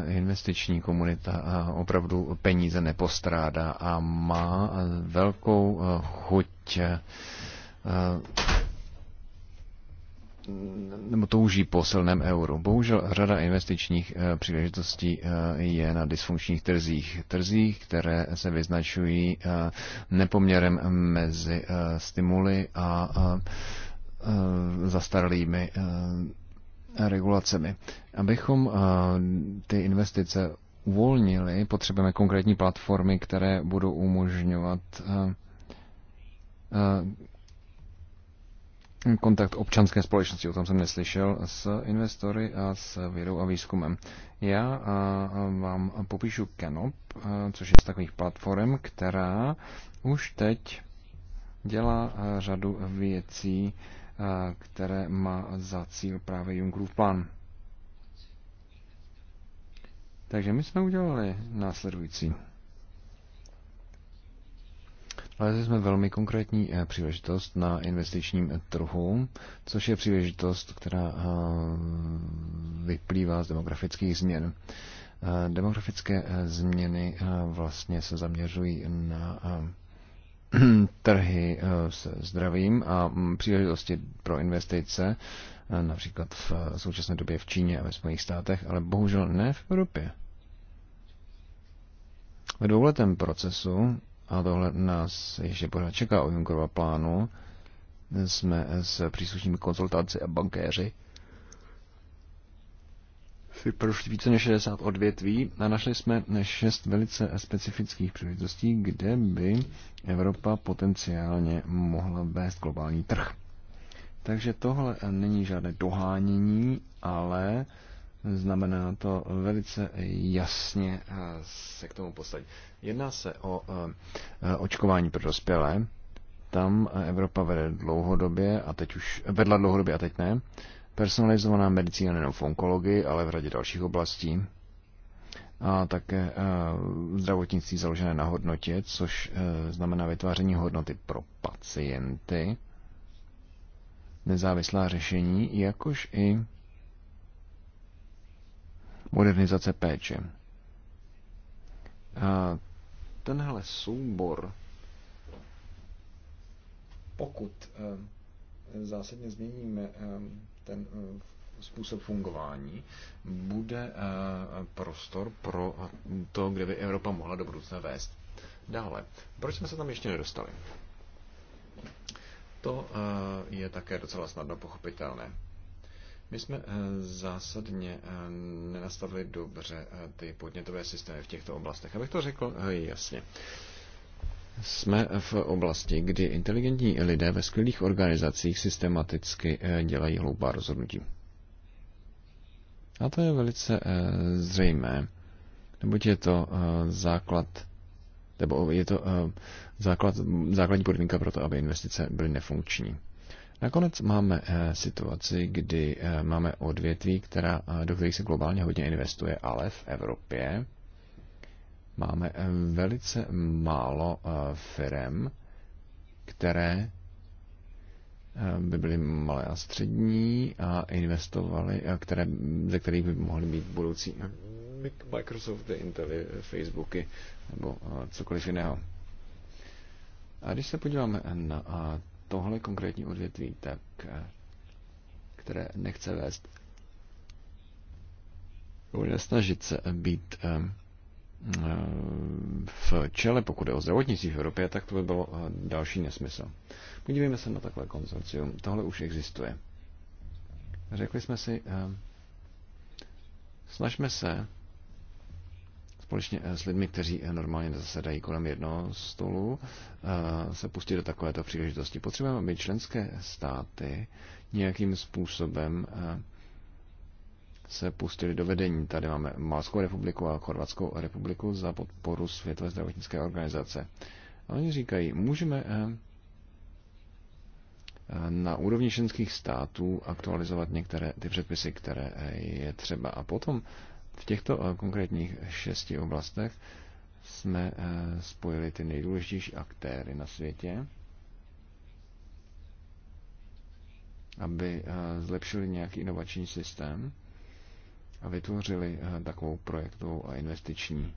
eh, investiční komunita eh, opravdu peníze nepostrádá a má velkou chuť nebo touží po silném euru. Bohužel řada investičních příležitostí je na dysfunkčních trzích. Trzích, které se vyznačují nepoměrem mezi stimuly a zastaralými regulacemi. Abychom eh, ty investice uvolnili, potřebujeme konkrétní platformy, které budou umožňovat eh, eh, kontakt občanské společnosti, o tom jsem neslyšel, s investory a s vědou a výzkumem. Já vám popíšu Canop, což je z takových platform, která už teď dělá řadu věcí, Eh, které má za cíl právě Junckerův plán. Takže my jsme udělali následující. Nalezli jsme velmi konkrétní eh, příležitost na investičním trhu, což je příležitost, která eh, vyplývá z demografických změn. Demografické změny vlastně se zaměřují na trhy eh, se zdravím a mm, příležitosti pro investice, eh, například v eh, současné době v Číně a ve Spojených státech, ale bohužel ne v Evropě. Ve dvouletém procesu, a tohle nás ještě pořád čeká o Junckerova plánu, jsme s příslušnými konzultanci a bankéři prošli více než 60 odvětví a našli jsme šest velice specifických příležitostí, kde by Evropa potenciálně mohla vést globální trh. Takže tohle není žádné dohánění, ale znamená to velice jasně eh, se k tomu postavit. Jedná se o eh, eh, očkování pro dospělé. Tam Evropa vede dlouhodobě a teď už vedla dlouhodobě a teď ne personalizovaná medicína nejen v onkologii, ale v řadě dalších oblastí a také eh, zdravotnictví založené na hodnotě, což eh, znamená vytváření hodnoty pro pacienty, nezávislá řešení, jakož i modernizace péče. A tenhle soubor, pokud eh, zásadně změníme ten eh, způsob fungování, bude eh, prostor pro to, kde by Evropa mohla do budoucna vést. Dále, proč jsme se tam ještě nedostali? To eh, je také docela snadno pochopitelné. My jsme zásadně nenastavili dobře ty podnětové systémy v těchto oblastech. Abych to řekl jasně jsme v oblasti, kdy inteligentní lidé ve skvělých organizacích systematicky eh, dělají hloupá rozhodnutí. A to je velice eh, zřejmé, neboť je to eh, základ nebo je to základ, základní podmínka pro to, aby investice byly nefunkční. Nakonec máme situaci, kdy máme odvětví, která, do kterých se globálně hodně investuje, ale v Evropě máme eh, velice málo eh, firm, které eh, by byly malé a střední a investovaly, a které, ze kterých by mohly být budoucí Microsofty, Intely, Facebooky nebo cokoliv jiného. A když se podíváme na tohle konkrétní odvětví, tak které nechce vést, bude snažit se být um, v čele, pokud je o zdravotnictví v Evropě, tak to by bylo eh, další nesmysl. Podívejme se na takové konzorcium. Tohle už existuje. Řekli jsme si, eh, snažme se společně eh, s lidmi, kteří normálně nezasedají kolem jednoho stolu, se pustit do takovéto příležitosti. Potřebujeme, aby členské státy nějakým způsobem se pustili do vedení. Tady máme Malskou republiku a Chorvatskou republiku za podporu Světové zdravotnické organizace. A oni říkají, můžeme eh, eh, na úrovni členských států aktualizovat některé ty předpisy, které eh, je třeba. A potom v těchto konkrétních šesti oblastech jsme spojili ty nejdůležitější aktéry na světě, aby zlepšili nějaký inovační systém a vytvořili eh, takovou projektovou a investiční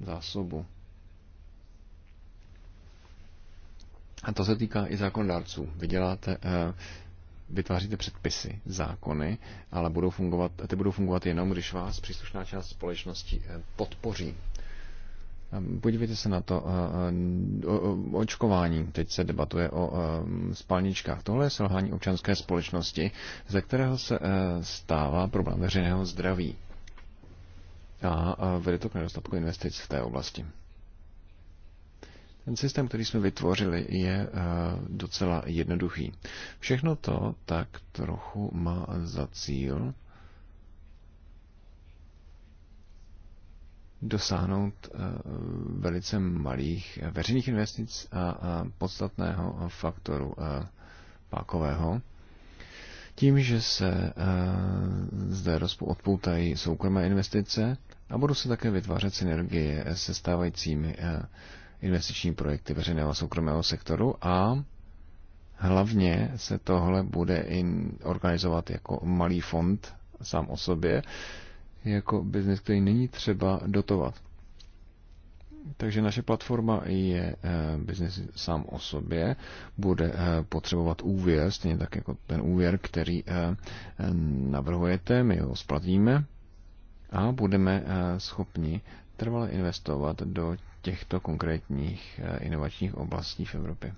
zásobu. A to se týká i zákonodárců. Vyděláte, eh, vytváříte předpisy, zákony, ale budou fungovat, ty budou fungovat jenom, když vás příslušná část společnosti eh, podpoří. Ehm, podívejte se na to eh, eh, očkování. Teď se debatuje o ehm, spalničkách. Tohle je selhání občanské společnosti, ze kterého se eh, stává problém veřejného zdraví. A vede to k nedostatku investic v té oblasti. Ten systém, který jsme vytvořili, je docela jednoduchý. Všechno to tak trochu má za cíl dosáhnout eh, velice malých eh, veřejných investic a podstatného faktoru eh, pákového. Tím, že se zde odpoutají soukromé investice a budou se také vytvářet synergie se stávajícími investiční projekty veřejného a soukromého sektoru a hlavně se tohle bude in organizovat jako malý fond sám o sobě, jako biznis, který není třeba dotovat. Takže naše platforma je eh, biznis sám o sobě, bude eh, potřebovat úvěr, stejně tak jako ten úvěr, který eh, navrhujete, my ho splatíme a budeme schopni trvale investovat do těchto konkrétních inovačních oblastí v Evropě.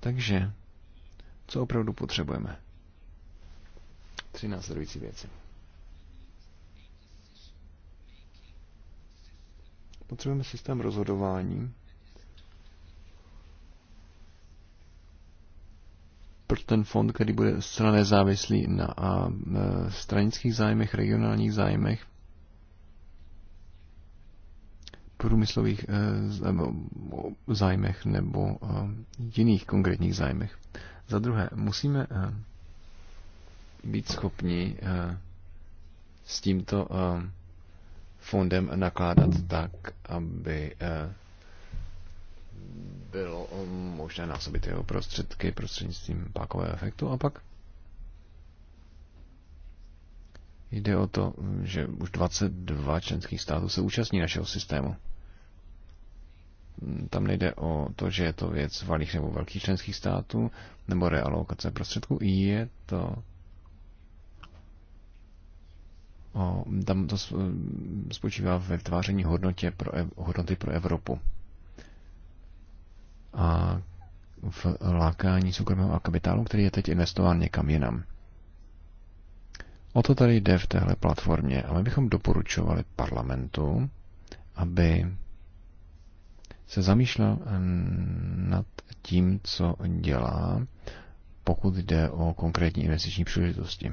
Takže, co opravdu potřebujeme? Tři následující věci. Potřebujeme systém rozhodování, pro ten fond, který bude zcela nezávislý na e, stranických zájmech, regionálních zájmech, průmyslových e, zájmech nebo e, jiných konkrétních zájmech. Za druhé, musíme být schopni s tímto fondem nakládat tak, aby eh, bylo možné násobit jeho prostředky prostřednictvím pákového efektu a pak jde o to, že už 22 členských států se účastní našeho systému. Tam nejde o to, že je to věc valých nebo velkých členských států nebo realokace prostředků. Je to o, tam to mm, spočívá ve vytváření hodnotě pro, hodnoty pro Evropu. A v lákání soukromého a kapitálu, který je teď investován někam jinam. O to tady jde v téhle platformě a my bychom doporučovali parlamentu, aby se zamýšlel mm, nad tím, co dělá, pokud jde o konkrétní investiční příležitosti.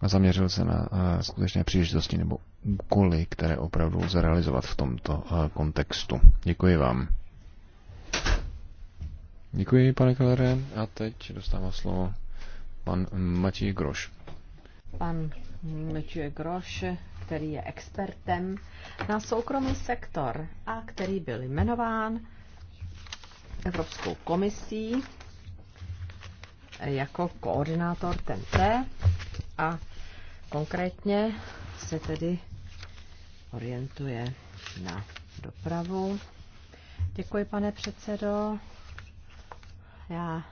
a zaměřil se na eh, skutečné příležitosti nebo úkoly, které opravdu lze realizovat v tomto eh, kontextu. Děkuji vám. Děkuji, pane Kalere. A teď dostává slovo pan Matěj Groš. Pan Matěj Groš, který je expertem na soukromý sektor a který byl jmenován Evropskou komisí jako koordinátor TNT a Konkrétně se tedy orientuje na dopravu. Děkuji, pane předsedo. Já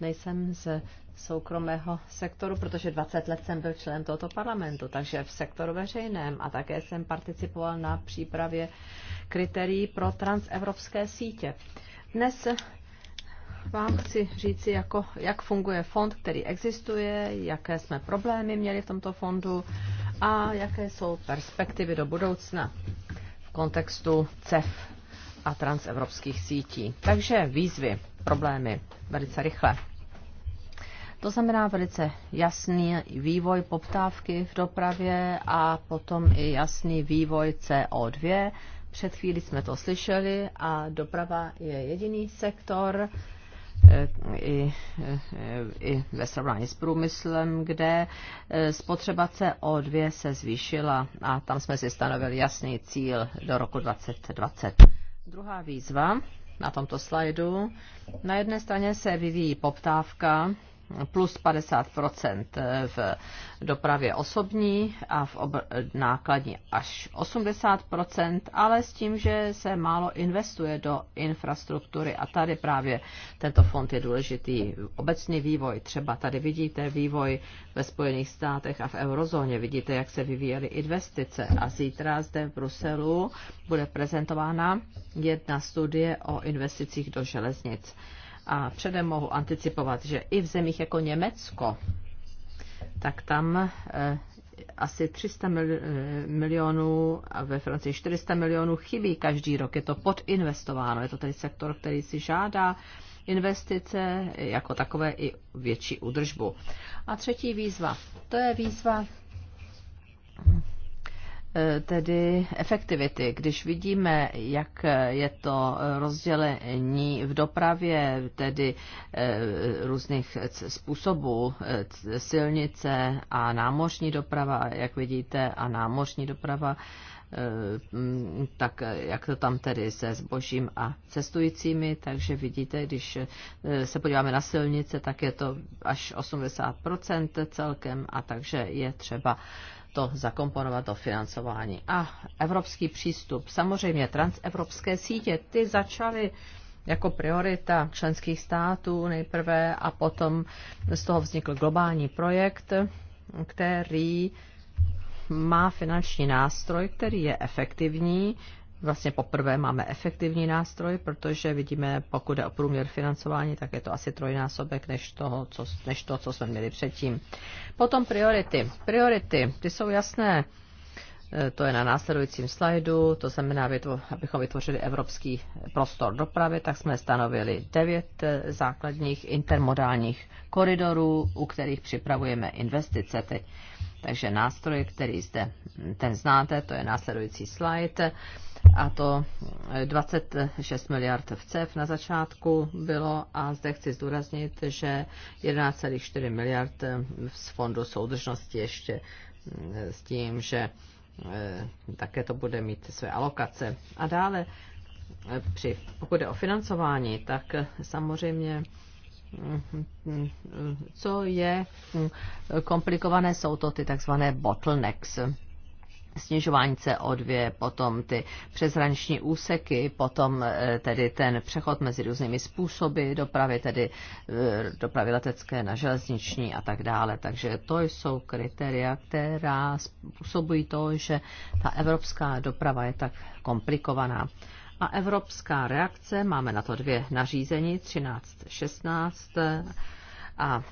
nejsem z soukromého sektoru, protože 20 let jsem byl člen tohoto parlamentu, takže v sektoru veřejném a také jsem participoval na přípravě kritérií pro transevropské sítě. Dnes vám chci říci, jako, jak funguje fond, který existuje, jaké jsme problémy měli v tomto fondu a jaké jsou perspektivy do budoucna v kontextu CEF a transevropských sítí. Takže výzvy, problémy velice rychle. To znamená velice jasný vývoj poptávky v dopravě a potom i jasný vývoj CO2. Před chvíli jsme to slyšeli a doprava je jediný sektor, i, i ve srovnání s průmyslem, kde e, spotřeba CO2 se zvýšila a tam jsme si stanovili jasný cíl do roku 2020. Druhá výzva na tomto slajdu. Na jedné straně se vyvíjí poptávka plus 50 eh, v dopravě osobní a v nákladní až 80 ale s tím, že se málo investuje do infrastruktury a tady právě tento fond je důležitý. Obecný vývoj, třeba tady vidíte vývoj ve Spojených státech a v eurozóně, vidíte, jak se vyvíjely investice a zítra zde v Bruselu bude prezentována jedna studie o investicích do železnic. A předem mohu anticipovat, že i v zemích jako Německo, tak tam eh, asi 300 eh, milionů a ve Francii 400 milionů chybí každý rok. Je to podinvestováno. Je to tedy sektor, který si žádá investice, jako takové i větší údržbu. A třetí výzva. To je výzva E, tedy efektivity. Když vidíme, jak je to rozdělení v dopravě, tedy e, různých způsobů e, silnice a námořní doprava, jak vidíte, a námořní doprava, tak jak to tam tedy se zbožím a cestujícími, takže vidíte, když se podíváme na silnice, tak je to až 80% celkem a takže je třeba to zakomponovat do financování. A evropský přístup. Samozřejmě transevropské sítě, ty začaly jako priorita členských států nejprve a potom z toho vznikl globální projekt, který má finanční nástroj, který je efektivní vlastně poprvé máme efektivní nástroj, protože vidíme, pokud je o průměr financování, tak je to asi trojnásobek než, toho, co, než to, co jsme měli předtím. Potom priority. Priority, ty jsou jasné. E, to je na následujícím slajdu, to znamená, abychom vytvořili evropský prostor dopravy, tak jsme stanovili devět e, základních intermodálních koridorů, u kterých připravujeme investice Takže nástroj, který zde ten znáte, to je následující slide a to 26 eh, miliard v CEF na začátku bylo a zde chci zdůraznit, že 11,4 miliard eh, z fondu soudržnosti ještě mm, s tím, že eh, také to bude mít své alokace. A dále, při, pokud je o financování, tak samozřejmě mm, mm, co je komplikované, jsou to ty takzvané bottlenecks snižování CO2, potom ty přeshraniční úseky, potom eh, tedy ten přechod mezi různými způsoby dopravy, tedy eh, dopravy letecké na železniční a tak dále. Takže to jsou kritéria, která způsobují to, že ta evropská doprava je tak komplikovaná. A evropská reakce, máme na to dvě nařízení, 13, 16 a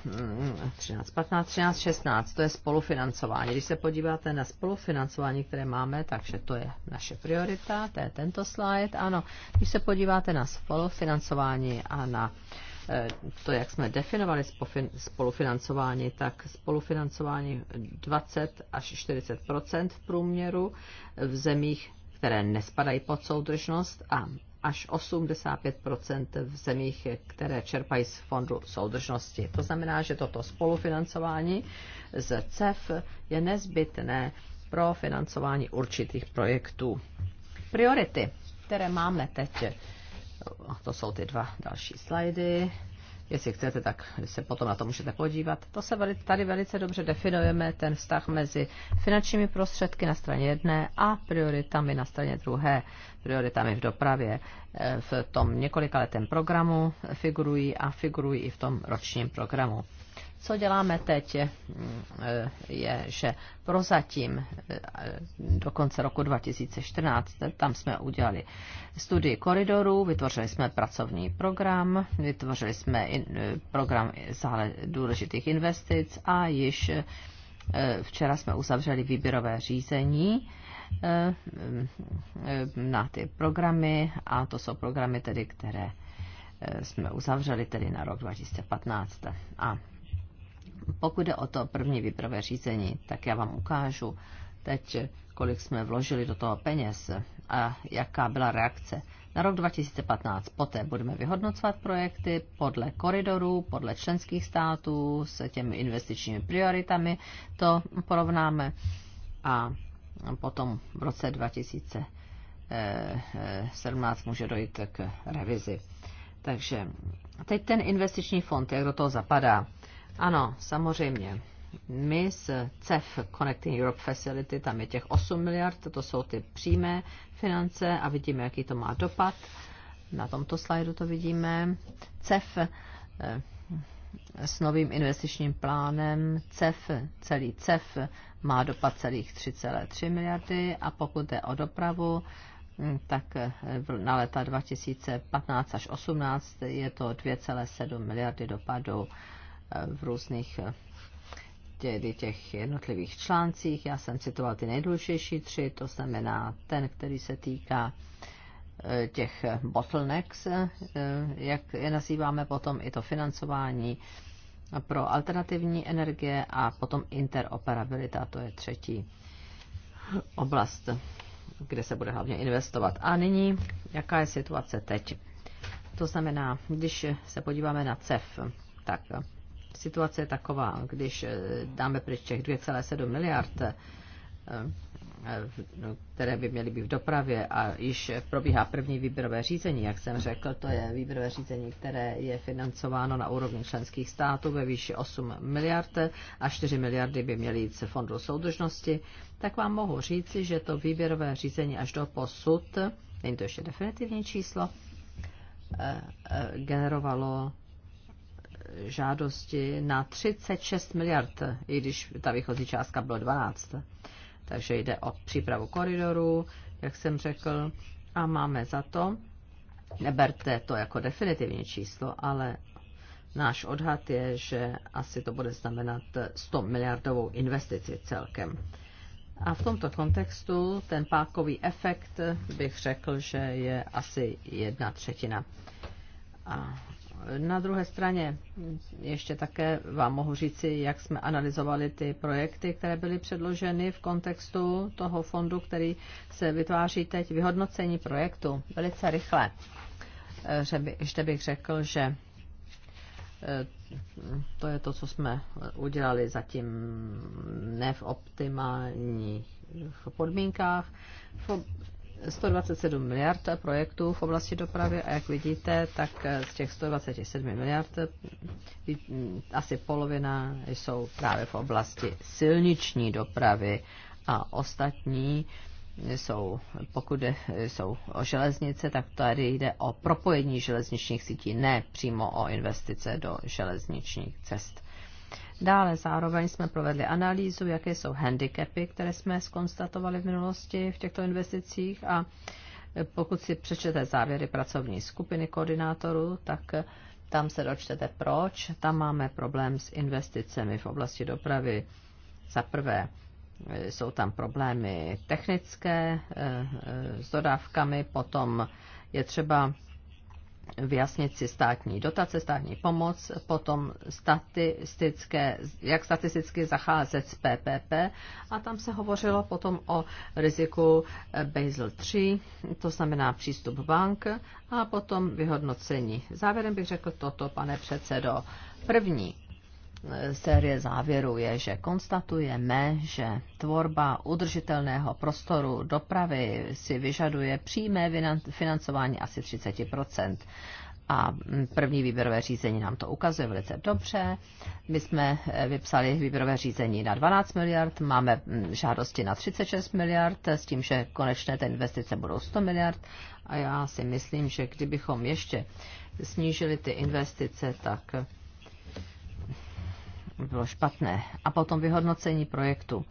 13, 15, 13, 16, to je spolufinancování. Když se podíváte na spolufinancování, které máme, takže to je naše priorita, to je tento slide, ano. Když se podíváte na spolufinancování a na eh, to, jak jsme definovali spolufinancování, tak spolufinancování 20 až 40 v průměru v zemích, které nespadají pod soudržnost a až 85 v zemích, které čerpají z fondu soudržnosti. To znamená, že toto spolufinancování z CEF je nezbytné pro financování určitých projektů. Priority, které máme teď, to jsou ty dva další slajdy, Jestli chcete, tak se potom na to můžete podívat. To se tady velice dobře definujeme, ten vztah mezi finančními prostředky na straně jedné a prioritami na straně druhé, prioritami v dopravě. Eh, v tom několikaletém programu figurují a figurují i v tom ročním programu. Co děláme teď, eh, je, že prozatím eh, do konce roku 2014, tam jsme udělali studii koridorů, vytvořili jsme pracovní program, vytvořili jsme eh, program důležitých investic a již včera jsme uzavřeli výběrové řízení na ty programy a to jsou programy tedy, které jsme uzavřeli tedy na rok 2015. A pokud jde o to první výběrové řízení, tak já vám ukážu teď, kolik jsme vložili do toho peněz a jaká byla reakce. Na rok 2015 poté budeme vyhodnocovat projekty podle koridorů, podle členských států, s těmi investičními prioritami to porovnáme a potom v roce 2017 eh, eh, může dojít k revizi. Takže teď ten investiční fond, jak do toho zapadá. Ano, samozřejmě. My z CEF Connecting Europe Facility, tam je těch 8 miliard, to jsou ty přímé finance a vidíme, jaký to má dopad. Na tomto slajdu to vidíme. CEF eh, s novým investičním plánem CEF, celý CEF má dopad celých 3,3 miliardy a pokud jde o dopravu, hm, tak eh, na leta 2015 až 2018 je to 2,7 miliardy dopadu v různých eh, tedy těch jednotlivých článcích. Já jsem citoval ty nejdůležitější tři, to znamená ten, který se týká eh, těch bottlenecks, eh, jak je nazýváme potom i to financování pro alternativní energie a potom interoperabilita, to je třetí oblast, kde se bude hlavně investovat. A nyní, jaká je situace teď? To znamená, když se podíváme na CEF, tak situace je taková, když eh, dáme pryč těch 2,7 miliard, eh, no, které by měly být v dopravě a již probíhá první výběrové řízení, jak jsem řekl, to je výběrové řízení, které je financováno na úrovni členských států ve výši 8 miliard a 4 miliardy by měly jít z fondu soudržnosti, tak vám mohu říci, že to výběrové řízení až do posud, není to ještě definitivní číslo, eh, generovalo žádosti na 36 miliard, i když ta výchozí částka byla 12. Takže jde o přípravu koridoru, jak jsem řekl, a máme za to, neberte to jako definitivní číslo, ale náš odhad je, že asi to bude znamenat 100 miliardovou investici celkem. A v tomto kontextu ten pákový efekt bych řekl, že je asi jedna třetina. A na druhé straně ještě také vám mohu říci, jak jsme analyzovali ty projekty, které byly předloženy v kontextu toho fondu, který se vytváří teď, vyhodnocení projektu velice rychle. Ještě bych řekl, že eh, to je to, co jsme udělali zatím ne v optimálních podmínkách. 127 miliard projektů v oblasti dopravy a jak vidíte, tak z těch 127 miliard asi polovina jsou právě v oblasti silniční dopravy a ostatní jsou, pokud jsou o železnice, tak tady jde o propojení železničních sítí, ne přímo o investice do železničních cest. Dále zároveň jsme provedli analýzu, jaké jsou handicapy, které jsme skonstatovali v minulosti v těchto investicích a pokud si přečtete závěry pracovní skupiny koordinátorů, tak tam se dočtete proč. Tam máme problém s investicemi v oblasti dopravy. Za prvé, jsou tam problémy technické eh, eh, s dodávkami, potom je třeba vyjasnit si státní dotace, státní pomoc, potom statistické, jak statisticky zacházet s PPP a tam se hovořilo potom o riziku Basel 3, to znamená přístup bank a potom vyhodnocení. Závěrem bych řekl toto, pane předsedo. První, série závěrů je, že konstatujeme, že tvorba udržitelného prostoru dopravy si vyžaduje přímé financování asi 30 a první výběrové řízení nám to ukazuje velice dobře. My jsme eh, vypsali výběrové řízení na 12 miliard, máme hm, žádosti na 36 miliard, s tím, že konečné ty investice budou 100 miliard a já si myslím, že kdybychom ještě snížili ty investice, tak bylo špatné. A potom vyhodnocení projektu.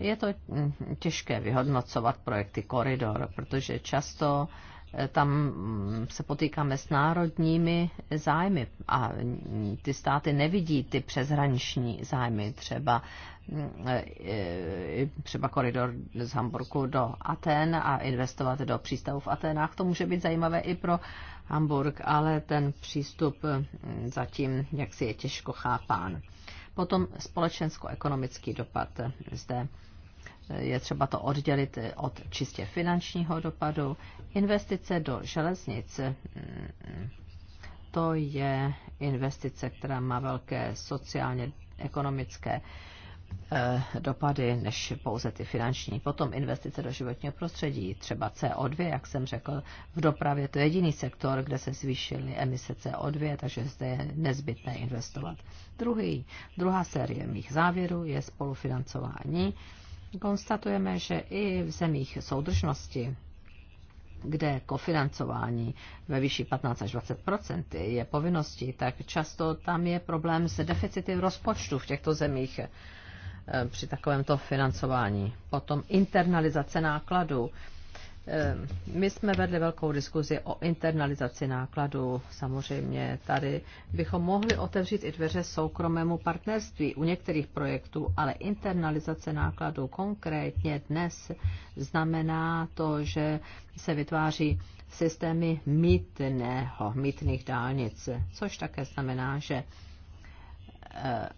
Je to mm, těžké vyhodnocovat projekty koridor, protože často eh, tam mm, se potýkáme s národními zájmy a mm, ty státy nevidí ty přeshraniční zájmy, třeba, eh, třeba koridor z Hamburgu do Aten a investovat do přístavu v Atenách. To může být zajímavé i pro Hamburg, ale ten přístup zatím jaksi je těžko chápán. Potom společensko-ekonomický dopad zde je třeba to oddělit od čistě finančního dopadu. Investice do železnic, to je investice, která má velké sociálně ekonomické Eh, dopady než pouze ty finanční. Potom investice do životního prostředí, třeba CO2, jak jsem řekl, v dopravě to je jediný sektor, kde se zvýšily emise CO2, takže zde je nezbytné investovat. Druhý, druhá série mých závěrů je spolufinancování. Konstatujeme, že i v zemích soudržnosti kde kofinancování ve výši 15 až 20 je povinností, tak často tam je problém s deficity v rozpočtu v těchto zemích. Eh, při takovémto financování. Potom internalizace nákladů. Eh, my jsme vedli velkou diskuzi o internalizaci nákladů. Samozřejmě tady bychom mohli otevřít i dveře soukromému partnerství u některých projektů, ale internalizace nákladů konkrétně dnes znamená to, že se vytváří systémy mítného, mítných dálnic, což také znamená, že eh,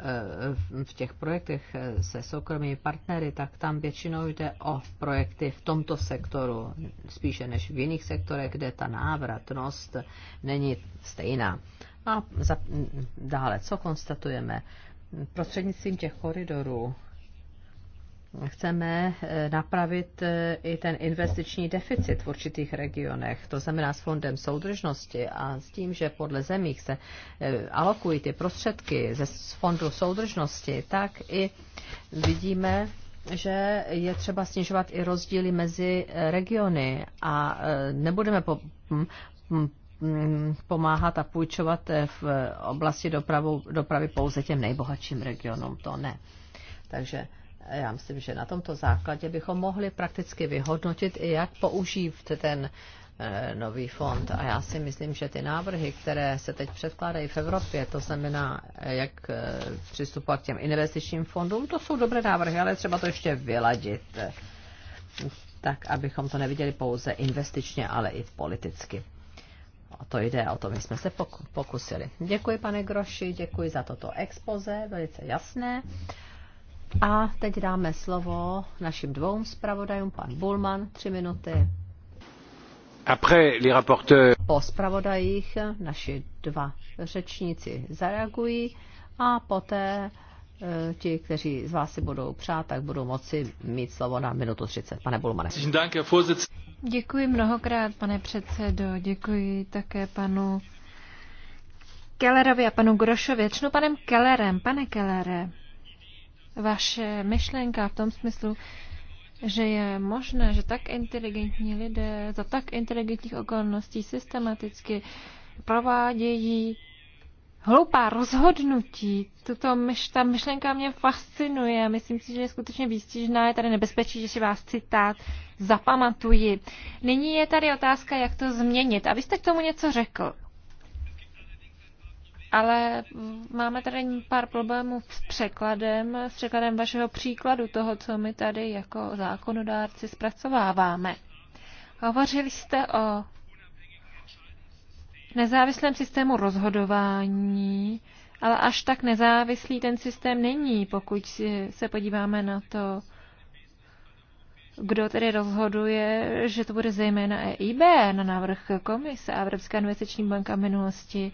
Eh, v těch projektech se soukromými partnery, tak tam většinou jde o projekty v tomto sektoru, spíše než v jiných sektorech, kde ta návratnost není stejná. A za, dále, co konstatujeme? Prostřednictvím těch koridorů chceme eh, napravit eh, i ten investiční deficit v určitých regionech, to znamená s fondem soudržnosti a s tím, že podle zemích se eh, alokují ty prostředky ze fondu soudržnosti, tak i vidíme, že je třeba snižovat i rozdíly mezi regiony a nebudeme po, hm, hm, hm, pomáhat a půjčovat v oblasti dopravu, dopravy pouze těm nejbohatším regionům, to ne. Takže já myslím, že na tomto základě bychom mohli prakticky vyhodnotit, jak použít ten eh, nový fond. A já si myslím, že ty návrhy, které se teď předkládají v Evropě, to znamená, eh, jak eh, přistupovat k těm investičním fondům, to jsou dobré návrhy, ale třeba to ještě vyladit, tak abychom to neviděli pouze investičně, ale i politicky. O to jde, o to my jsme se pokusili. Děkuji, pane Groši, děkuji za toto expoze, velice jasné. A teď dáme slovo našim dvou zpravodajům, pan Bulman, tři minuty. Po zpravodajích naši dva řečníci zareagují a poté eh, ti, kteří z vás si budou přát, tak budou moci mít slovo na minutu 30. Pane Bulmane. Děkuji mnohokrát, pane předsedo. Děkuji také panu Kellerovi a panu Grošovi. Začnu panem Kellerem. Pane Kellere, vaše myšlenka v tom smyslu, že je možné, že tak inteligentní lidé za tak inteligentních okolností systematicky provádějí hloupá rozhodnutí. Tuto myš, ta myšlenka mě fascinuje. Myslím si, že je skutečně výstižná. Je tady nebezpečí, že si vás citát zapamatuji. Nyní je tady otázka, jak to změnit. A vy jste k tomu něco řekl. Ale máme tady pár problémů s překladem, s překladem vašeho příkladu toho, co my tady jako zákonodárci zpracováváme. Hovořili jste o nezávislém systému rozhodování, ale až tak nezávislý ten systém není, pokud se podíváme na to, kdo tedy rozhoduje, že to bude zejména EIB na návrh komise a Evropská investiční banka minulosti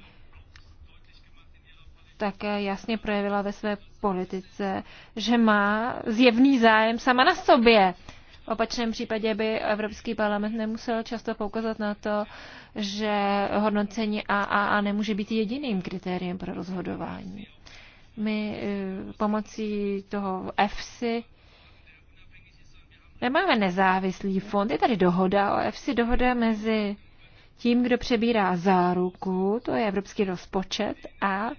také jasně projevila ve své politice, že má zjevný zájem sama na sobě. V opačném případě by Evropský parlament nemusel často poukazat na to, že hodnocení AAA nemůže být jediným kritériem pro rozhodování. My eh, pomocí toho EFSI nemáme nezávislý fond. Je tady dohoda o EFSI, dohoda mezi tím, kdo přebírá záruku, to je evropský rozpočet, a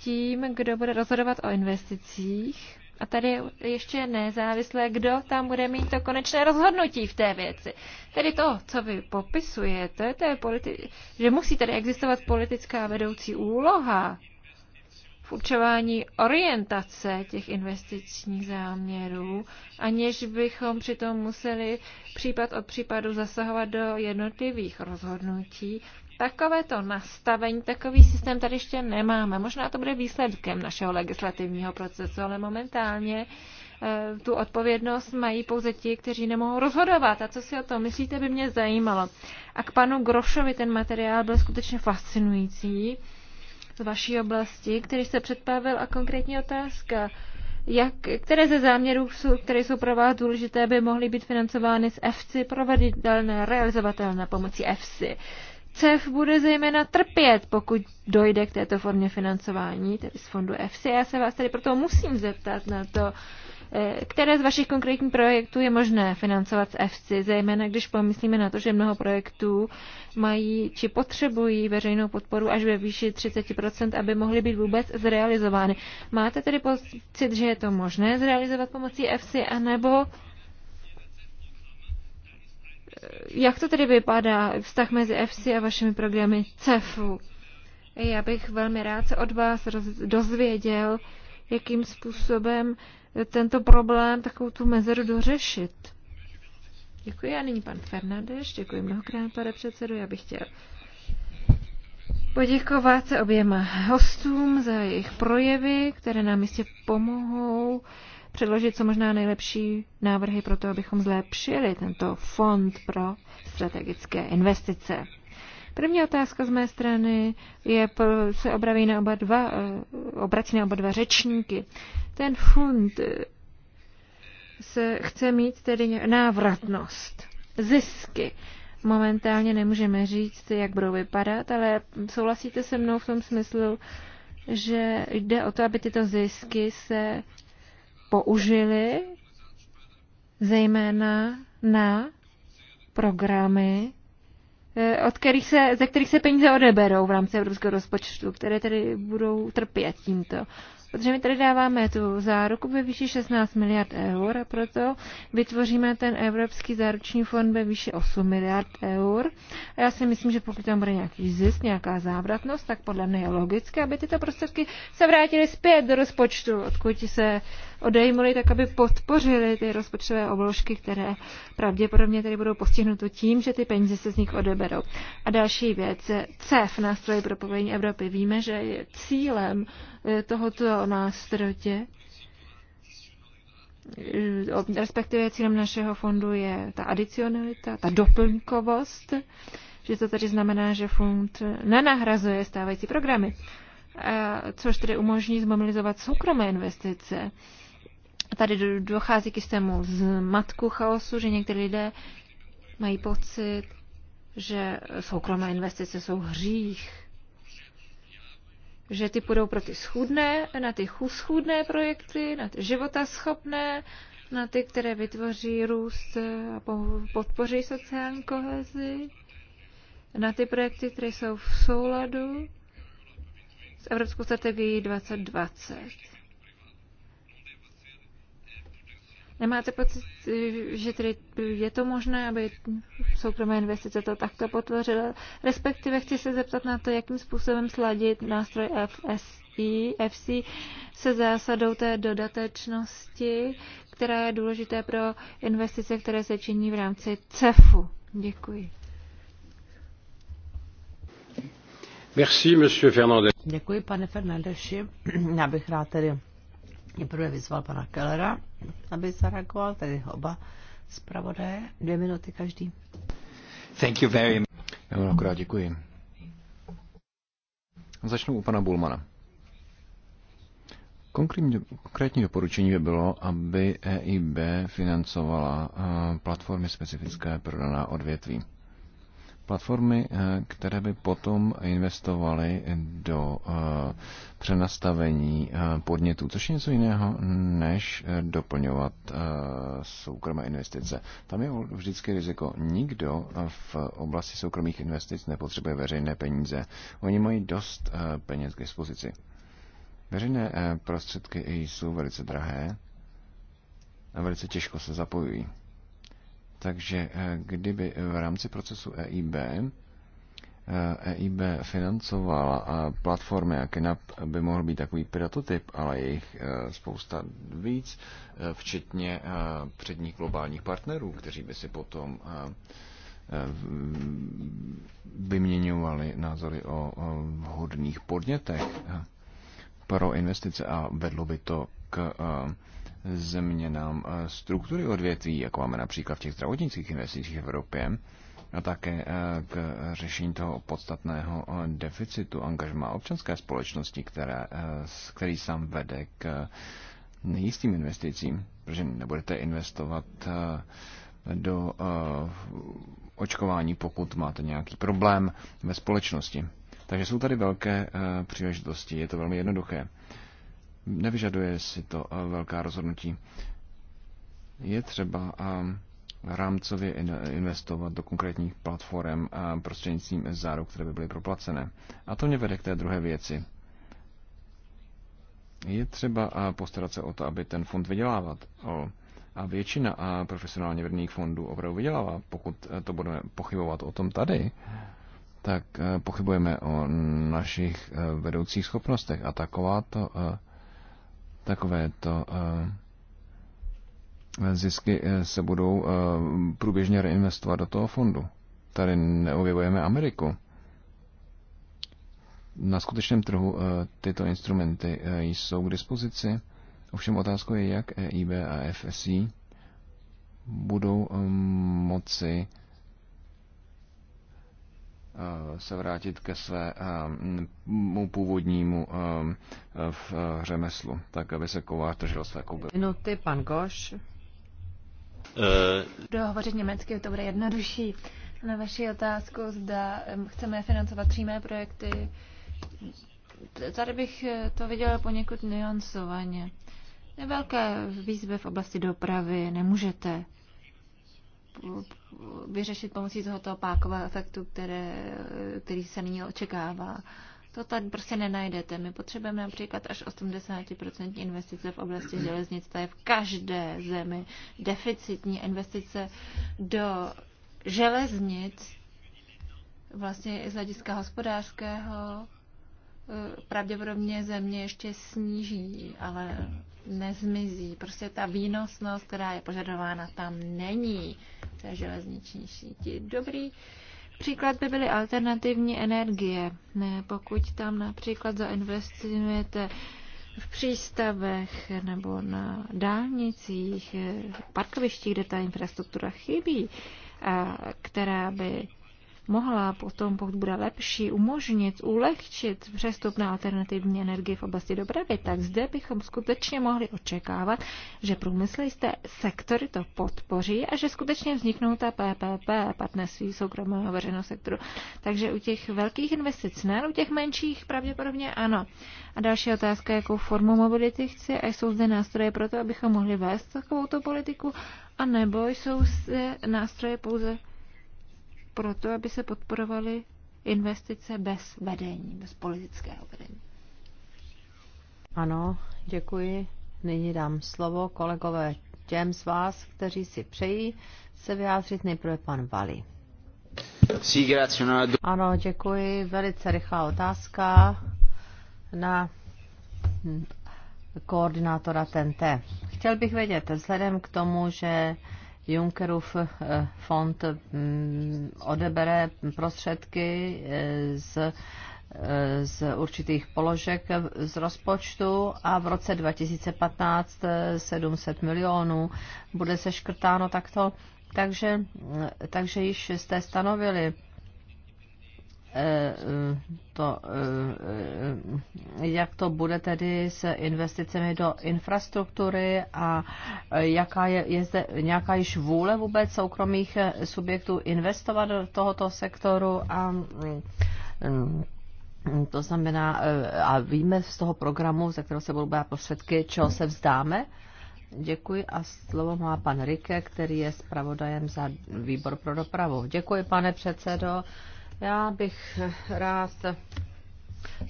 tím, kdo bude rozhodovat o investicích. A tady ještě nezávislé, kdo tam bude mít to konečné rozhodnutí v té věci. Tedy to, co vy popisujete, to je politi- že musí tady existovat politická vedoucí úloha v určování orientace těch investičních záměrů, aniž bychom přitom museli případ od případu zasahovat do jednotlivých rozhodnutí, Takové to nastavení, takový systém tady ještě nemáme. Možná to bude výsledkem našeho legislativního procesu, ale momentálně eh, tu odpovědnost mají pouze ti, kteří nemohou rozhodovat. A co si o tom myslíte, by mě zajímalo. A k panu Grošovi ten materiál byl skutečně fascinující z vaší oblasti, který se předpavil a konkrétní otázka. Jak, které ze záměrů, které jsou pro vás důležité, by mohly být financovány z EFSI, proveditelné, realizovatelné pomocí EFSI? CEF bude zejména trpět, pokud dojde k této formě financování, tedy z fondu EFSI. Já se vás tady proto musím zeptat na to, eh, které z vašich konkrétních projektů je možné financovat z EFSI, zejména když pomyslíme na to, že mnoho projektů mají či potřebují veřejnou podporu až ve výši 30%, aby mohly být vůbec zrealizovány. Máte tedy pocit, že je to možné zrealizovat pomocí EFSI, anebo jak to tedy vypadá, vztah mezi FC a vašimi programy CEFu? Já bych velmi rád se od vás dozvěděl, jakým způsobem tento problém, takovou tu mezeru dořešit. Děkuji a nyní pan Fernandeš. Děkuji mnohokrát, pane předsedu. Já bych chtěl poděkovat oběma hostům za jejich projevy, které nám jistě pomohou předložit co možná nejlepší návrhy pro to, abychom zlepšili tento fond pro strategické investice. První otázka z mé strany je, se obraví na oba dva, eh, obrací na oba dva řečníky. Ten fond eh, se chce mít tedy návratnost, zisky. Momentálně nemůžeme říct, jak budou vypadat, ale souhlasíte se mnou v tom smyslu, že jde o to, aby tyto zisky se použili zejména na programy, eh, od kterých se, ze kterých se peníze odeberou v rámci evropského rozpočtu, které tedy budou trpět tímto. Protože my tady dáváme tu záruku ve výši 16 miliard eur a proto vytvoříme ten Evropský záruční fond ve výši 8 miliard eur. A já si myslím, že pokud tam bude nějaký zisk, nějaká závratnost, tak podle mě je logické, aby tyto prostředky se vrátily zpět do rozpočtu, odkud se odejmuli, tak aby podpořili ty rozpočtové obložky, které pravděpodobně tady budou postihnuto tím, že ty peníze se z nich odeberou. A další věc, CEF, nástroj pro propojení Evropy. Víme, že je cílem Eh, tohoto nástroje, eh, respektive cílem našeho fondu je ta adicionalita, ta doplňkovost, že to tedy znamená, že fond nenahrazuje stávající programy, což tedy umožní zmobilizovat soukromé investice. Tady dochází k jistému matku chaosu, že někteří lidé mají pocit, že soukromé investice jsou hřích že ty půjdou pro ty schudné, na ty schudné projekty, na ty životaschopné, na ty, které vytvoří růst a podpoří sociální kohezi, na ty projekty, které jsou v souladu s Evropskou strategií 2020. Nemáte pocit, že tedy je to možné, aby soukromé investice to takto potvořila? Respektive chci se zeptat na to, jakým způsobem sladit nástroj FSI, FC se zásadou té dodatečnosti, která je důležité pro investice, které se činí v rámci CEFu. Děkuji. Merci, monsieur Fernandez. Děkuji, pane Fernandeši. Já bych rád tedy Nejprve vyzval pana Kellera, aby zareagoval, tedy oba zpravodaje, dvě minuty každý. Thank you very much. Já vám akorát děkuji. Začnu u pana Bulmana. Konkrétní doporučení by bylo, aby EIB financovala eh, platformy specifické pro daná odvětví. Platformy, eh, které by potom investovaly do eh, přenastavení eh, podnětů, což je něco jiného, než doplňovat soukromé investice. Tam je vždycky riziko. Nikdo v oblasti soukromých investic nepotřebuje veřejné peníze. Oni mají dost peněz k dispozici. Veřejné prostředky jsou velice drahé a velice těžko se zapojují. Takže eh, kdyby eh, v rámci procesu EIB EIB eh, e financovala a platformy a KINAP by mohl být takový prototyp, ale je jich spousta víc, včetně předních globálních partnerů, kteří by si potom vyměňovali názory o vhodných podnětech pro investice a vedlo by to k změnám eh, struktury odvětví, jako máme například v těch zdravotnických investicích v Evropě, a také eh, k řešení toho podstatného eh, deficitu angažma občanské společnosti, které, který sám vede k nejistým investicím, protože nebudete investovat do očkování, pokud máte nějaký problém ve společnosti. Takže jsou tady velké příležitosti, je to velmi jednoduché nevyžaduje si to eh, velká rozhodnutí. Je třeba eh, rámcově investovat do konkrétních platform a eh, prostřednictvím záruk, které by byly proplacené. A to mě vede k té druhé věci. Je třeba postarat se o to, aby ten fond vydělávat. A většina profesionálně vedených fondů opravdu vydělává. Pokud to budeme pochybovat o tom tady, tak pochybujeme o našich vedoucích schopnostech. A takováto takovéto eh, eh, zisky eh, se budou průběžně reinvestovat do toho fondu. Tady neobjevujeme Ameriku. Na skutečném trhu tyto instrumenty jsou k dispozici. Ovšem otázkou je, jak EIB a FSI budou moci Eh, se vrátit ke svému eh, původnímu eh, v řemeslu, tak aby se kovář držel své kouby. Minuty, pan Goš. Budu hovořit německy, to bude jednodušší. Na vaši otázku, zda chceme financovat přímé projekty, tady bych to viděla poněkud nuancovaně. Velké výzvy v oblasti dopravy nemůžete vyřešit pomocí toho pákového efektu, které, který se nyní očekává. To tady prostě nenajdete. My potřebujeme například až 80% investice v oblasti železnic. To je v každé zemi deficitní investice do železnic vlastně z hlediska hospodářského eh, pravděpodobně země ještě sníží, ale nezmizí. Prostě ta výnosnost, která je požadována, tam není v té železniční síti. Dobrý příklad by byly alternativní energie. Ne, pokud tam například zainvestujete v přístavech nebo na dálnicích, parkovištích, kde ta infrastruktura chybí, a která by mohla potom, pokud bude lepší, umožnit, ulehčit přestup na alternativní energii v oblasti dopravy, tak zde bychom skutečně mohli očekávat, že průmyslisté sektory to podpoří a že skutečně vzniknou ta PPP, partnerství soukromého veřejného sektoru. Takže u těch velkých investic, ne, u těch menších pravděpodobně ano. A další otázka, jakou formu mobility chci a jsou zde nástroje pro to, abychom mohli vést takovouto politiku, anebo jsou zde nástroje pouze proto, aby se podporovaly investice bez vedení, bez politického vedení. Ano, děkuji. Nyní dám slovo kolegové těm z vás, kteří si přejí se vyjádřit nejprve pan Vali. Ano, děkuji. Velice rychlá otázka na koordinátora TNT. Chtěl bych vědět, vzhledem k tomu, že Junckerův eh, fond mm, odebere prostředky eh, z eh, z určitých položek z rozpočtu a v roce 2015 700 milionů bude seškrtáno takto. Takže, takže již jste stanovili Eh, eh, to, eh, jak to bude tedy s investicemi do infrastruktury a jaká je, je zde nějaká již vůle vůbec soukromých subjektů investovat do tohoto sektoru a mm, to znamená, a víme z toho programu, ze kterého se budou brát prostředky, čeho se vzdáme? Děkuji a slovo má pan Rike, který je zpravodajem za výbor pro dopravu. Děkuji, pane předsedo. Já bych rád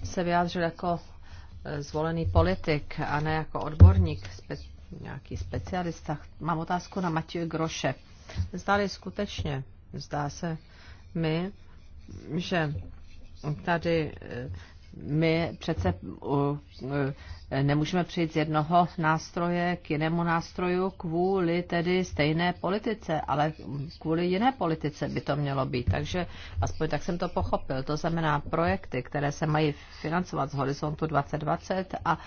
se vyjádřil jako eh, zvolený politik a ne jako odborník, spe, nějaký specialista. Mám otázku na Matěje Groše. Zdáli skutečně, zdá se mi, že tady eh, my přece eh, nemůžeme přijít z jednoho nástroje k jinému nástroju kvůli tedy stejné politice, ale kvůli jiné politice by to mělo být. Takže aspoň tak jsem to pochopil. To znamená projekty, které se mají financovat z Horizontu 2020 a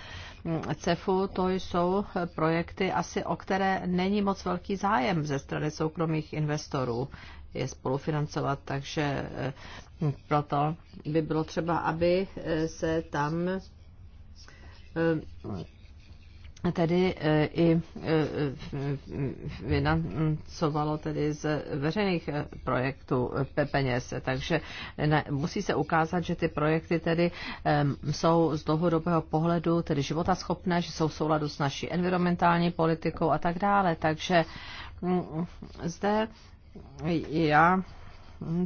CEFu, to jsou projekty asi, o které není moc velký zájem ze strany soukromých investorů je spolufinancovat, takže eh, proto by bylo třeba, aby eh, se tam Ehm, tedy eh, i eh, financovalo tedy z veřejných eh, projektů peněz. Takže musí se ukázat, že ty projekty tedy ehm, jsou z dlouhodobého pohledu tedy životaschopné, že jsou v souladu s naší environmentální politikou a tak dále. Takže mm, zde já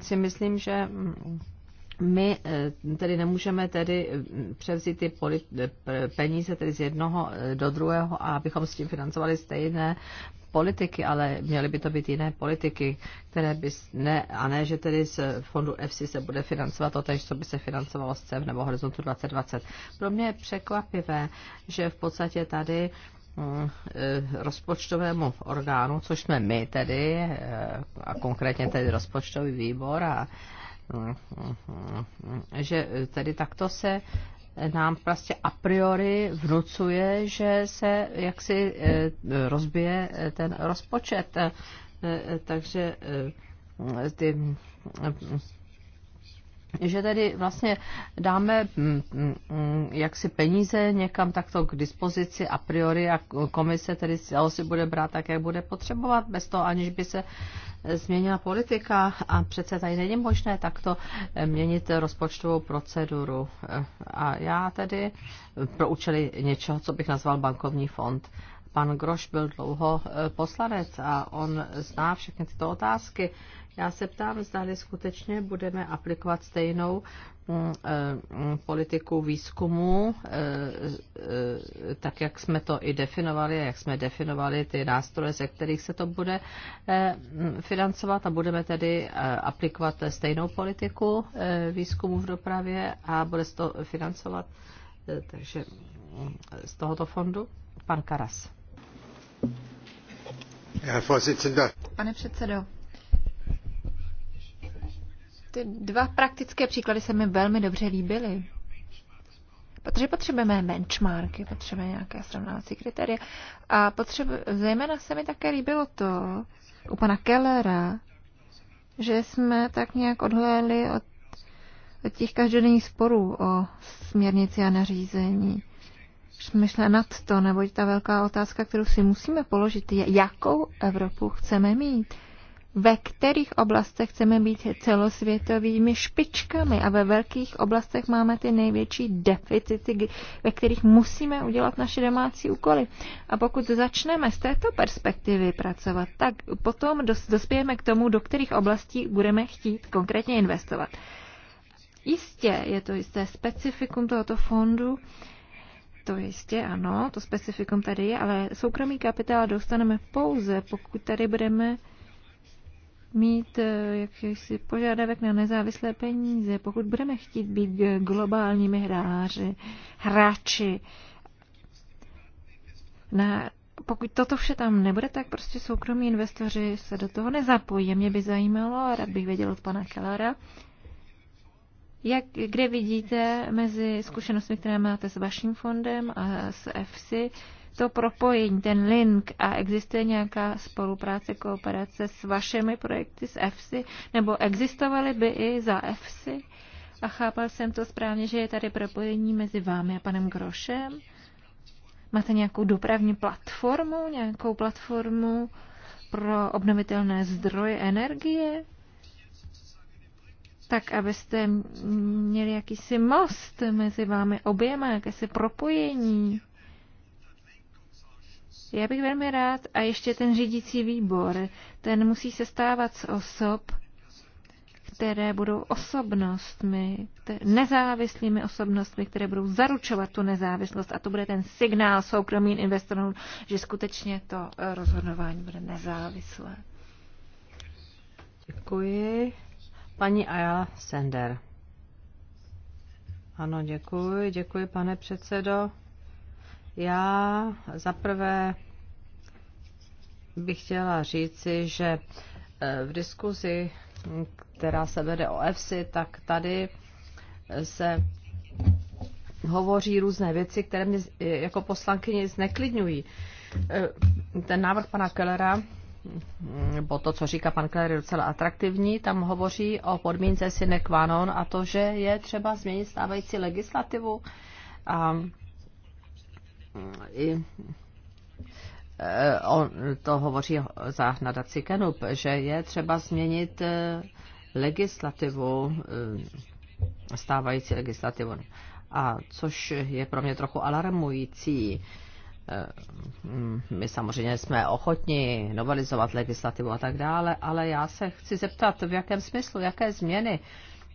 si myslím, že mm, my eh, tedy nemůžeme tedy eh, převzít ty eh, peníze tedy z jednoho do druhého a abychom s tím financovali stejné politiky, ale měly by to být jiné politiky, které by ne, a ne, že tedy z fondu EFSI se bude financovat to co by se financovalo z CEF nebo Horizontu 2020. Pro mě je překvapivé, že v podstatě tady mm, rozpočtovému orgánu, což jsme my tedy, a konkrétně tedy rozpočtový výbor a že tedy takto se nám prostě a priori vnucuje, že se jaksi eh, rozbije eh, ten rozpočet. Eh, takže ty že tedy vlastně dáme mm, mm, mm, jaksi peníze někam takto k dispozici a priori a komise tedy si bude brát tak, jak bude potřebovat, bez toho aniž by se eh, změnila politika a přece tady není možné takto eh, měnit rozpočtovou proceduru. Eh, a já tedy pro účely něčeho, co bych nazval bankovní fond, pan Groš byl dlouho poslanec a on zná všechny tyto otázky. Já se ptám, zda skutečně budeme aplikovat stejnou mm, eh, mm, politiku výzkumu, eh, eh, tak jak jsme to i definovali jak jsme definovali ty nástroje, ze kterých se to bude mm, financovat a budeme tedy aplikovat stejnou politiku výzkumu v dopravě a bude se to financovat takže z tohoto fondu. Pan Karas. Pane předsedo, ty dva praktické příklady se mi velmi dobře líbily. Protože potřebujeme benchmarky, potřebujeme nějaké srovnávací kritéria. A potřebu, zejména se mi také líbilo to u pana Kellera, že jsme tak nějak odhlédli od, od těch každodenních sporů o směrnici a nařízení myšle nad to, neboť ta velká otázka, kterou si musíme položit, je, jakou Evropu chceme mít ve kterých oblastech chceme být celosvětovými špičkami a ve velkých oblastech máme ty největší deficity, ve kterých musíme udělat naše domácí úkoly. A pokud začneme z této perspektivy pracovat, tak potom dospějeme k tomu, do kterých oblastí budeme chtít konkrétně investovat. Jistě je to jisté specifikum tohoto fondu, to jistě ano, to specifikum tady je, ale soukromý kapitál dostaneme pouze, pokud tady budeme mít eh, jakýsi požadavek na nezávislé peníze, pokud budeme chtít být globálními hráři, hráči, na, pokud toto vše tam nebude, tak prostě soukromí investoři se do toho nezapojí. Mě by zajímalo, rád bych věděl od pana Kellera, jak, kde vidíte mezi zkušenostmi, které máte s vaším fondem a s EFSI, to propojení, ten link a existuje nějaká spolupráce, kooperace s vašimi projekty, s EFSI, nebo existovaly by i za EFSI? A chápal jsem to správně, že je tady propojení mezi vámi a panem Grošem? Máte nějakou dopravní platformu, nějakou platformu pro obnovitelné zdroje energie? Tak, abyste měli jakýsi most mezi vámi oběma, jakési propojení. Já bych velmi rád, a ještě ten řídící výbor, ten musí se stávat z osob, které budou osobnostmi, nezávislými osobnostmi, které budou zaručovat tu nezávislost. A to bude ten signál soukromým investorům, že skutečně to eh, rozhodování bude nezávislé. Děkuji. Paní Aja Sender. Ano, děkuji, děkuji, pane předsedo. Já zaprvé bych chtěla říci, že eh, v diskuzi, která se vede o EFSI, tak tady se hovoří různé věci, které mě eh, jako poslankyni zneklidňují. Eh, ten návrh pana Kellera, nebo mm, to, co říká pan Keller, je docela atraktivní, tam hovoří o podmínce sine qua non a to, že je třeba změnit stávající legislativu a mm, i Eh, on to hovoří za nadaci Kenup, že je třeba změnit eh, legislativu, eh, stávající legislativu. A což je pro mě trochu alarmující. My samozřejmě jsme ochotni novelizovat legislativu a tak dále, ale já se chci zeptat, v jakém smyslu, jaké změny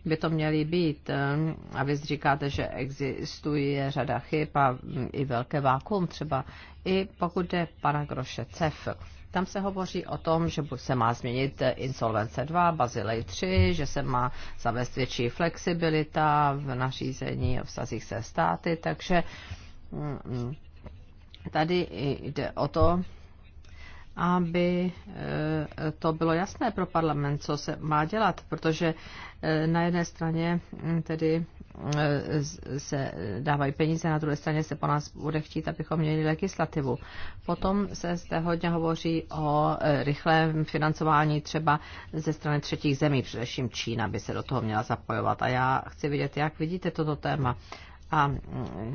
by to měly být. Ehm, a vy říkáte, že existuje řada chyb a hm, i velké vákuum třeba. I pokud jde pana Groše CEF, tam se hovoří o tom, že se má změnit eh, insolvence 2, Bazilej 3, že se má zavést větší flexibilita v nařízení o vztazích se státy, takže hm, hm, tady jde o to, aby eh, to bylo jasné pro parlament, co se má dělat, protože eh, na jedné straně hm, tedy eh, se dávají peníze, na druhé straně se po nás bude chtít, abychom měli legislativu. Potom se zde hodně hovoří o rychlém financování třeba ze strany třetích zemí, především Čína by se do toho měla zapojovat. A já chci vidět, jak vidíte toto téma a mm,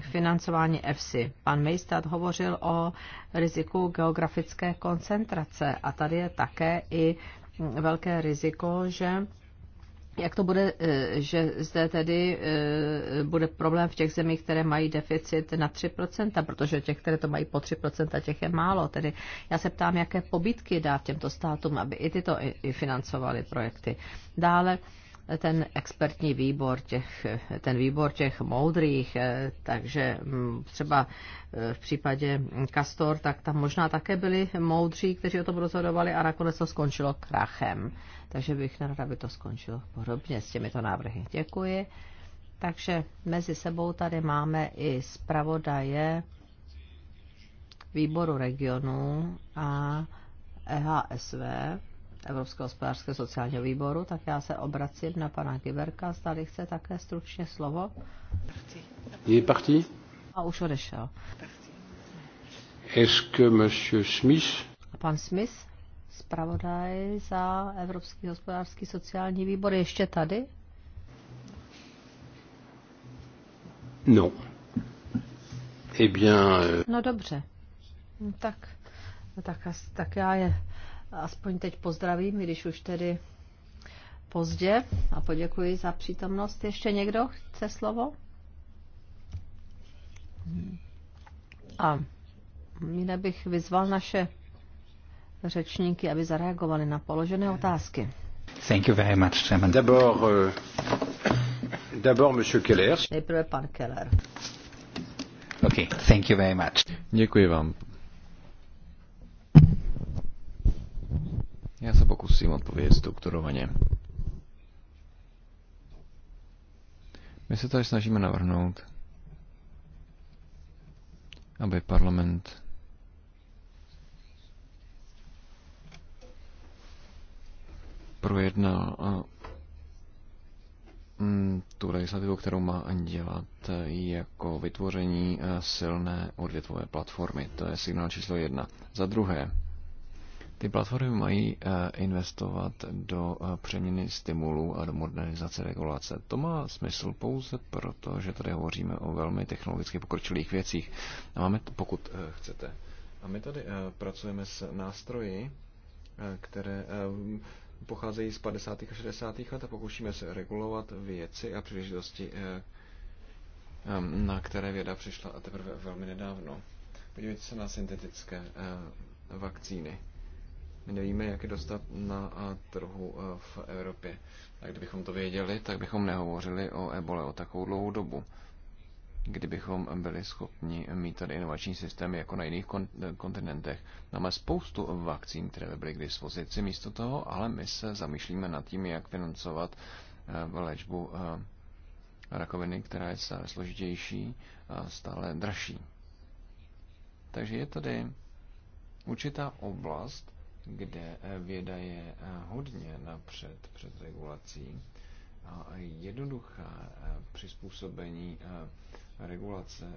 financování EFSI. Pan Mejstad hovořil o riziku geografické koncentrace a tady je také i mm, velké riziko, že jak to bude, e, že zde tedy e, bude problém v těch zemích, které mají deficit na 3%, protože těch, které to mají po 3%, těch je málo. Tedy já se ptám, jaké pobytky dá těmto státům, aby i tyto i financovali projekty. Dále ten expertní výbor těch, ten výbor těch moudrých, eh, takže mm, třeba eh, v případě Castor, tak tam možná také byli moudří, kteří o tom rozhodovali a nakonec to skončilo krachem. Takže bych nerada, aby to skončilo podobně s těmito návrhy. Děkuji. Takže mezi sebou tady máme i zpravodaje výboru regionu a EHSV. Evropského hospodářského sociálního výboru, tak já se obracím na pana Kyberka, zdali chce také stručně slovo. Je parti? A už odešel. Est-ce que monsieur Smith... A pan Smith, zpravodaj za Evropský hospodářský sociální výbor, je ještě tady? No. Eh bien... Euh, no dobře. Tak, tak, tak já je aspoň teď pozdravím, když už tedy pozdě a poděkuji za přítomnost. Ještě někdo chce slovo? A jinak bych vyzval naše řečníky, aby zareagovali na položené otázky. Thank you very much, Chairman. D'abord, euh, d'abord, Monsieur Keller. Nejprve pan Keller. Okay, thank you very much. Děkuji vám, Já se pokusím odpovědět strukturovaně. My se tady snažíme navrhnout, aby parlament projednal a mm, tu legislativu, kterou má dělat jako vytvoření silné odvětvové platformy. To je signál číslo jedna. Za druhé, ty platformy mají eh, investovat do eh, přeměny stimulů a do modernizace regulace. To má smysl pouze proto, že tady hovoříme o velmi technologicky pokročilých věcích. A máme, pokud eh, chcete. A my tady pracujeme s nástroji, které pocházejí z 50. a 60. let a pokoušíme se regulovat věci a příležitosti, na které věda přišla a teprve velmi nedávno. Podívejte se na syntetické vakcíny. My nevíme, jak je dostat na eh, trhu eh, v Evropě. Tak kdybychom to věděli, tak bychom nehovořili o ebole o takovou dlouhou dobu. Kdybychom byli schopni mít tady inovační systémy jako na jiných eh, kontinentech. Máme spoustu vakcín, které by byly k dispozici místo toho, ale my se zamýšlíme nad tím, jak financovat léčbu rakoviny, která je stále složitější a stále dražší. Takže je tady určitá oblast, kde eh, věda je eh, hodně napřed před regulací a jednoduchá eh, přizpůsobení regulace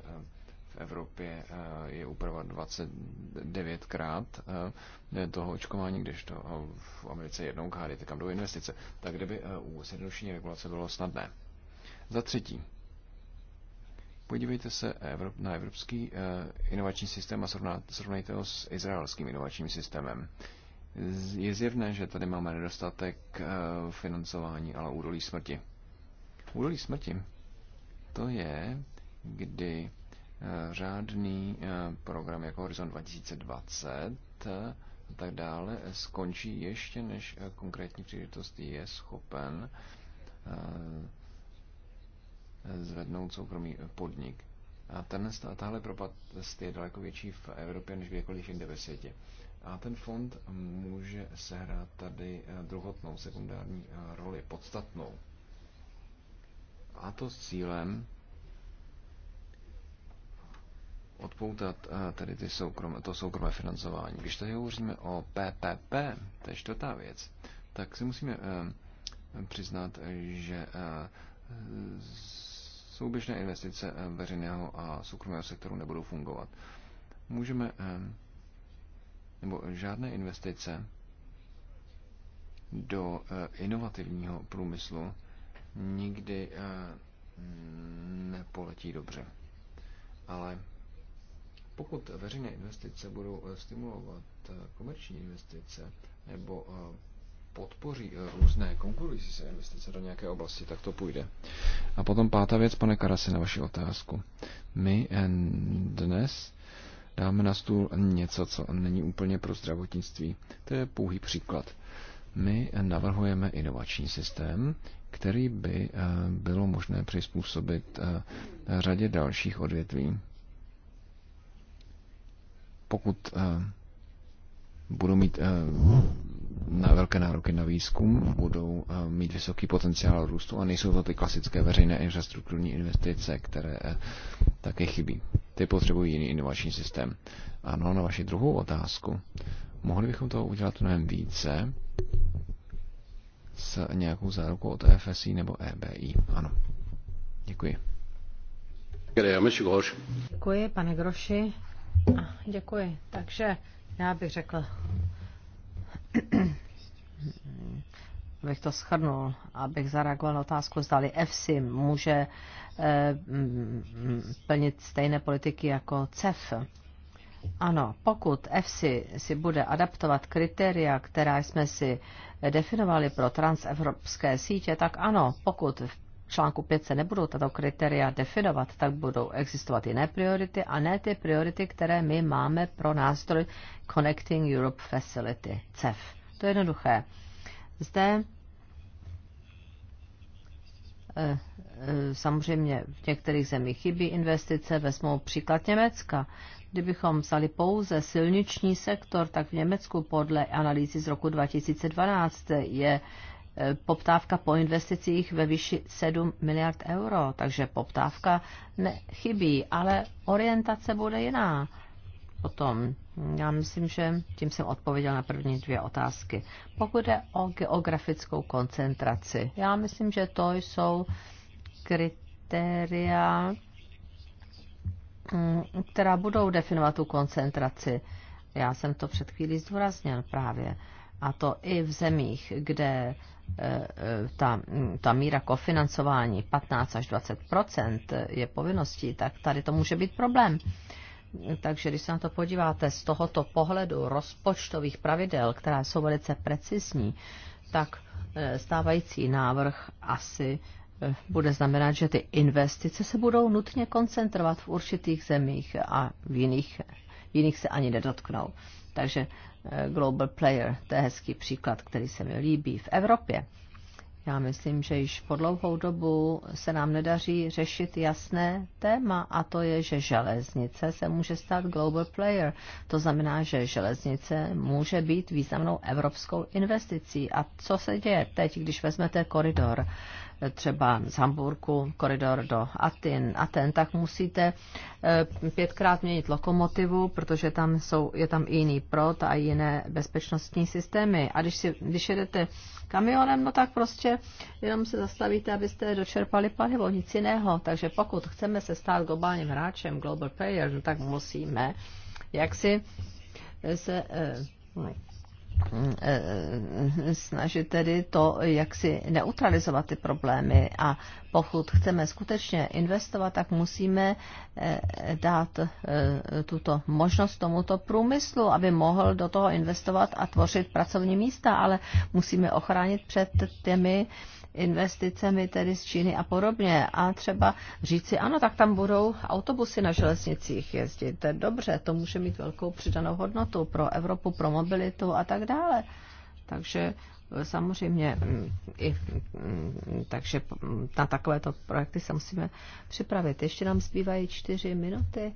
v Evropě je úprava 29krát toho očkování, kdežto v Americe jednou kády, tak do investice. Tak kdyby u zjednodušení regulace bylo snadné. Za třetí, podívejte se na evropský inovační systém a srovnejte ho s izraelským inovačním systémem. Je zjevné, že tady máme nedostatek eh, financování, ale údolí smrti. Údolí smrti to je, kdy eh, řádný eh, program jako Horizon 2020 a tak dále skončí ještě než konkrétní příležitost je schopen zvednout soukromý podnik. A ten, tahle propast je daleko větší v Evropě než kdekoliv jinde ve světě. A ten fond může sehrát tady eh, druhotnou sekundární eh, roli, podstatnou. A to s cílem odpoutat eh, tady ty soukromé, to soukromé financování. Když tady hovoříme o PPP, to je čtvrtá věc, tak si musíme přiznat, že souběžné investice veřejného a soukromého sektoru nebudou fungovat. Můžeme nebo žádné investice do eh, inovativního průmyslu nikdy eh, nepoletí dobře. Ale pokud veřejné investice budou eh, stimulovat komerční investice nebo podpoří různé konkurující se investice do nějaké oblasti, tak to půjde. A potom pátá věc, pane Karasi, na vaši otázku. My dnes dáme na stůl něco, co není úplně pro zdravotnictví. To je pouhý příklad. My navrhujeme inovační systém, který by eh, bylo možné přizpůsobit eh, řadě dalších odvětví. Pokud eh, budou mít eh, na velké nároky na výzkum, budou eh, mít vysoký potenciál růstu a nejsou to ty klasické veřejné infrastrukturní investice, které eh, také chybí. Ty potřebují jiný inovační systém. Ano, na vaši druhou otázku. Mohli bychom toho udělat mnohem více s nějakou zárukou od FSI nebo EBI. Ano. Děkuji. Děkuji, pane Groši. Děkuji. Takže já bych řekl, abych to schrnul, abych zareagoval na otázku, zdali EFSI může eh, mm, plnit stejné politiky jako CEF. Ano, pokud EFSI si bude adaptovat kritéria, která jsme si definovali pro transevropské sítě, tak ano, pokud v článku 5 se nebudou tato kritéria definovat, tak budou existovat jiné priority a ne ty priority, které my máme pro nástroj Connecting Europe Facility, CEF. To je jednoduché. Zde eh, eh, samozřejmě v některých zemích chybí investice, vezmou příklad Německa. Kdybychom vzali pouze silniční sektor, tak v Německu podle analýzy z roku 2012 je poptávka po investicích ve výši 7 miliard euro, takže poptávka nechybí, ale orientace bude jiná. Potom, já myslím, že tím jsem odpověděl na první dvě otázky. Pokud je o geografickou koncentraci, já myslím, že to jsou kritéria, mm, která budou definovat tu koncentraci. Já jsem to před chvílí zdůraznil právě. A to i v zemích, kde ta, ta míra kofinancování 15 až 20 je povinností, tak tady to může být problém. Takže když se na to podíváte z tohoto pohledu rozpočtových pravidel, která jsou velice precizní, tak eh, stávající návrh asi eh, bude znamenat, že ty investice se budou nutně koncentrovat v určitých zemích a v jiných, v jiných se ani nedotknou. Takže Eh, global player. To je hezký příklad, který se mi líbí v Evropě. Já myslím, že již po dlouhou dobu se nám nedaří řešit jasné téma a to je, že železnice se může stát global player. To znamená, že železnice může být významnou evropskou investicí. A co se děje teď, když vezmete koridor třeba z Hamburku koridor do Aten, Aten tak musíte eh, pětkrát měnit lokomotivu, protože tam jsou, je tam i jiný prot a jiné bezpečnostní systémy. A když, si, když jedete kamionem, no tak prostě jenom se zastavíte, abyste dočerpali palivo, nic jiného. Takže pokud chceme se stát globálním hráčem, global player, no tak musíme jak si se eh, Eh, snažit tedy to, jak si neutralizovat ty problémy a pokud chceme skutečně investovat, tak musíme eh, dát eh, tuto možnost tomuto průmyslu, aby mohl do toho investovat a tvořit pracovní místa, ale musíme ochránit před těmi investicemi tedy z Číny a podobně. A třeba říci, ano, tak tam budou autobusy na železnicích jezdit. Dobře, to může mít velkou přidanou hodnotu pro Evropu, pro mobilitu a tak dále. Takže e, samozřejmě mm, i, mm, takže mm, na takovéto projekty se musíme připravit. Ještě nám zbývají čtyři minuty.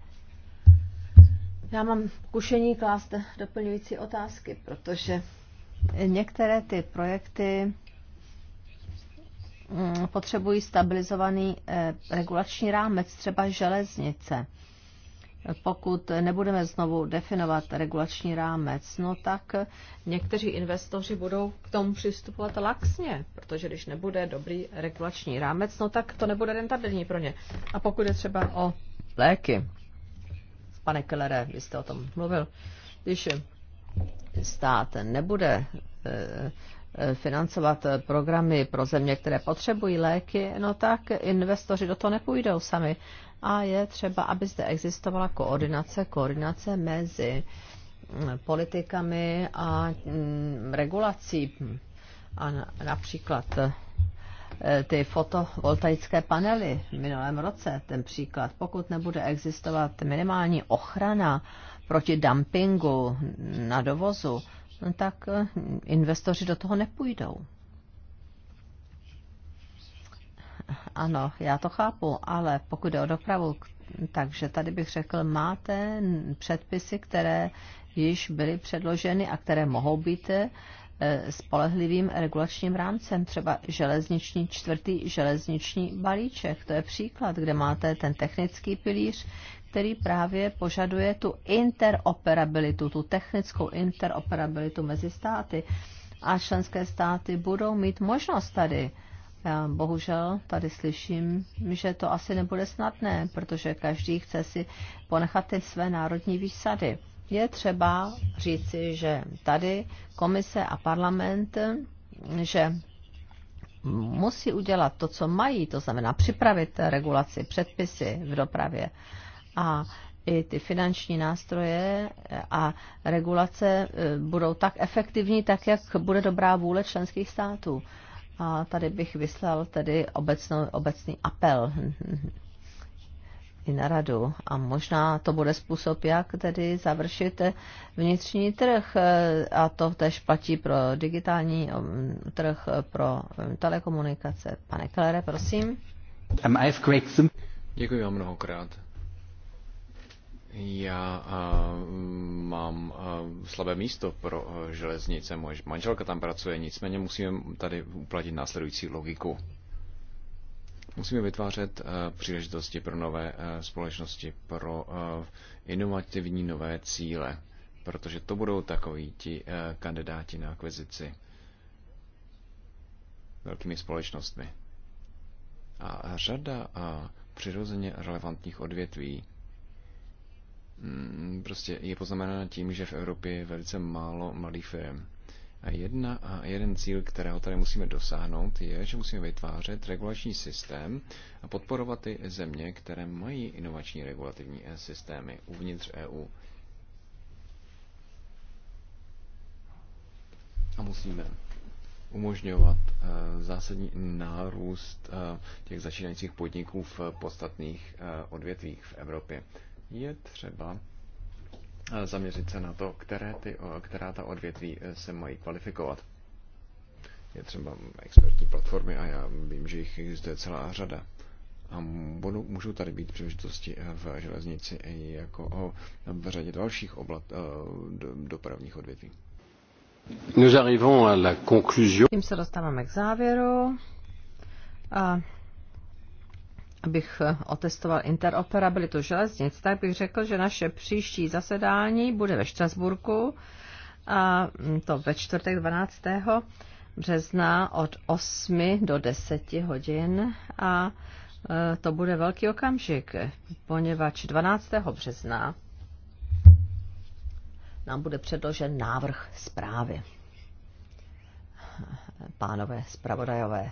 Já mám kušení klást doplňující otázky, protože některé ty projekty Mm, potřebují stabilizovaný eh, regulační rámec, třeba železnice. Pokud nebudeme znovu definovat regulační rámec, no tak někteří investoři budou k tomu přistupovat laxně, protože když nebude dobrý regulační rámec, no tak to nebude rentabilní pro ně. A pokud je třeba o léky, pane Kellere, vy jste o tom mluvil, když stát nebude eh, Eh, financovat eh, programy pro země, které potřebují léky, no tak investoři do toho nepůjdou sami. A je třeba, aby zde existovala koordinace, koordinace mezi mm, politikami a mm, regulací. A například eh, ty fotovoltaické panely v minulém roce, ten příklad, pokud nebude existovat minimální ochrana proti dumpingu na dovozu, tak eh, investoři do toho nepůjdou. Ano, já to chápu, ale pokud jde o dopravu, takže tady bych řekl, máte předpisy, které již byly předloženy a které mohou být eh, spolehlivým regulačním rámcem, třeba železniční, čtvrtý železniční balíček. To je příklad, kde máte ten technický pilíř, který právě požaduje tu interoperabilitu, tu technickou interoperabilitu mezi státy. A členské státy budou mít možnost tady. Já bohužel tady slyším, že to asi nebude snadné, protože každý chce si ponechat ty své národní výsady. Je třeba říci, že tady komise a parlament, že musí udělat to, co mají, to znamená připravit regulaci, předpisy v dopravě a i ty finanční nástroje a regulace e, budou tak efektivní, tak jak bude dobrá vůle členských států. A tady bych vyslal tedy obecno, obecný apel i na radu. A možná to bude způsob, jak tedy završit vnitřní trh. E, a to tež platí pro digitální e, trh, pro telekomunikace. Pane Kellere, prosím. Děkuji vám mnohokrát. Já mm, mám slabé místo pro železnice, moje manželka tam pracuje, nicméně musíme tady uplatit následující logiku. Musíme vytvářet příležitosti pro nové společnosti, pro inovativní nové cíle, protože to budou takoví ti kandidáti na akvizici velkými společnostmi. A řada přirozeně relevantních odvětví Mm, prostě je poznamenána tím, že v Evropě je velice málo mladých firm. A, jedna, a jeden cíl, kterého tady musíme dosáhnout, je, že musíme vytvářet regulační systém a podporovat ty země, které mají inovační regulativní eh, systémy uvnitř EU. A musíme umožňovat eh, zásadní nárůst eh, těch začínajících podniků v podstatných odvětvích v Evropě je třeba eh, zaměřit se na to, které ty, která ta odvětví eh, se mají kvalifikovat. Je třeba expertní platformy a já vím, že jich existuje celá řada. A budu, můžou tady být příležitosti eh, v železnici jako o, v řadě dalších oblat, do, dopravních odvětví. Nous arrivons à la conclusion. Tím se dostáváme k závěru. A abych eh, otestoval interoperabilitu železnic, tak bych řekl, že naše příští zasedání bude ve Štrasburku, a mm, to ve čtvrtek 12. března od 8 do 10 hodin a eh, to bude velký okamžik, poněvadž 12. března nám bude předložen návrh zprávy. Pánové zpravodajové,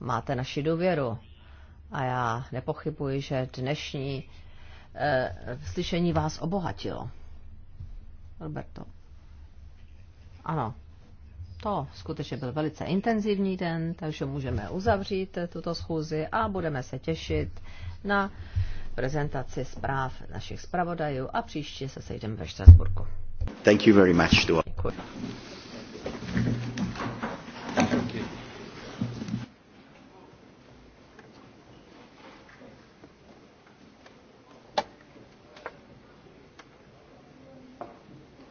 máte naši důvěru. A já nepochybuji, že dnešní eh, slyšení vás obohatilo. Roberto. Ano, to skutečně byl velice intenzivní den, takže můžeme uzavřít tuto schůzi a budeme se těšit na prezentaci zpráv našich zpravodajů a příště se sejdeme ve Štrasburku. Thank you very much. Děkuji.